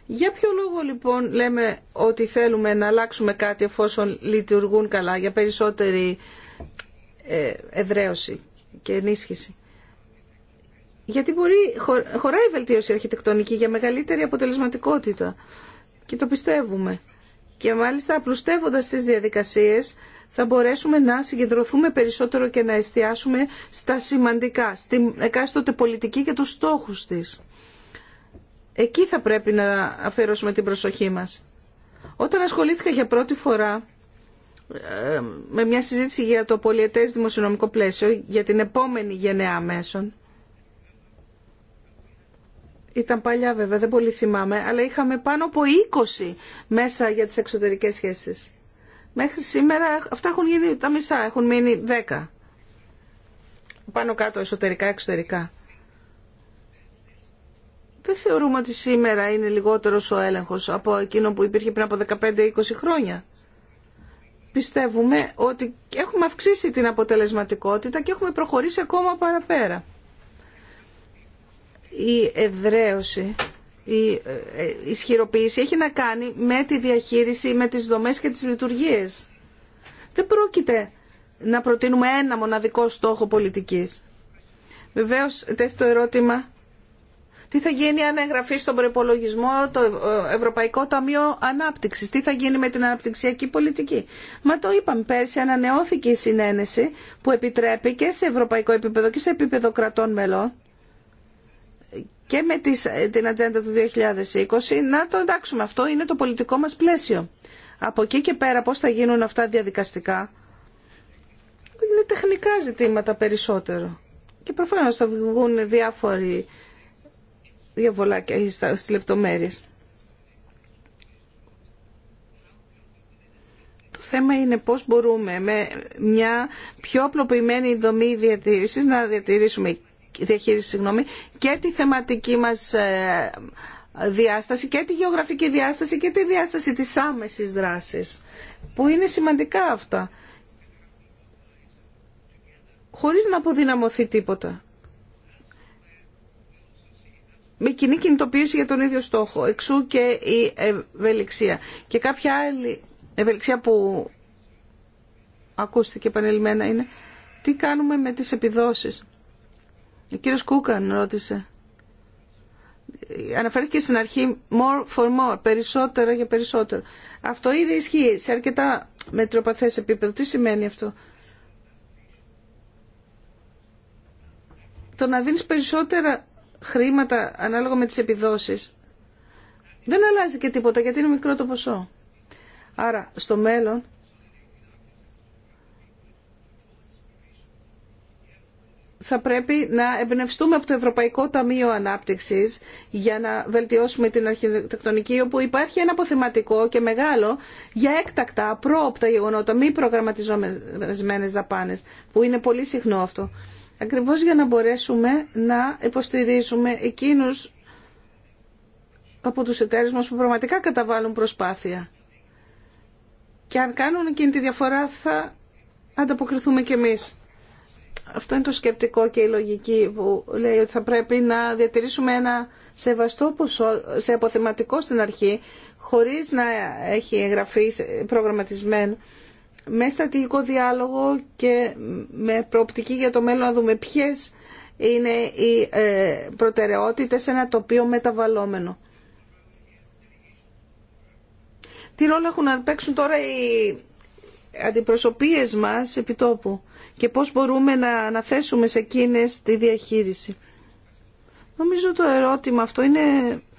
Για ποιο λόγο λοιπόν λέμε ότι θέλουμε να αλλάξουμε κάτι εφόσον λειτουργούν καλά για περισσότερη ε, εδραίωση και ενίσχυση. Γιατί μπορεί, χωράει βελτίωση αρχιτεκτονική για μεγαλύτερη αποτελεσματικότητα και το πιστεύουμε. Και μάλιστα απλουστεύοντας τις διαδικασίες θα μπορέσουμε να συγκεντρωθούμε περισσότερο και να εστιάσουμε στα σημαντικά, στην εκάστοτε πολιτική και τους στόχους της. Εκεί θα πρέπει να αφιερώσουμε την προσοχή μας. Όταν ασχολήθηκα για πρώτη φορά ε, με μια συζήτηση για το πολιετές δημοσιονομικό πλαίσιο, για την επόμενη γενεά μέσων, ήταν παλιά βέβαια, δεν πολύ θυμάμαι, αλλά είχαμε πάνω από 20 μέσα για τις εξωτερικές σχέσεις. Μέχρι σήμερα αυτά έχουν γίνει τα μισά, έχουν μείνει 10. Πάνω κάτω εσωτερικά, εξωτερικά δεν θεωρούμε ότι σήμερα είναι λιγότερος ο έλεγχος από εκείνο που υπήρχε πριν από 15-20 χρόνια. Πιστεύουμε ότι έχουμε αυξήσει την αποτελεσματικότητα και έχουμε προχωρήσει ακόμα παραπέρα. Η εδραίωση, ε, η ισχυροποίηση έχει να κάνει με τη διαχείριση, με τις δομές και τις λειτουργίες. Δεν πρόκειται να προτείνουμε ένα μοναδικό στόχο πολιτικής. Βεβαίως, τέτοιο ερώτημα τι θα γίνει αν εγγραφεί στον προπολογισμό το ε, Ευρωπαϊκό Ταμείο Ανάπτυξη, τι θα γίνει με την αναπτυξιακή πολιτική. Μα το είπαμε πέρσι, ανανεώθηκε η συνένεση που επιτρέπει και σε ευρωπαϊκό επίπεδο και σε επίπεδο κρατών μελών και με ε, την ατζέντα του 2020 να το εντάξουμε. Αυτό είναι το πολιτικό μας πλαίσιο. Από εκεί και πέρα πώς θα γίνουν αυτά διαδικαστικά. Είναι τεχνικά ζητήματα περισσότερο. Και προφανώς θα βγουν διάφοροι διαβολάκια στις λεπτομέρειε. Το θέμα είναι πώς μπορούμε με μια πιο απλοποιημένη δομή διατήρησης να διατηρήσουμε διαχείριση συγγνώμη, και τη θεματική μας ε, διάσταση και τη γεωγραφική διάσταση και τη διάσταση της άμεσης δράσης που είναι σημαντικά αυτά χωρίς να αποδυναμωθεί τίποτα με κοινή κινητοποίηση για τον ίδιο στόχο. Εξού και η ευελιξία. Και κάποια άλλη ευελιξία που ακούστηκε επανελειμμένα είναι τι κάνουμε με τις επιδόσεις. Ο κύριος Κούκαν ρώτησε. Αναφέρθηκε στην αρχή more for more, Περισσότερο για περισσότερο. Αυτό ήδη ισχύει σε αρκετά μετροπαθές επίπεδο. Τι σημαίνει αυτό. Το να δίνεις περισσότερα χρήματα ανάλογα με τις επιδόσεις, δεν αλλάζει και τίποτα γιατί είναι μικρό το ποσό. Άρα στο μέλλον θα πρέπει να εμπνευστούμε από το Ευρωπαϊκό Ταμείο Ανάπτυξης για να βελτιώσουμε την αρχιτεκτονική όπου υπάρχει ένα αποθεματικό και μεγάλο για έκτακτα, απρόοπτα γεγονότα, μη προγραμματιζόμενες δαπάνες που είναι πολύ συχνό αυτό ακριβώς για να μπορέσουμε να υποστηρίζουμε εκείνους από τους εταίρους μας που πραγματικά καταβάλουν προσπάθεια. Και αν κάνουν εκείνη τη διαφορά θα ανταποκριθούμε κι εμείς. Αυτό είναι το σκεπτικό και η λογική που λέει ότι θα πρέπει να διατηρήσουμε ένα σεβαστό ποσό, σε αποθεματικό στην αρχή, χωρίς να έχει εγγραφεί προγραμματισμένο με στρατηγικό διάλογο και με προοπτική για το μέλλον να δούμε ποιες είναι οι ε, προτεραιότητες σε ένα τοπίο μεταβαλλόμενο. Τι ρόλο έχουν να παίξουν τώρα οι αντιπροσωπείες μας επί τόπου και πώς μπορούμε να αναθέσουμε σε εκείνες τη διαχείριση. Νομίζω το ερώτημα αυτό είναι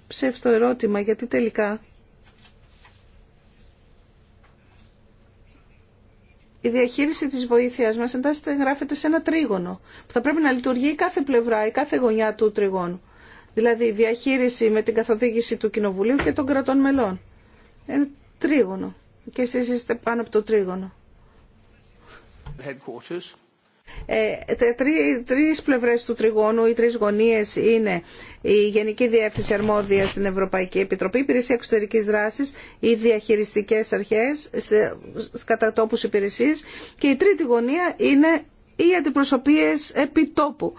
ψεύτο ερώτημα γιατί τελικά η διαχείριση της βοήθειας μας εντάσσεται γράφεται σε ένα τρίγωνο που θα πρέπει να λειτουργεί κάθε πλευρά, η κάθε γωνιά του τριγώνου. Δηλαδή η διαχείριση με την καθοδήγηση του Κοινοβουλίου και των κρατών μελών. Είναι τρίγωνο. Και εσείς είστε πάνω από το τρίγωνο. Ε, τρει, τρεις πλευρές του τριγώνου ή τρεις γωνίες είναι η Γενική Διεύθυνση Αρμόδια στην Ευρωπαϊκή Επιτροπή, η Υπηρεσία Εξωτερικής Δράσης, οι διαχειριστικές αρχές, κατά τόπους υπηρεσίες και η τρίτη γωνία είναι οι αντιπροσωπείες τόπου.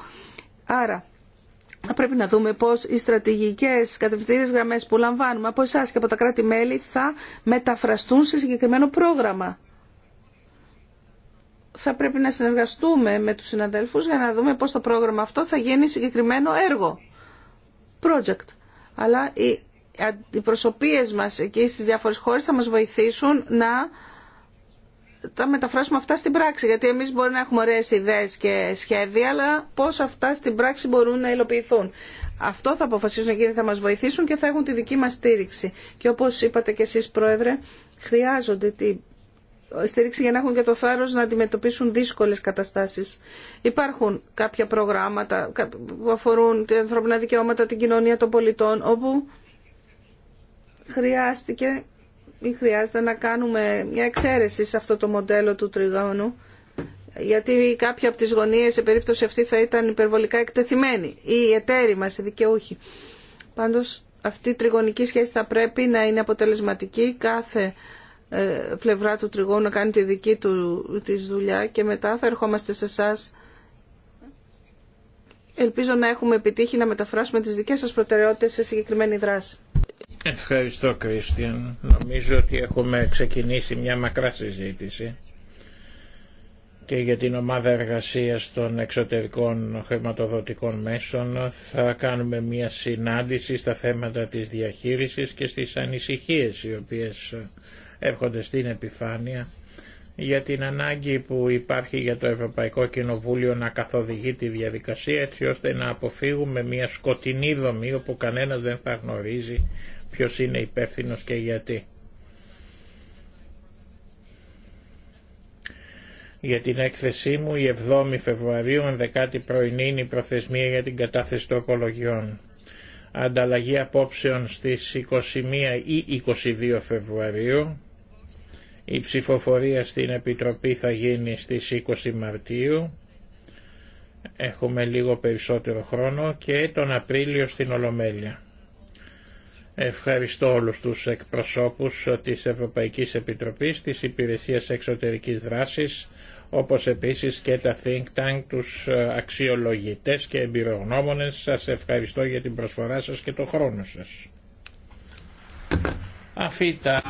Άρα, θα πρέπει να δούμε πώς οι στρατηγικές κατευθύνες γραμμές που λαμβάνουμε από εσά και από τα κράτη-μέλη θα μεταφραστούν σε συγκεκριμένο πρόγραμμα θα πρέπει να συνεργαστούμε με τους συναδέλφους για να δούμε πώς το πρόγραμμα αυτό θα γίνει συγκεκριμένο έργο. Project. Αλλά οι προσωπίες μας εκεί στις διάφορες χώρες θα μας βοηθήσουν να τα μεταφράσουμε αυτά στην πράξη. Γιατί εμείς μπορεί να έχουμε ωραίες ιδέες και σχέδια, αλλά πώς αυτά στην πράξη μπορούν να υλοποιηθούν. Αυτό θα αποφασίσουν εκείνοι, θα μας βοηθήσουν και θα έχουν τη δική μας στήριξη. Και όπως είπατε και εσείς, Πρόεδρε, χρειάζονται την στηρίξει για να έχουν και το θάρρο να αντιμετωπίσουν δύσκολε καταστάσει. Υπάρχουν κάποια προγράμματα που αφορούν τα ανθρώπινα δικαιώματα, την κοινωνία των πολιτών, όπου χρειάστηκε ή χρειάζεται να κάνουμε μια εξαίρεση σε αυτό το μοντέλο του τριγώνου γιατί κάποια από τι γωνίες σε περίπτωση αυτή θα ήταν υπερβολικά εκτεθειμένοι. ή οι εταίροι μας, οι δικαιούχοι. Πάντως αυτή η τριγωνική σχέση θα πρέπει να είναι αποτελεσματική κάθε ε, πλευρά του τριγώνου να κάνει τη δική του της δουλειά και μετά θα ερχόμαστε σε εσά. Ελπίζω να έχουμε επιτύχει να μεταφράσουμε τις δικές σας προτεραιότητες σε συγκεκριμένη δράση. Ευχαριστώ Κρίστιαν. Νομίζω ότι έχουμε ξεκινήσει μια μακρά συζήτηση και για την ομάδα εργασίας των εξωτερικών χρηματοδοτικών μέσων θα κάνουμε μια συνάντηση στα θέματα της διαχείρισης και στις ανησυχίες οι οποίες έρχονται στην επιφάνεια για την ανάγκη που υπάρχει για το Ευρωπαϊκό Κοινοβούλιο να καθοδηγεί τη διαδικασία έτσι ώστε να αποφύγουμε μια σκοτεινή δομή όπου κανένας δεν θα γνωρίζει ποιος είναι υπεύθυνο και γιατί. Για την έκθεσή μου η 7η Φεβρουαρίου 11η πρωινή είναι η προθεσμία για την κατάθεση τροπολογιών. Ανταλλαγή απόψεων στις 21 ή 22 Φεβρουαρίου η ψηφοφορία στην Επιτροπή θα γίνει στις 20 Μαρτίου. Έχουμε λίγο περισσότερο χρόνο και τον Απρίλιο στην Ολομέλεια. Ευχαριστώ όλους τους εκπροσώπους της Ευρωπαϊκής Επιτροπής, της Υπηρεσίας Εξωτερικής Δράσης, όπως επίσης και τα Think Tank, τους αξιολογητές και εμπειρογνώμονες. Σας ευχαριστώ για την προσφορά σας και τον χρόνο σας. Αφήτα.